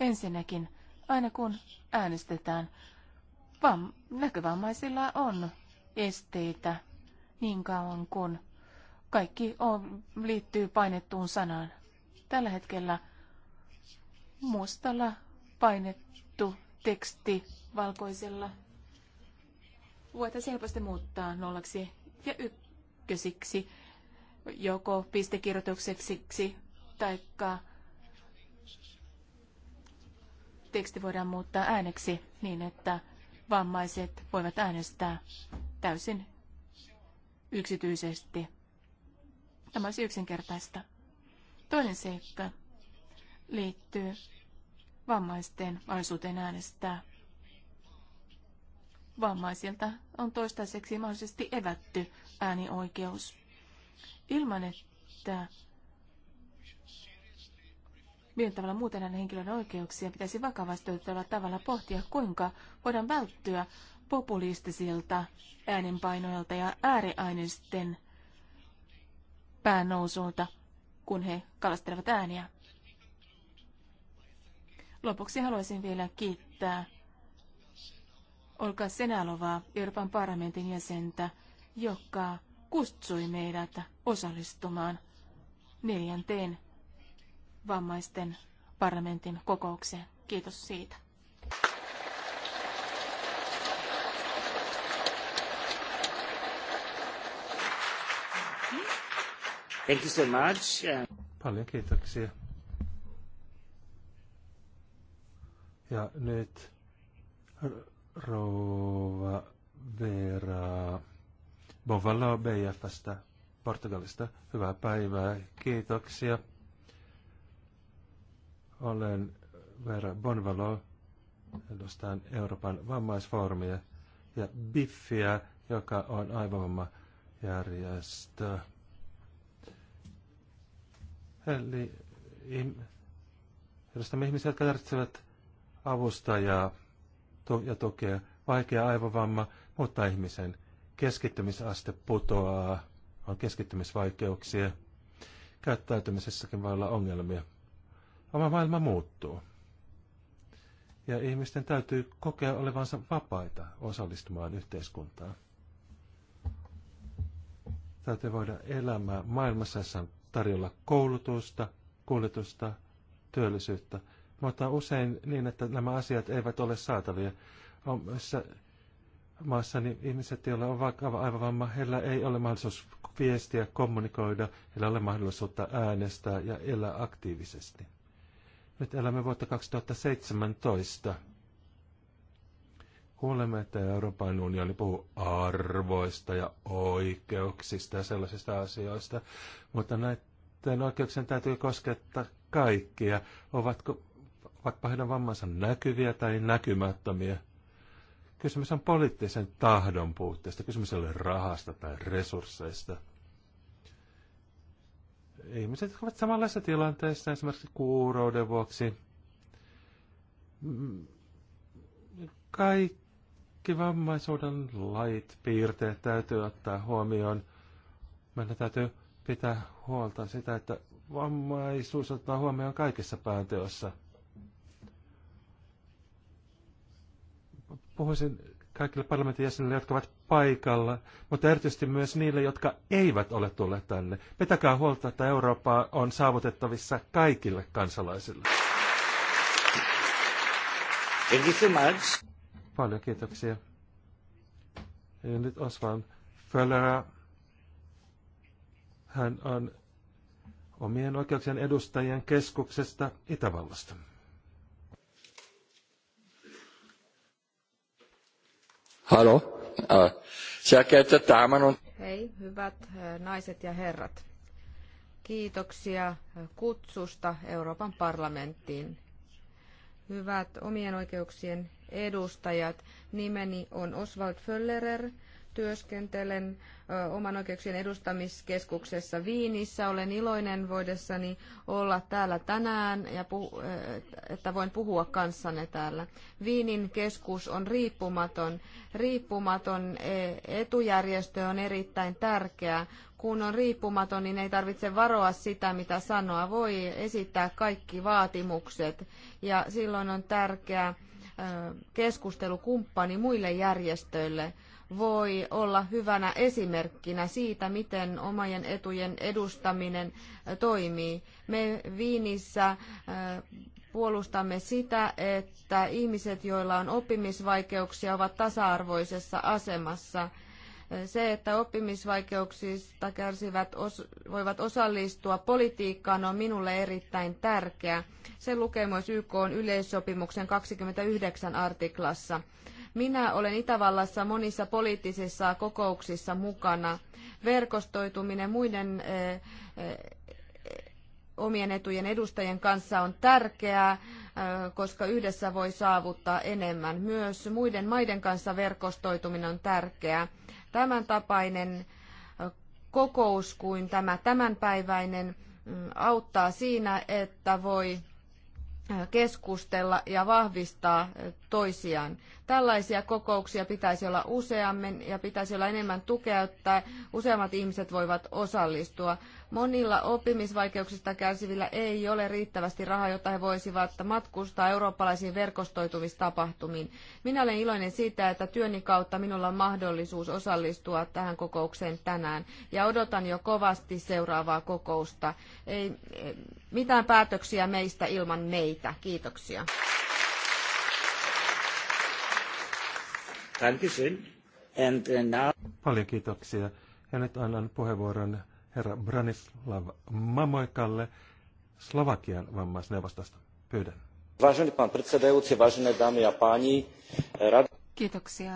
Ensinnäkin, aina kun äänestetään, vam- näkövammaisilla on esteitä niin kauan kuin kaikki on, liittyy painettuun sanaan. Tällä hetkellä mustalla painettu teksti valkoisella voitaisiin helposti muuttaa nollaksi ja ykkösiksi, joko pistekirjoitukseksi tai teksti voidaan muuttaa ääneksi niin, että vammaiset voivat äänestää täysin yksityisesti. Tämä olisi yksinkertaista. Toinen seikka liittyy vammaisten mahdollisuuteen äänestää. Vammaisilta on toistaiseksi mahdollisesti evätty äänioikeus. Ilman, että millä tavalla muuten näiden henkilöiden oikeuksia pitäisi vakavasti otettavalla tavalla pohtia, kuinka voidaan välttyä populistisilta äänenpainoilta ja ääriaineisten päänousulta, kun he kalastelevat ääniä. Lopuksi haluaisin vielä kiittää Olka Senalovaa, Euroopan parlamentin jäsentä, joka kutsui meidät osallistumaan neljänteen vammaisten parlamentin kokoukseen. Kiitos siitä. Thank you so much. Uh, Paljon kiitoksia. Ja nyt rouva Vera Bovalo BFstä Portugalista. Hyvää päivää. Kiitoksia. Olen Vera Bonvalo, edustan Euroopan vammaisfoorumia ja BIFFiä, joka on aivovammajärjestö. Eli edustamme ihmisiä, jotka tarvitsevat avustajaa ja tukea. Vaikea aivovamma mutta ihmisen. Keskittymisaste putoaa, on keskittymisvaikeuksia. Käyttäytymisessäkin voi olla ongelmia. Oma maailma muuttuu. Ja ihmisten täytyy kokea olevansa vapaita osallistumaan yhteiskuntaan. Täytyy voida elämää maailmassa, jossa on tarjolla koulutusta, kuljetusta, työllisyyttä – mutta usein niin, että nämä asiat eivät ole saatavia. Omassa maassani niin ihmiset, joilla on vakava aivovamma, heillä ei ole mahdollisuus viestiä, kommunikoida, heillä ei ole mahdollisuutta äänestää ja elää aktiivisesti. Nyt elämme vuotta 2017. Kuulemme, että Euroopan unioni puhuu arvoista ja oikeuksista ja sellaisista asioista, mutta näiden oikeuksien täytyy koskettaa kaikkia. Ovatko vaikka heidän vammansa näkyviä tai näkymättömiä. Kysymys on poliittisen tahdon puutteesta, kysymys ei ole rahasta tai resursseista. Ihmiset, jotka ovat samanlaisessa tilanteessa esimerkiksi kuurouden vuoksi, mm, kaikki vammaisuuden lait, piirteet täytyy ottaa huomioon. Meidän täytyy pitää huolta sitä, että vammaisuus ottaa huomioon kaikessa pääteossa – puhuisin kaikille parlamentin jäsenille, jotka ovat paikalla, mutta erityisesti myös niille, jotka eivät ole tulleet tänne. Pitäkää huolta, että Eurooppa on saavutettavissa kaikille kansalaisille. Thank you so much. Paljon kiitoksia. Ja nyt Osvan Föllera. Hän on omien oikeuksien edustajien keskuksesta Itävallasta. Halo. Ah, sä käytät tämän on... Hei, hyvät eh, naiset ja herrat. Kiitoksia eh, kutsusta Euroopan parlamenttiin. Hyvät omien oikeuksien edustajat, nimeni on Oswald Föllerer Työskentelen oman oikeuksien edustamiskeskuksessa Viinissä. Olen iloinen voidessani olla täällä tänään ja että voin puhua kanssanne täällä. Viinin keskus on riippumaton. Riippumaton e, etujärjestö on erittäin tärkeä. Kun on riippumaton, niin ei tarvitse varoa sitä, mitä sanoa. Voi esittää kaikki vaatimukset ja silloin on tärkeää keskustelukumppani muille järjestöille voi olla hyvänä esimerkkinä siitä, miten omien etujen edustaminen toimii. Me Viinissä puolustamme sitä, että ihmiset, joilla on oppimisvaikeuksia, ovat tasa-arvoisessa asemassa se, että oppimisvaikeuksista kärsivät voivat osallistua politiikkaan, on minulle erittäin tärkeää. Se lukee myös YK yleissopimuksen 29 artiklassa. Minä olen Itävallassa monissa poliittisissa kokouksissa mukana. Verkostoituminen muiden eh, eh, omien etujen edustajien kanssa on tärkeää, eh, koska yhdessä voi saavuttaa enemmän. Myös muiden maiden kanssa verkostoituminen on tärkeää. Tämän tapainen kokous kuin tämä tämänpäiväinen mm, auttaa siinä, että voi keskustella ja vahvistaa toisiaan. Tällaisia kokouksia pitäisi olla useammin ja pitäisi olla enemmän tukea, että useammat ihmiset voivat osallistua. Monilla oppimisvaikeuksista kärsivillä ei ole riittävästi rahaa, jotta he voisivat matkustaa eurooppalaisiin verkostoitumistapahtumiin. Minä olen iloinen siitä, että työni kautta minulla on mahdollisuus osallistua tähän kokoukseen tänään ja odotan jo kovasti seuraavaa kokousta. Ei eh, mitään päätöksiä meistä ilman meitä. Kiitoksia. Uh, Paljon kiitoksia. Ja nyt annan puheenvuoron herra Branislav Mamoikalle Slovakian vammaisneuvostosta. Pyydän. ja rad... Kiitoksia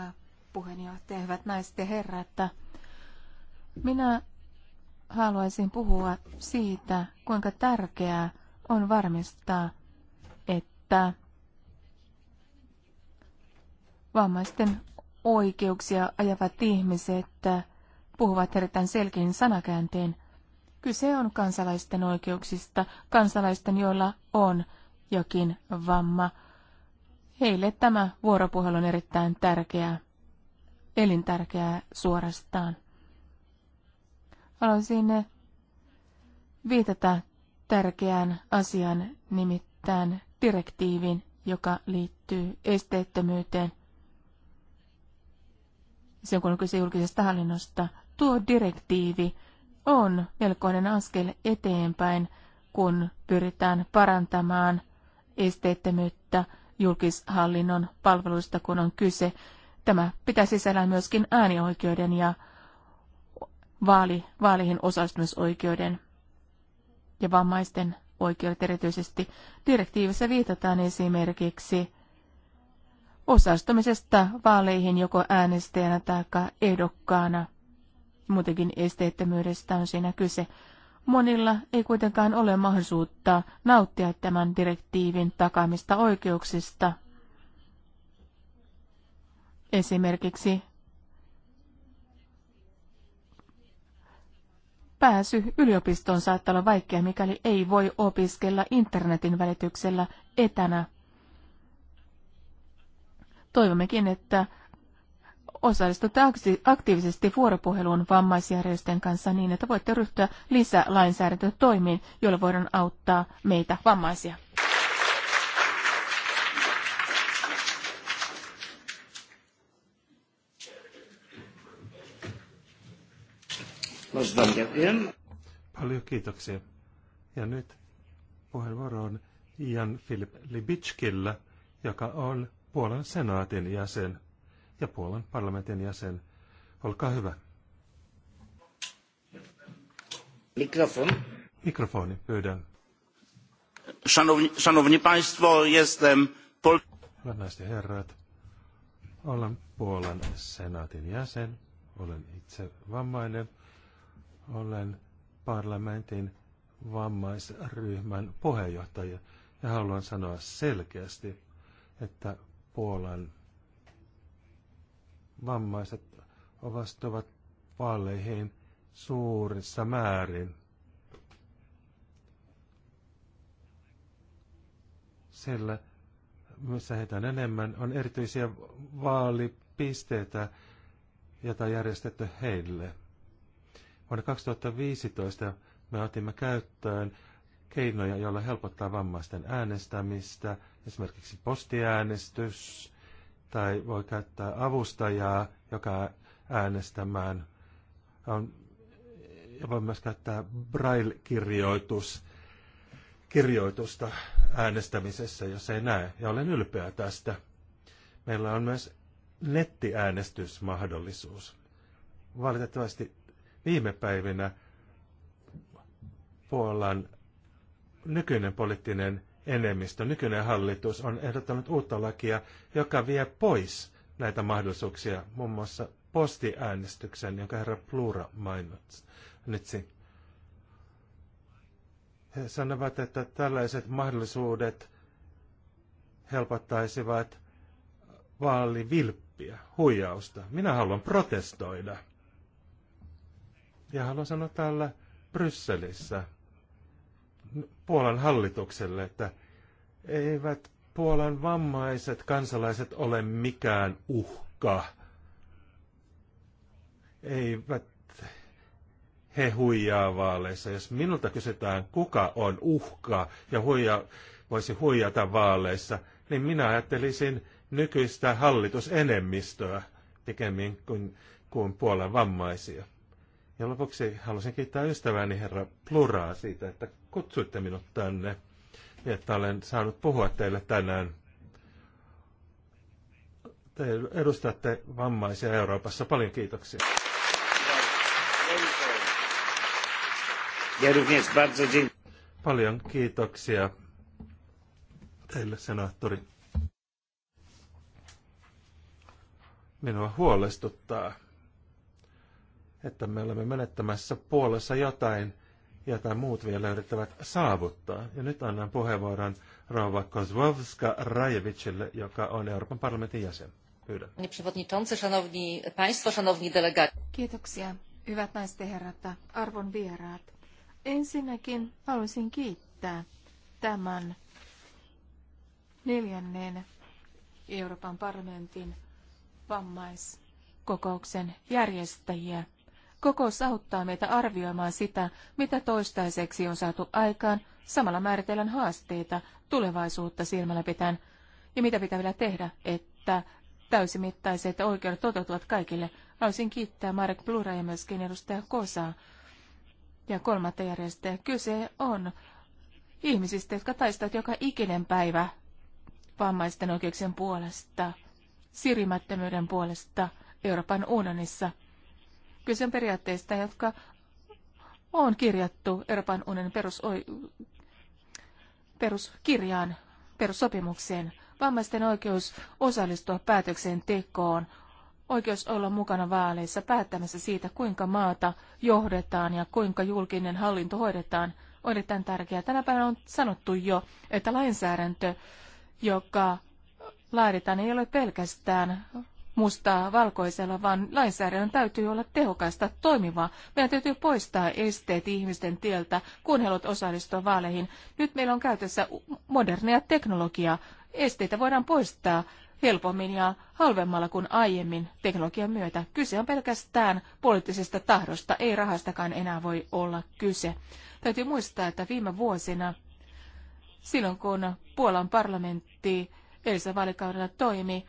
puheenjohtaja, hyvät naiset ja herrat. Minä haluaisin puhua siitä, kuinka tärkeää on varmistaa, että vammaisten oikeuksia ajavat ihmiset puhuvat erittäin selkein sanakääntein. Kyse on kansalaisten oikeuksista, kansalaisten, joilla on jokin vamma. Heille tämä vuoropuhelu on erittäin tärkeää, elintärkeää suorastaan. Haluaisin viitata tärkeään asian nimittäin direktiivin, joka liittyy esteettömyyteen sen kun on kyse julkisesta hallinnosta, tuo direktiivi on melkoinen askel eteenpäin, kun pyritään parantamaan esteettömyyttä julkishallinnon palveluista, kun on kyse. Tämä pitää sisällään myöskin äänioikeuden ja vaali, vaalihin osallistumisoikeuden ja vammaisten oikeudet erityisesti. Direktiivissä viitataan esimerkiksi osastumisesta vaaleihin joko äänestäjänä tai ehdokkaana. Muutenkin esteettömyydestä on siinä kyse. Monilla ei kuitenkaan ole mahdollisuutta nauttia tämän direktiivin takaamista oikeuksista. Esimerkiksi pääsy yliopistoon saattaa olla vaikea, mikäli ei voi opiskella internetin välityksellä etänä Toivommekin, että osallistutte aktiivisesti vuoropuheluun vammaisjärjestöjen kanssa niin, että voitte ryhtyä lisälainsäädäntötoimiin, joilla voidaan auttaa meitä vammaisia. Paljon kiitoksia. Ja nyt puheenvuoro on Jan Filip Libitskillä, joka on Puolan senaatin jäsen ja Puolan parlamentin jäsen. Olkaa hyvä. Mikrofon. Mikrofoni, pyydän. Szanowni, szanowni Państwo, jestem Pol... Hyvät naiset ja herrat, olen Puolan senaatin jäsen, olen itse vammainen, olen parlamentin vammaisryhmän puheenjohtaja ja haluan sanoa selkeästi, että puolen vammaiset ovastuvat vaaleihin suurissa määrin. Sillä, missä heitä on enemmän, on erityisiä vaalipisteitä, joita on järjestetty heille. Vuonna 2015 me otimme käyttöön keinoja, joilla helpottaa vammaisten äänestämistä, esimerkiksi postiäänestys, tai voi käyttää avustajaa, joka äänestämään on, ja voi myös käyttää braille kirjoitusta äänestämisessä, jos ei näe, ja olen ylpeä tästä. Meillä on myös nettiäänestysmahdollisuus. Valitettavasti viime päivinä Puolan nykyinen poliittinen enemmistö, nykyinen hallitus on ehdottanut uutta lakia, joka vie pois näitä mahdollisuuksia, muun muassa postiäänestyksen, jonka herra Plura mainitsi. He sanovat, että tällaiset mahdollisuudet helpottaisivat vaalivilppiä, huijausta. Minä haluan protestoida. Ja haluan sanoa täällä Brysselissä – Puolan hallitukselle, että eivät Puolan vammaiset kansalaiset ole mikään uhka. Eivät he huijaa vaaleissa. Jos minulta kysytään, kuka on uhka ja huija, voisi huijata vaaleissa, niin minä ajattelisin nykyistä hallitusenemmistöä pikemmin kuin, kuin puolan vammaisia. Ja lopuksi haluaisin kiittää ystäväni herra Pluraa siitä, että kutsuitte minut tänne niin että olen saanut puhua teille tänään. Te edustatte vammaisia Euroopassa. Paljon kiitoksia. Paljon kiitoksia teille, senaattori. Minua huolestuttaa, että me olemme menettämässä puolessa jotain, ja tai muut vielä yrittävät saavuttaa. Ja nyt annan puheenvuoron rouva Kozłowska Rajevicille, joka on Euroopan parlamentin jäsen. Pyydän. Kiitoksia, hyvät naiset ja herrat, arvon vieraat. Ensinnäkin haluaisin kiittää tämän neljännen Euroopan parlamentin vammaiskokouksen järjestäjiä – Kokous auttaa meitä arvioimaan sitä, mitä toistaiseksi on saatu aikaan, samalla määritellään haasteita tulevaisuutta silmällä pitäen ja mitä pitää vielä tehdä, että täysimittaiset oikeudet toteutuvat kaikille. Haluaisin kiittää Marek Blura ja myöskin edustaja Kosaa ja kolmatta järjestäjä. Kyse on ihmisistä, jotka taistavat joka ikinen päivä vammaisten oikeuksien puolesta, sirimättömyyden puolesta Euroopan unionissa – Kyse on periaatteista, jotka on kirjattu Euroopan unionin perusoi- peruskirjaan, perussopimukseen. Vammaisten oikeus osallistua päätöksentekoon, oikeus olla mukana vaaleissa päättämässä siitä, kuinka maata johdetaan ja kuinka julkinen hallinto hoidetaan, on erittäin tärkeää. Tänä päivänä on sanottu jo, että lainsäädäntö, joka laaditaan, ei ole pelkästään mustaa valkoisella, vaan lainsäädännön täytyy olla tehokasta, toimivaa. Meidän täytyy poistaa esteet ihmisten tieltä, kun he haluavat osallistua vaaleihin. Nyt meillä on käytössä modernia teknologiaa. Esteitä voidaan poistaa helpommin ja halvemmalla kuin aiemmin teknologian myötä. Kyse on pelkästään poliittisesta tahdosta, ei rahastakaan enää voi olla kyse. Täytyy muistaa, että viime vuosina, silloin kun Puolan parlamentti edellisellä vaalikaudella toimi,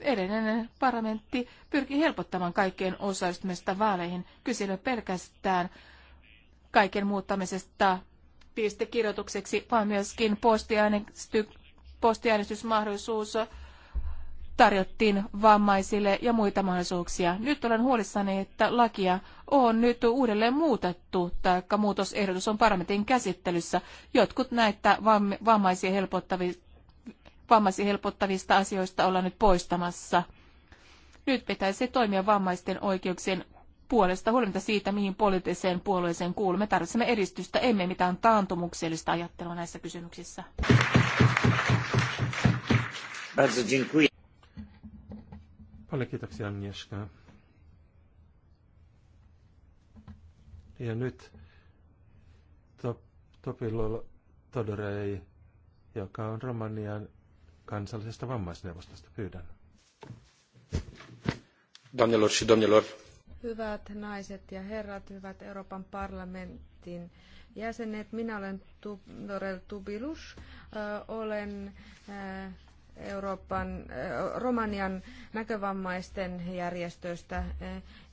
edellinen parlamentti pyrki helpottamaan kaikkien osallistumista vaaleihin. Kyse pelkästään kaiken muuttamisesta pistekirjoitukseksi, vaan myöskin postiäänestysmahdollisuus tarjottiin vammaisille ja muita mahdollisuuksia. Nyt olen huolissani, että lakia on nyt uudelleen muutettu, tai muutosehdotus on parlamentin käsittelyssä. Jotkut näitä vammaisia helpottavista vammaisia helpottavista asioista ollaan nyt poistamassa. Nyt pitäisi toimia vammaisten oikeuksien puolesta huolimatta siitä, mihin poliittiseen puolueeseen kuulumme. Tarvitsemme edistystä, emme mitään taantumuksellista ajattelua näissä kysymyksissä. Paljon kiitoksia Agnieszka. Ja nyt Topilo Todorei, joka on Romanian kansallisesta vammaisneuvostosta. Pyydän. Domnilor și domnilor. Hyvät naiset ja herrat, hyvät Euroopan parlamentin jäsenet, minä olen Norel Tubilus, olen Euroopan, Romanian näkövammaisten järjestöstä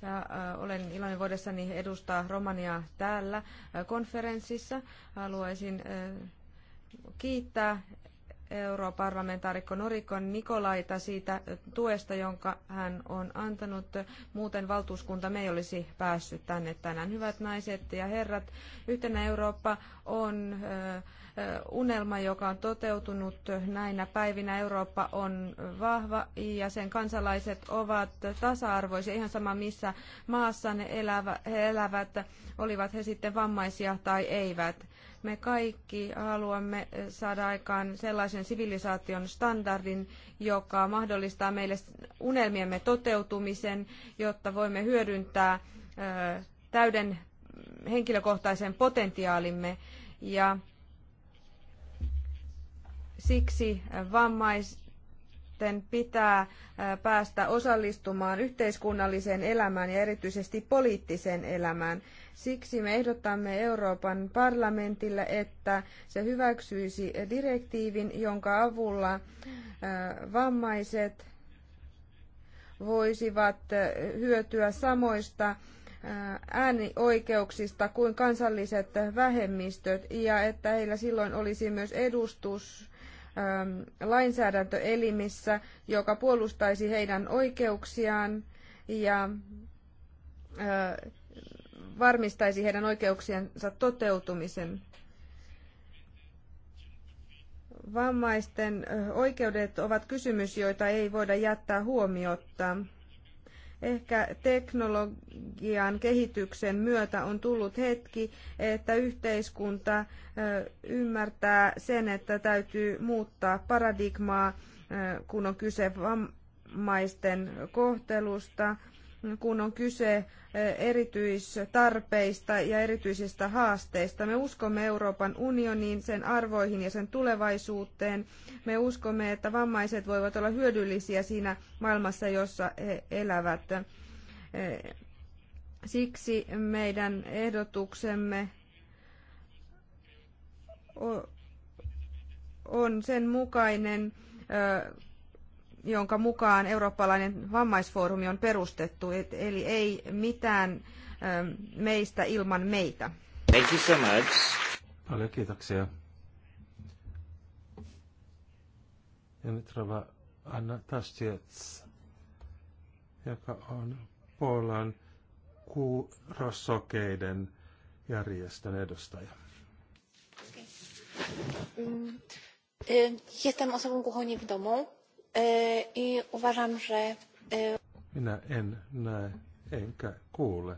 ja olen iloinen voidessani edustaa Romaniaa täällä konferenssissa. Haluaisin kiittää europarlamentaarikko Norikon Nikolaita siitä tuesta, jonka hän on antanut. Muuten valtuuskunta me ei olisi päässyt tänne tänään. Hyvät naiset ja herrat, yhtenä Eurooppa on unelma, joka on toteutunut näinä päivinä. Eurooppa on vahva ja sen kansalaiset ovat tasa-arvoisia ihan sama missä maassa ne elävät, he elävät, olivat he sitten vammaisia tai eivät me kaikki haluamme eh, saada aikaan sellaisen sivilisaation standardin, joka mahdollistaa meille unelmiemme toteutumisen, jotta voimme hyödyntää eh, täyden henkilökohtaisen potentiaalimme. Ja siksi eh, vammaisten pitää päästä osallistumaan yhteiskunnalliseen elämään ja erityisesti poliittiseen elämään. Siksi me ehdottamme Euroopan parlamentille, että se hyväksyisi direktiivin, jonka avulla äh, vammaiset voisivat äh, hyötyä samoista äh, äänioikeuksista kuin kansalliset vähemmistöt ja että heillä silloin olisi myös edustus ähm, lainsäädäntöelimissä, joka puolustaisi heidän oikeuksiaan ja varmistaisi heidän oikeuksiensa toteutumisen. Vammaisten oikeudet ovat kysymys, joita ei voida jättää huomiotta. Ehkä teknologian kehityksen myötä on tullut hetki, että yhteiskunta ymmärtää sen, että täytyy muuttaa paradigmaa, kun on kyse vammaisten kohtelusta kun on kyse eh, erityistarpeista ja erityisistä haasteista. Me uskomme Euroopan unioniin, sen arvoihin ja sen tulevaisuuteen. Me uskomme, että vammaiset voivat olla hyödyllisiä siinä maailmassa, jossa he elävät. Eh, siksi meidän ehdotuksemme on sen mukainen eh, jonka mukaan eurooppalainen vammaisfoorumi on perustettu, et, eli ei mitään ähm, meistä ilman meitä. Thank you so much. Paljon kiitoksia. Ja Anna Tastiets, joka on Puolan kuurosokeiden järjestön edustaja. Okay. Mm. Jestem osobą głuchoniewidomą E, e, Minä en näe enkä kuule.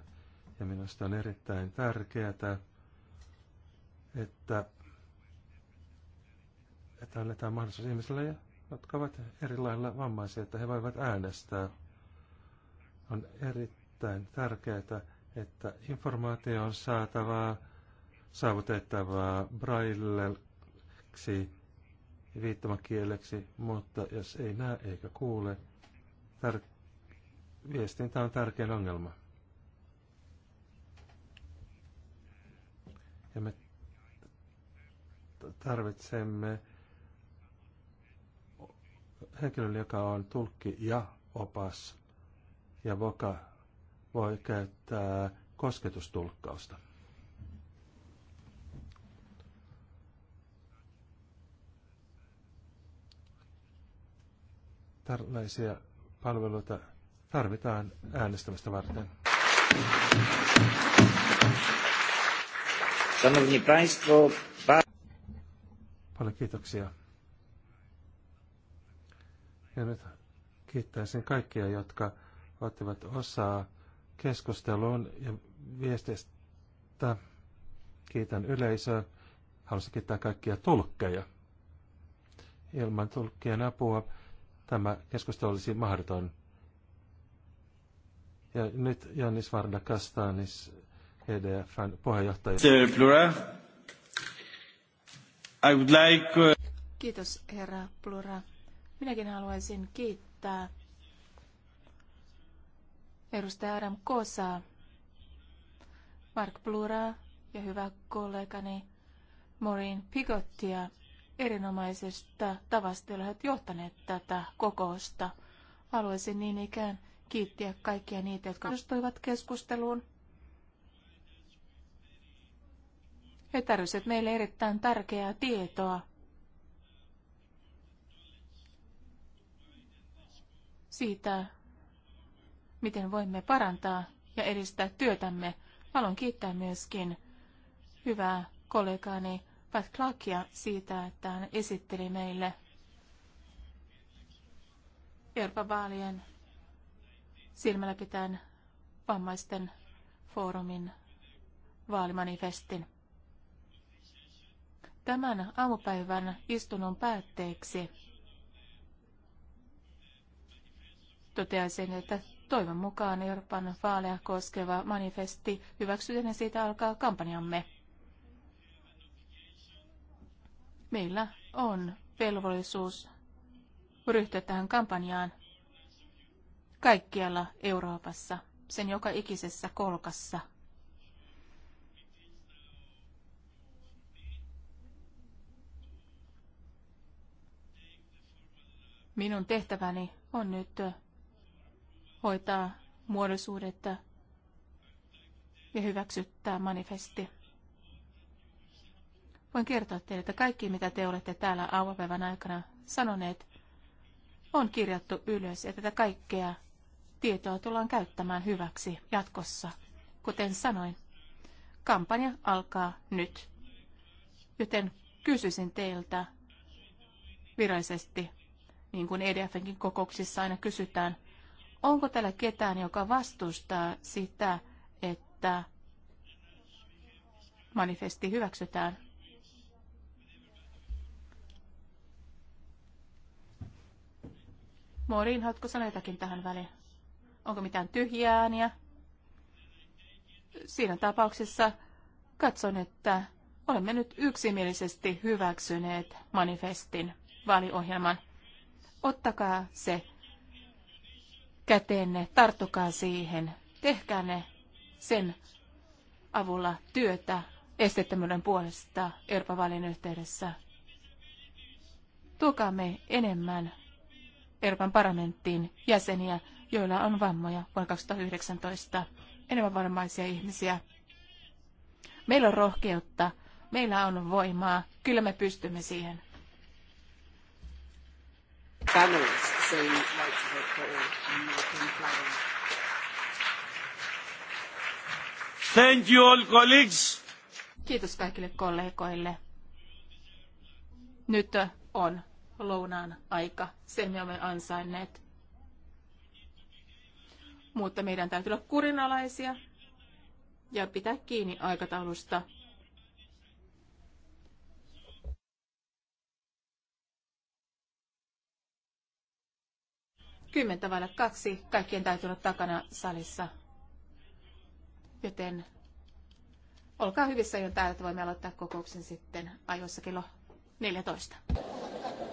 Ja minusta on erittäin tärkeää, että, että annetaan mahdollisuus ihmisille, jotka ovat eri lailla vammaisia, että he voivat äänestää. On erittäin tärkeää, että informaatio on saatavaa, saavutettavaa brailleksi viittomakieleksi, mutta jos ei näe eikä kuule, tär- viestintä on tärkein ongelma. Ja me tarvitsemme henkilölle, joka on tulkki ja opas ja voka voi käyttää kosketustulkkausta. Tällaisia palveluita tarvitaan äänestämistä varten. Paljon kiitoksia. Ja nyt kiittäisin kaikkia, jotka ottivat osaa keskusteluun ja viestistä. Kiitän yleisöä. Haluaisin kiittää kaikkia tulkkeja. Ilman tulkkien apua tämä keskustelu olisi mahdoton. Ja nyt Jannis Varda Kastanis, EDFn puheenjohtaja. Plura. I would like... Uh, Kiitos, herra Plura. Minäkin haluaisin kiittää edustaja Adam Kosaa, Mark Plura ja hyvä kollegani Maureen Pigottia erinomaisesta tavasta, jolla olet johtaneet tätä kokousta. Haluaisin niin ikään kiittiä kaikkia niitä, jotka osallistuivat keskusteluun. He tarjosivat meille erittäin tärkeää tietoa siitä, miten voimme parantaa ja edistää työtämme. Haluan kiittää myöskin hyvää kollegaani Pat Clarkia siitä, että hän esitteli meille Euroopan vaalien silmällä pitäen vammaisten foorumin vaalimanifestin. Tämän aamupäivän istunnon päätteeksi toteaisin, että toivon mukaan Euroopan vaaleja koskeva manifesti hyväksytään ja siitä alkaa kampanjamme. meillä on velvollisuus ryhtyä tähän kampanjaan kaikkialla Euroopassa, sen joka ikisessä kolkassa. Minun tehtäväni on nyt hoitaa muodollisuudet ja hyväksyttää manifesti. Voin kertoa teille, että kaikki mitä te olette täällä aamupäivän aikana sanoneet, on kirjattu ylös ja tätä kaikkea tietoa tullaan käyttämään hyväksi jatkossa. Kuten sanoin, kampanja alkaa nyt. Joten kysyisin teiltä virallisesti, niin kuin EDFnkin kokouksissa aina kysytään, onko täällä ketään, joka vastustaa sitä, että manifesti hyväksytään Morin, haluatko sanoa jotakin tähän väliin? Onko mitään tyhjiä ääniä? Siinä tapauksessa katson, että olemme nyt yksimielisesti hyväksyneet manifestin vaaliohjelman. Ottakaa se käteenne, tarttukaa siihen, tehkää ne sen avulla työtä esteettömyyden puolesta Euroopan vaalin yhteydessä. me enemmän Euroopan parlamenttiin jäseniä, joilla on vammoja vuonna 2019. Enemmän varmaisia ihmisiä. Meillä on rohkeutta, meillä on voimaa, kyllä me pystymme siihen. Thank you all colleagues. Kiitos kaikille kollegoille. Nyt on lounaan aika. Sen me olemme ansainneet. Mutta meidän täytyy olla kurinalaisia ja pitää kiinni aikataulusta. Kymmentä vailla kaksi. Kaikkien täytyy olla takana salissa. Joten olkaa hyvissä jo täällä, että voimme aloittaa kokouksen sitten ajoissa kello 14.